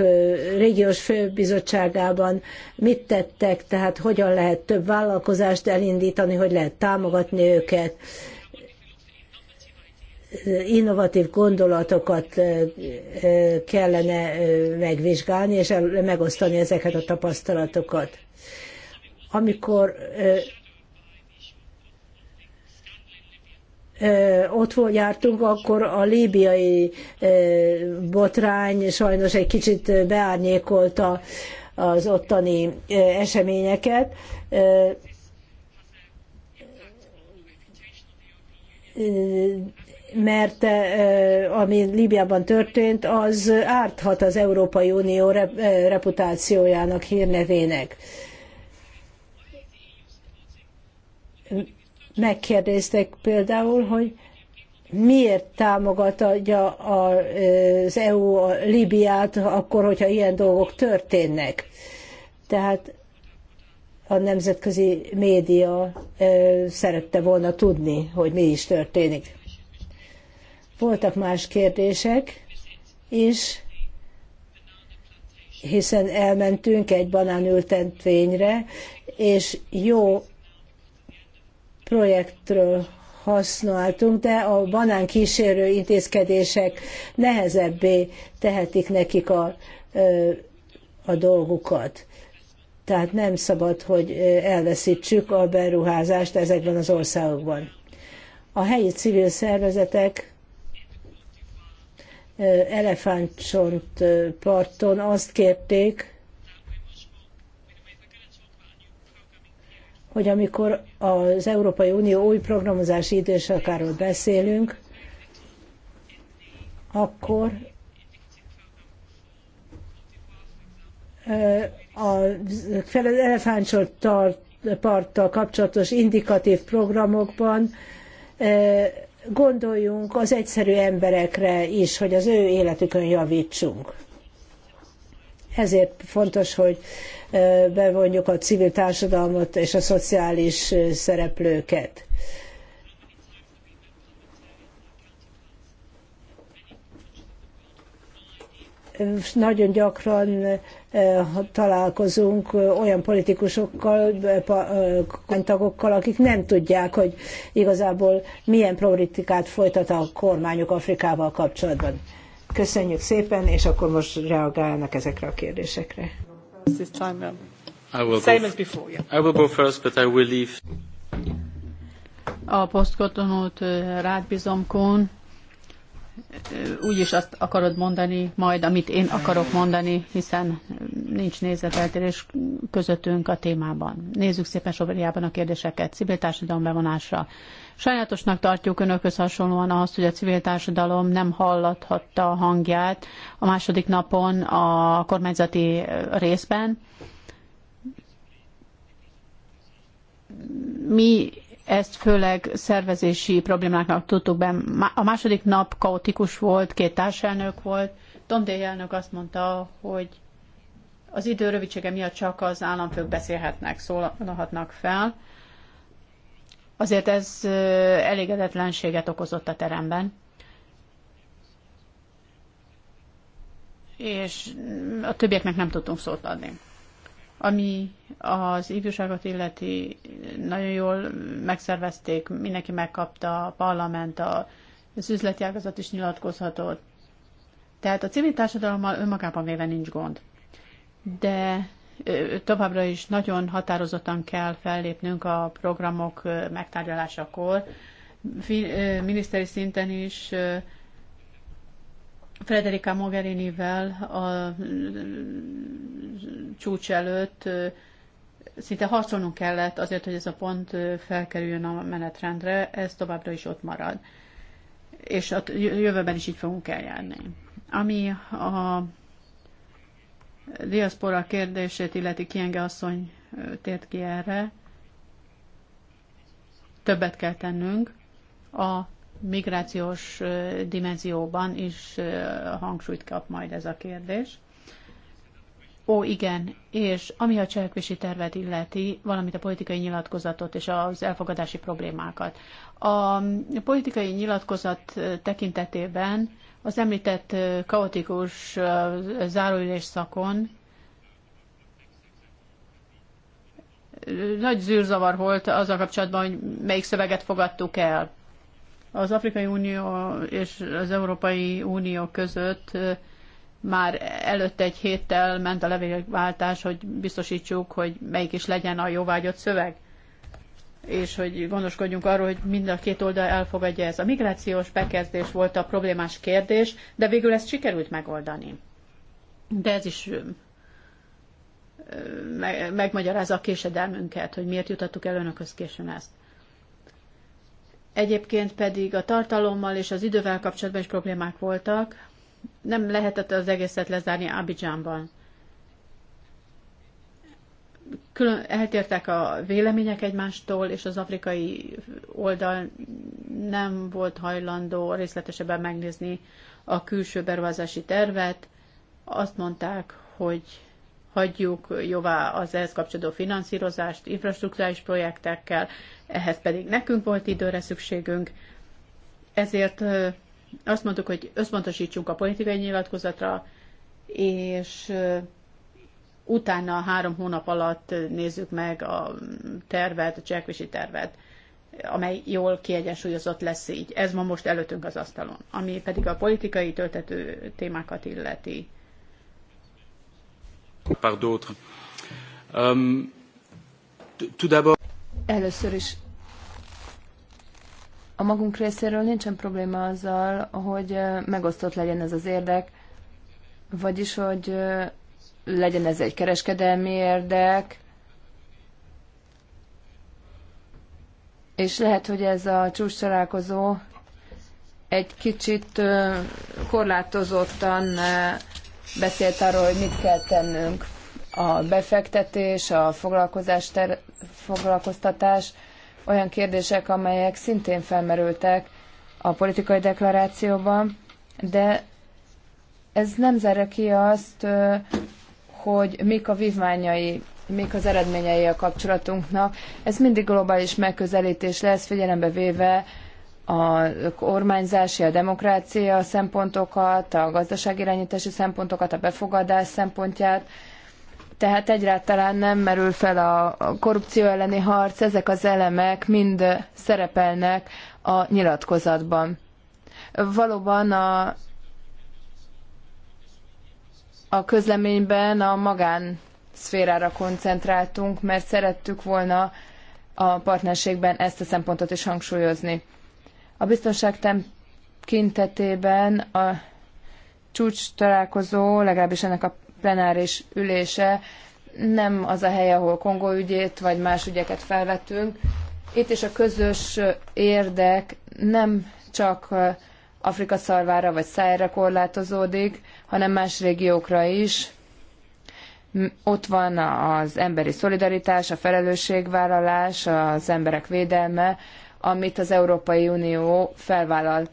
régiós főbizottságában mit tettek, tehát hogyan lehet több vállalkozást elindítani, hogy lehet támogatni őket, innovatív gondolatokat kellene megvizsgálni, és megosztani ezeket a tapasztalatokat. Amikor ott jártunk, akkor a líbiai botrány sajnos egy kicsit beárnyékolta az ottani eseményeket. mert ami Líbiában történt, az árthat az Európai Unió reputációjának, hírnevének. megkérdezték például, hogy miért támogatja az EU a Libiát akkor, hogyha ilyen dolgok történnek. Tehát a nemzetközi média e, szerette volna tudni, hogy mi is történik. Voltak más kérdések is, hiszen elmentünk egy banánültetvényre, és jó projektről használtunk, de a banán kísérő intézkedések nehezebbé tehetik nekik a, a dolgukat. Tehát nem szabad, hogy elveszítsük a beruházást ezekben az országokban. A helyi civil szervezetek elefántcsont parton azt kérték, hogy amikor az Európai Unió új programozási időszakáról beszélünk, akkor a elefántsor parttal kapcsolatos indikatív programokban gondoljunk az egyszerű emberekre is, hogy az ő életükön javítsunk. Ezért fontos, hogy bevonjuk a civil társadalmat és a szociális szereplőket. nagyon gyakran találkozunk olyan politikusokkal, tagokkal, akik nem tudják, hogy igazából milyen politikát folytat a kormányok Afrikával kapcsolatban. Köszönjük szépen, és akkor most reagálnak ezekre a kérdésekre. Um, same as before, yeah. I will go first, but I will leave. A posztkotonót rád bízom, Kón. Úgyis azt akarod mondani majd, amit én akarok mondani, hiszen nincs nézeteltérés közöttünk a témában. Nézzük szépen Soveriában a kérdéseket. Civil társadalom bevonásra Sajnálatosnak tartjuk önökhöz hasonlóan azt, hogy a civil társadalom nem hallathatta a hangját a második napon a kormányzati részben. Mi ezt főleg szervezési problémáknak tudtuk be. A második nap kaotikus volt, két társelnök volt. Tondé elnök azt mondta, hogy az idő rövidsége miatt csak az államfők beszélhetnek, szólalhatnak fel. Azért ez elégedetlenséget okozott a teremben. És a többieknek nem tudtunk szót adni. Ami az ifjúságot illeti, nagyon jól megszervezték, mindenki megkapta, a parlament, az üzleti ágazat is nyilatkozhatott. Tehát a civil társadalommal önmagában véve nincs gond. De továbbra is nagyon határozottan kell fellépnünk a programok megtárgyalásakor, miniszteri szinten is Frederica Mogherini-vel a csúcs előtt szinte harcolnunk kellett azért, hogy ez a pont felkerüljön a menetrendre, ez továbbra is ott marad. És a jövőben is így fogunk eljárni. Ami a diaszpora kérdését illeti Kienge asszony tért ki erre. Többet kell tennünk. A migrációs dimenzióban is hangsúlyt kap majd ez a kérdés. Ó, igen, és ami a cselekvési tervet illeti, valamint a politikai nyilatkozatot és az elfogadási problémákat. A politikai nyilatkozat tekintetében az említett kaotikus záróülés szakon nagy zűrzavar volt a kapcsolatban, hogy melyik szöveget fogadtuk el. Az Afrikai Unió és az Európai Unió között már előtte egy héttel ment a levélváltás, hogy biztosítsuk, hogy melyik is legyen a jóvágyott szöveg és hogy gondoskodjunk arról, hogy mind a két oldal elfogadja ez. A migrációs bekezdés volt a problémás kérdés, de végül ezt sikerült megoldani. De ez is megmagyarázza a késedelmünket, hogy miért jutottuk el önökhöz későn ezt. Egyébként pedig a tartalommal és az idővel kapcsolatban is problémák voltak. Nem lehetett az egészet lezárni Abidjanban külön, eltértek a vélemények egymástól, és az afrikai oldal nem volt hajlandó részletesebben megnézni a külső beruházási tervet. Azt mondták, hogy hagyjuk jóvá az ehhez kapcsolódó finanszírozást infrastruktúrális projektekkel, ehhez pedig nekünk volt időre szükségünk. Ezért azt mondtuk, hogy összpontosítsunk a politikai nyilatkozatra, és utána három hónap alatt nézzük meg a tervet, a cselekvési tervet, amely jól kiegyensúlyozott lesz így. Ez ma most előttünk az asztalon. Ami pedig a politikai töltető témákat illeti. Par d'autres. Um, tout d'abord... Először is a magunk részéről nincsen probléma azzal, hogy megosztott legyen ez az érdek, vagyis, hogy legyen ez egy kereskedelmi érdek, és lehet, hogy ez a csúcs találkozó egy kicsit korlátozottan beszélt arról, hogy mit kell tennünk. A befektetés, a foglalkozás ter- foglalkoztatás olyan kérdések, amelyek szintén felmerültek a politikai deklarációban, de ez nem zárja ki azt, hogy mik a vívmányai, mik az eredményei a kapcsolatunknak. Ez mindig globális megközelítés lesz, figyelembe véve a kormányzási, a demokrácia szempontokat, a gazdaságirányítási szempontokat, a befogadás szempontját. Tehát egyáltalán nem merül fel a korrupció elleni harc, ezek az elemek mind szerepelnek a nyilatkozatban. Valóban a a közleményben a magán szférára koncentráltunk, mert szerettük volna a partnerségben ezt a szempontot is hangsúlyozni. A biztonság tekintetében a csúcs találkozó, legalábbis ennek a plenáris ülése nem az a hely, ahol Kongó ügyét vagy más ügyeket felvetünk. Itt is a közös érdek nem csak Afrika szarvára vagy szájra korlátozódik, hanem más régiókra is. Ott van az emberi szolidaritás, a felelősségvállalás, az emberek védelme, amit az Európai Unió felvállal.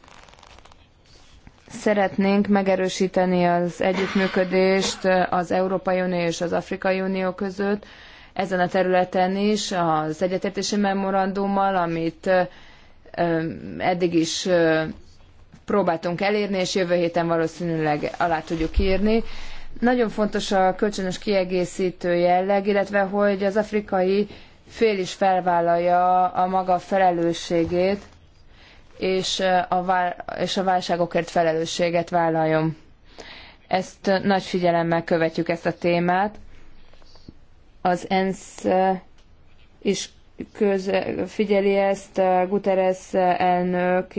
Szeretnénk megerősíteni az együttműködést az Európai Unió és az Afrikai Unió között, ezen a területen is, az egyetértési memorandummal, amit eddig is próbáltunk elérni, és jövő héten valószínűleg alá tudjuk írni. Nagyon fontos a kölcsönös kiegészítő jelleg, illetve hogy az afrikai fél is felvállalja a maga felelősségét, és a, vál- és a válságokért felelősséget vállaljon. Ezt nagy figyelemmel követjük ezt a témát. Az ENSZ is köz, figyeli ezt, Guterres elnök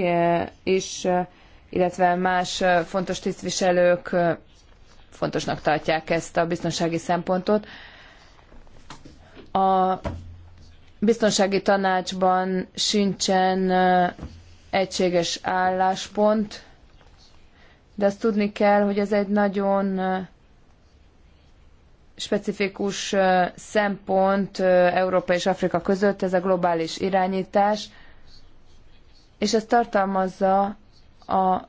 is illetve más fontos tisztviselők fontosnak tartják ezt a biztonsági szempontot. A biztonsági tanácsban sincsen egységes álláspont, de azt tudni kell, hogy ez egy nagyon specifikus szempont Európa és Afrika között, ez a globális irányítás, és ez tartalmazza a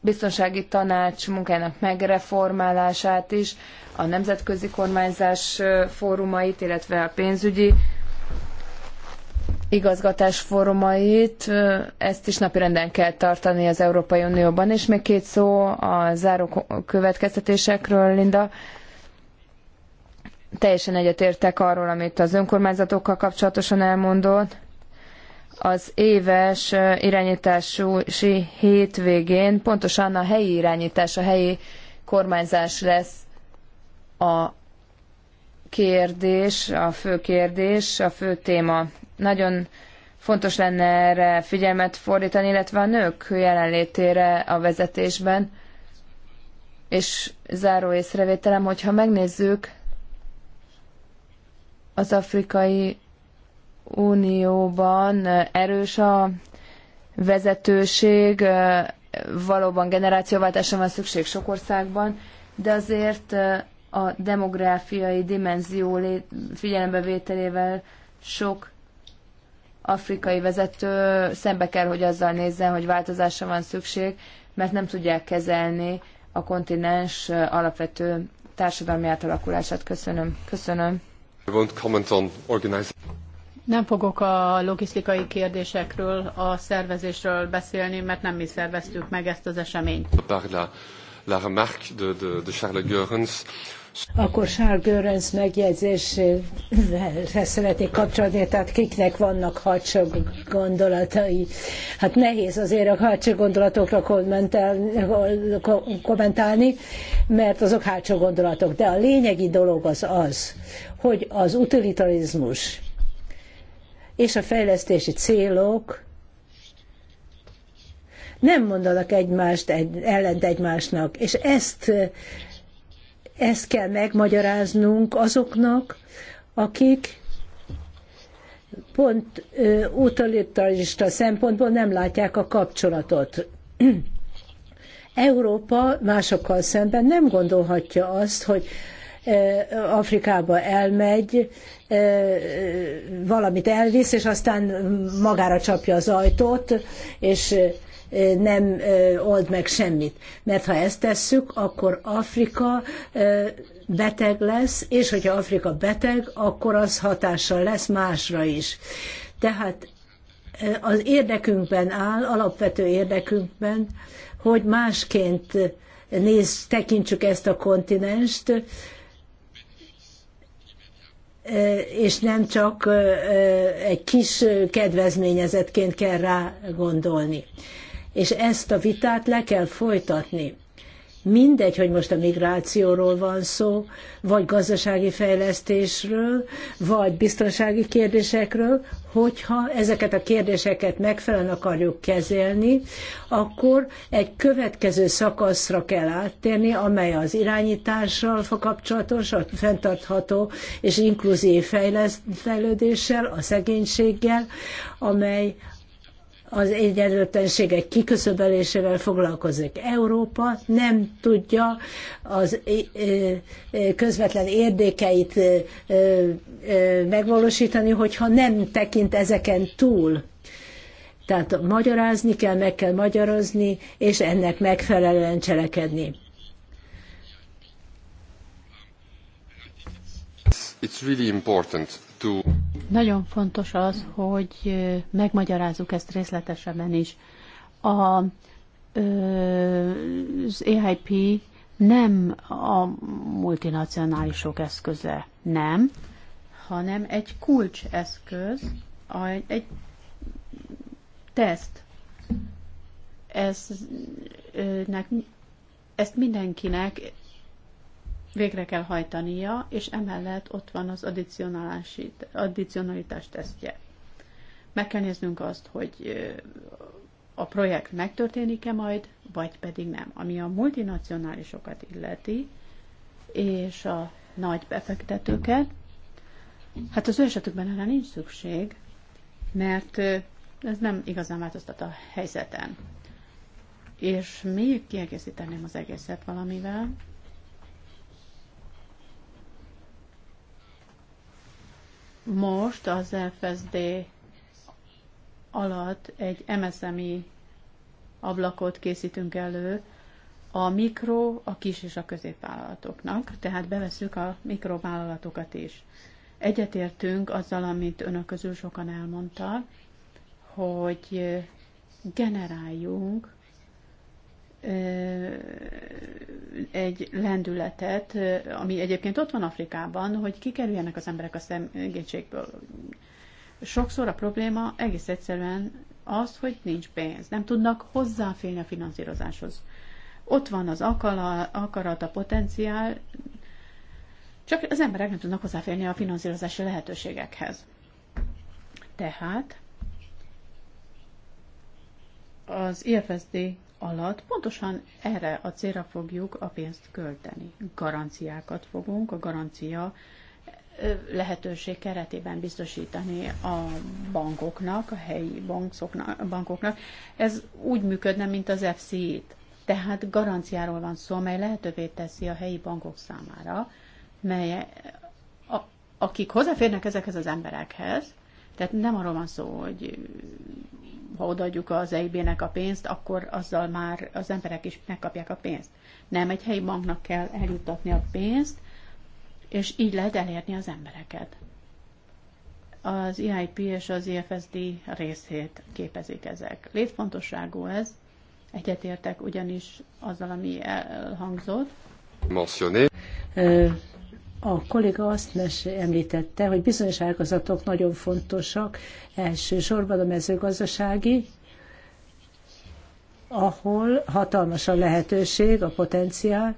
biztonsági tanács munkának megreformálását is, a nemzetközi kormányzás fórumait, illetve a pénzügyi igazgatás fórumait, ezt is napirenden kell tartani az Európai Unióban. És még két szó a záró következtetésekről, Linda. Teljesen egyetértek arról, amit az önkormányzatokkal kapcsolatosan elmondott az éves irányítási hétvégén pontosan a helyi irányítás, a helyi kormányzás lesz a kérdés, a fő kérdés, a fő téma. Nagyon fontos lenne erre figyelmet fordítani, illetve a nők jelenlétére a vezetésben. És záró észrevételem, hogyha megnézzük az afrikai Unióban erős a vezetőség, valóban generációváltásra van szükség sok országban, de azért a demográfiai dimenzió vételével sok afrikai vezető szembe kell, hogy azzal nézzen, hogy változásra van szükség, mert nem tudják kezelni a kontinens alapvető társadalmi átalakulását. Köszönöm. Köszönöm. Nem fogok a logisztikai kérdésekről, a szervezésről beszélni, mert nem mi szerveztük meg ezt az eseményt. la, remarque de, de, Charles Görens. Akkor Charles Görens megjegyzésével szeretnék kapcsolatni, tehát kiknek vannak harcsog gondolatai. Hát nehéz azért a harcsog gondolatokra kommentálni, mert azok hátsó gondolatok. De a lényegi dolog az az, hogy az utilitarizmus és a fejlesztési célok nem mondanak egymást, egy, ellent egymásnak, és ezt, ezt kell megmagyaráznunk azoknak, akik pont utolitalista szempontból nem látják a kapcsolatot. Európa másokkal szemben nem gondolhatja azt, hogy Afrikába elmegy, valamit elvisz, és aztán magára csapja az ajtót, és nem old meg semmit. Mert ha ezt tesszük, akkor Afrika beteg lesz, és hogyha Afrika beteg, akkor az hatással lesz másra is. Tehát az érdekünkben áll, alapvető érdekünkben, hogy másként néz, tekintsük ezt a kontinenst, és nem csak egy kis kedvezményezetként kell rá gondolni. És ezt a vitát le kell folytatni Mindegy, hogy most a migrációról van szó, vagy gazdasági fejlesztésről, vagy biztonsági kérdésekről, hogyha ezeket a kérdéseket megfelelően akarjuk kezelni, akkor egy következő szakaszra kell áttérni, amely az irányítással kapcsolatos, a fenntartható és inkluzív fejlődéssel, a szegénységgel, amely az egyenlőtlenségek kiköszöbölésével foglalkozik. Európa nem tudja az közvetlen érdekeit megvalósítani, hogyha nem tekint ezeken túl. Tehát magyarázni kell, meg kell magyarozni, és ennek megfelelően cselekedni. It's really important to... Nagyon fontos az, hogy megmagyarázzuk ezt részletesebben is. A, az EIP nem a multinacionálisok eszköze, nem, hanem egy kulcseszköz, egy teszt. Ez, ezt mindenkinek végre kell hajtania, és emellett ott van az addicionalitás tesztje. Meg kell néznünk azt, hogy a projekt megtörténik-e majd, vagy pedig nem. Ami a multinacionálisokat illeti, és a nagy befektetőket, hát az ő esetükben erre nincs szükség, mert ez nem igazán változtat a helyzeten. És még kiegészíteném az egészet valamivel, Most az FSD alatt egy MSMI ablakot készítünk elő a mikro, a kis és a középvállalatoknak, tehát beveszük a mikrovállalatokat is. Egyetértünk azzal, amit önök közül sokan elmondtak, hogy generáljunk egy lendületet, ami egyébként ott van Afrikában, hogy kikerüljenek az emberek a szegénységből. Sokszor a probléma egész egyszerűen az, hogy nincs pénz, nem tudnak hozzáférni a finanszírozáshoz. Ott van az akarat, a potenciál, csak az emberek nem tudnak hozzáférni a finanszírozási lehetőségekhez. Tehát az IFSD alatt pontosan erre a célra fogjuk a pénzt költeni. Garanciákat fogunk a garancia lehetőség keretében biztosítani a bankoknak, a helyi bankoknak. Ez úgy működne, mint az FCI-t. Tehát garanciáról van szó, amely lehetővé teszi a helyi bankok számára, mely, a, akik hozzáférnek ezekhez az emberekhez, tehát nem arról van szó, hogy ha odaadjuk az EIB-nek a pénzt, akkor azzal már az emberek is megkapják a pénzt. Nem, egy helyi banknak kell eljuttatni a pénzt, és így lehet elérni az embereket. Az e IIP és az IFSD e részét képezik ezek. Létfontosságú ez, egyetértek ugyanis azzal, ami elhangzott. A kolléga azt említette, hogy bizonyos ágazatok nagyon fontosak, elsősorban a mezőgazdasági, ahol hatalmas a lehetőség, a potenciál,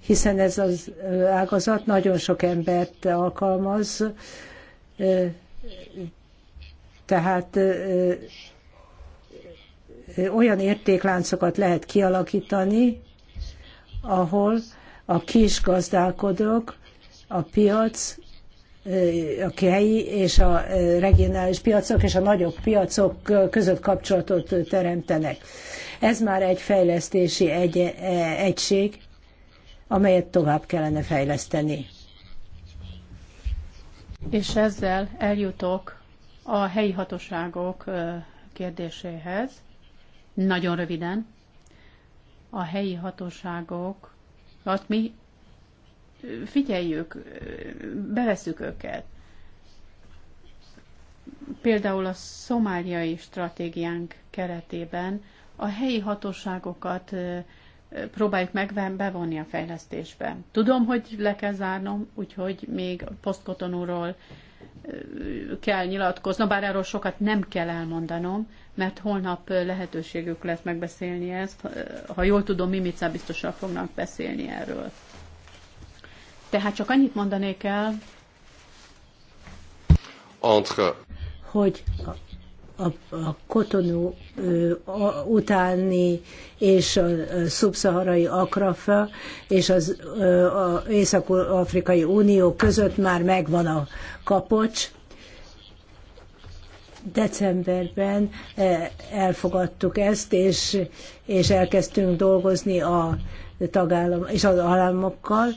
hiszen ez az ágazat nagyon sok embert alkalmaz, tehát olyan értékláncokat lehet kialakítani, ahol a kis gazdálkodók a piac, a helyi és a regionális piacok és a nagyobb piacok között kapcsolatot teremtenek. Ez már egy fejlesztési egy, e, egység, amelyet tovább kellene fejleszteni. És ezzel eljutok a helyi hatóságok kérdéséhez. Nagyon röviden. A helyi hatóságok, mi figyeljük, beveszük őket. Például a szomáliai stratégiánk keretében a helyi hatóságokat próbáljuk meg bevonni a fejlesztésbe. Tudom, hogy le kell zárnom, úgyhogy még posztkotonúról kell nyilatkoznom, bár erről sokat nem kell elmondanom, mert holnap lehetőségük lesz megbeszélni ezt. Ha jól tudom, Mimica biztosan fognak beszélni erről. Tehát csak annyit mondanék el, Entre. hogy a, a kotonú a, utáni és a, a szubszaharai akrafa és az a Észak-Afrikai Unió között már megvan a kapocs. Decemberben elfogadtuk ezt, és, és elkezdtünk dolgozni a tagállam és az államokkal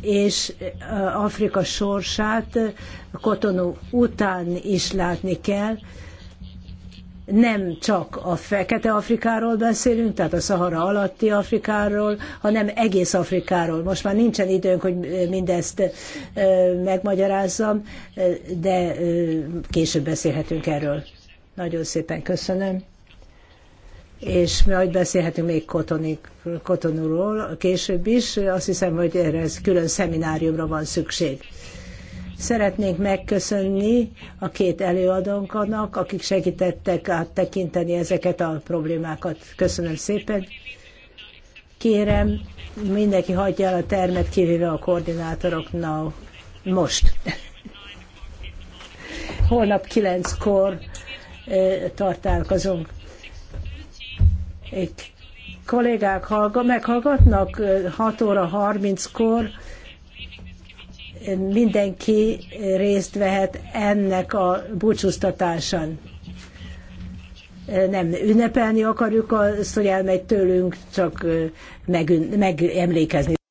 és Afrika sorsát Kotonó után is látni kell. Nem csak a fekete Afrikáról beszélünk, tehát a Szahara alatti Afrikáról, hanem egész Afrikáról. Most már nincsen időnk, hogy mindezt megmagyarázzam, de később beszélhetünk erről. Nagyon szépen köszönöm és majd beszélhetünk még Kotonúról később is. Azt hiszem, hogy erre ez külön szemináriumra van szükség. Szeretnénk megköszönni a két előadónknak, akik segítettek áttekinteni ezeket a problémákat. Köszönöm szépen. Kérem, mindenki hagyja el a termet, kivéve a koordinátoroknak most. Holnap kilenckor eh, tartálkozunk kollégák hallga, meghallgatnak 6 óra 30-kor, mindenki részt vehet ennek a búcsúztatásán. Nem ünnepelni akarjuk azt, hogy elmegy tőlünk, csak megemlékezni.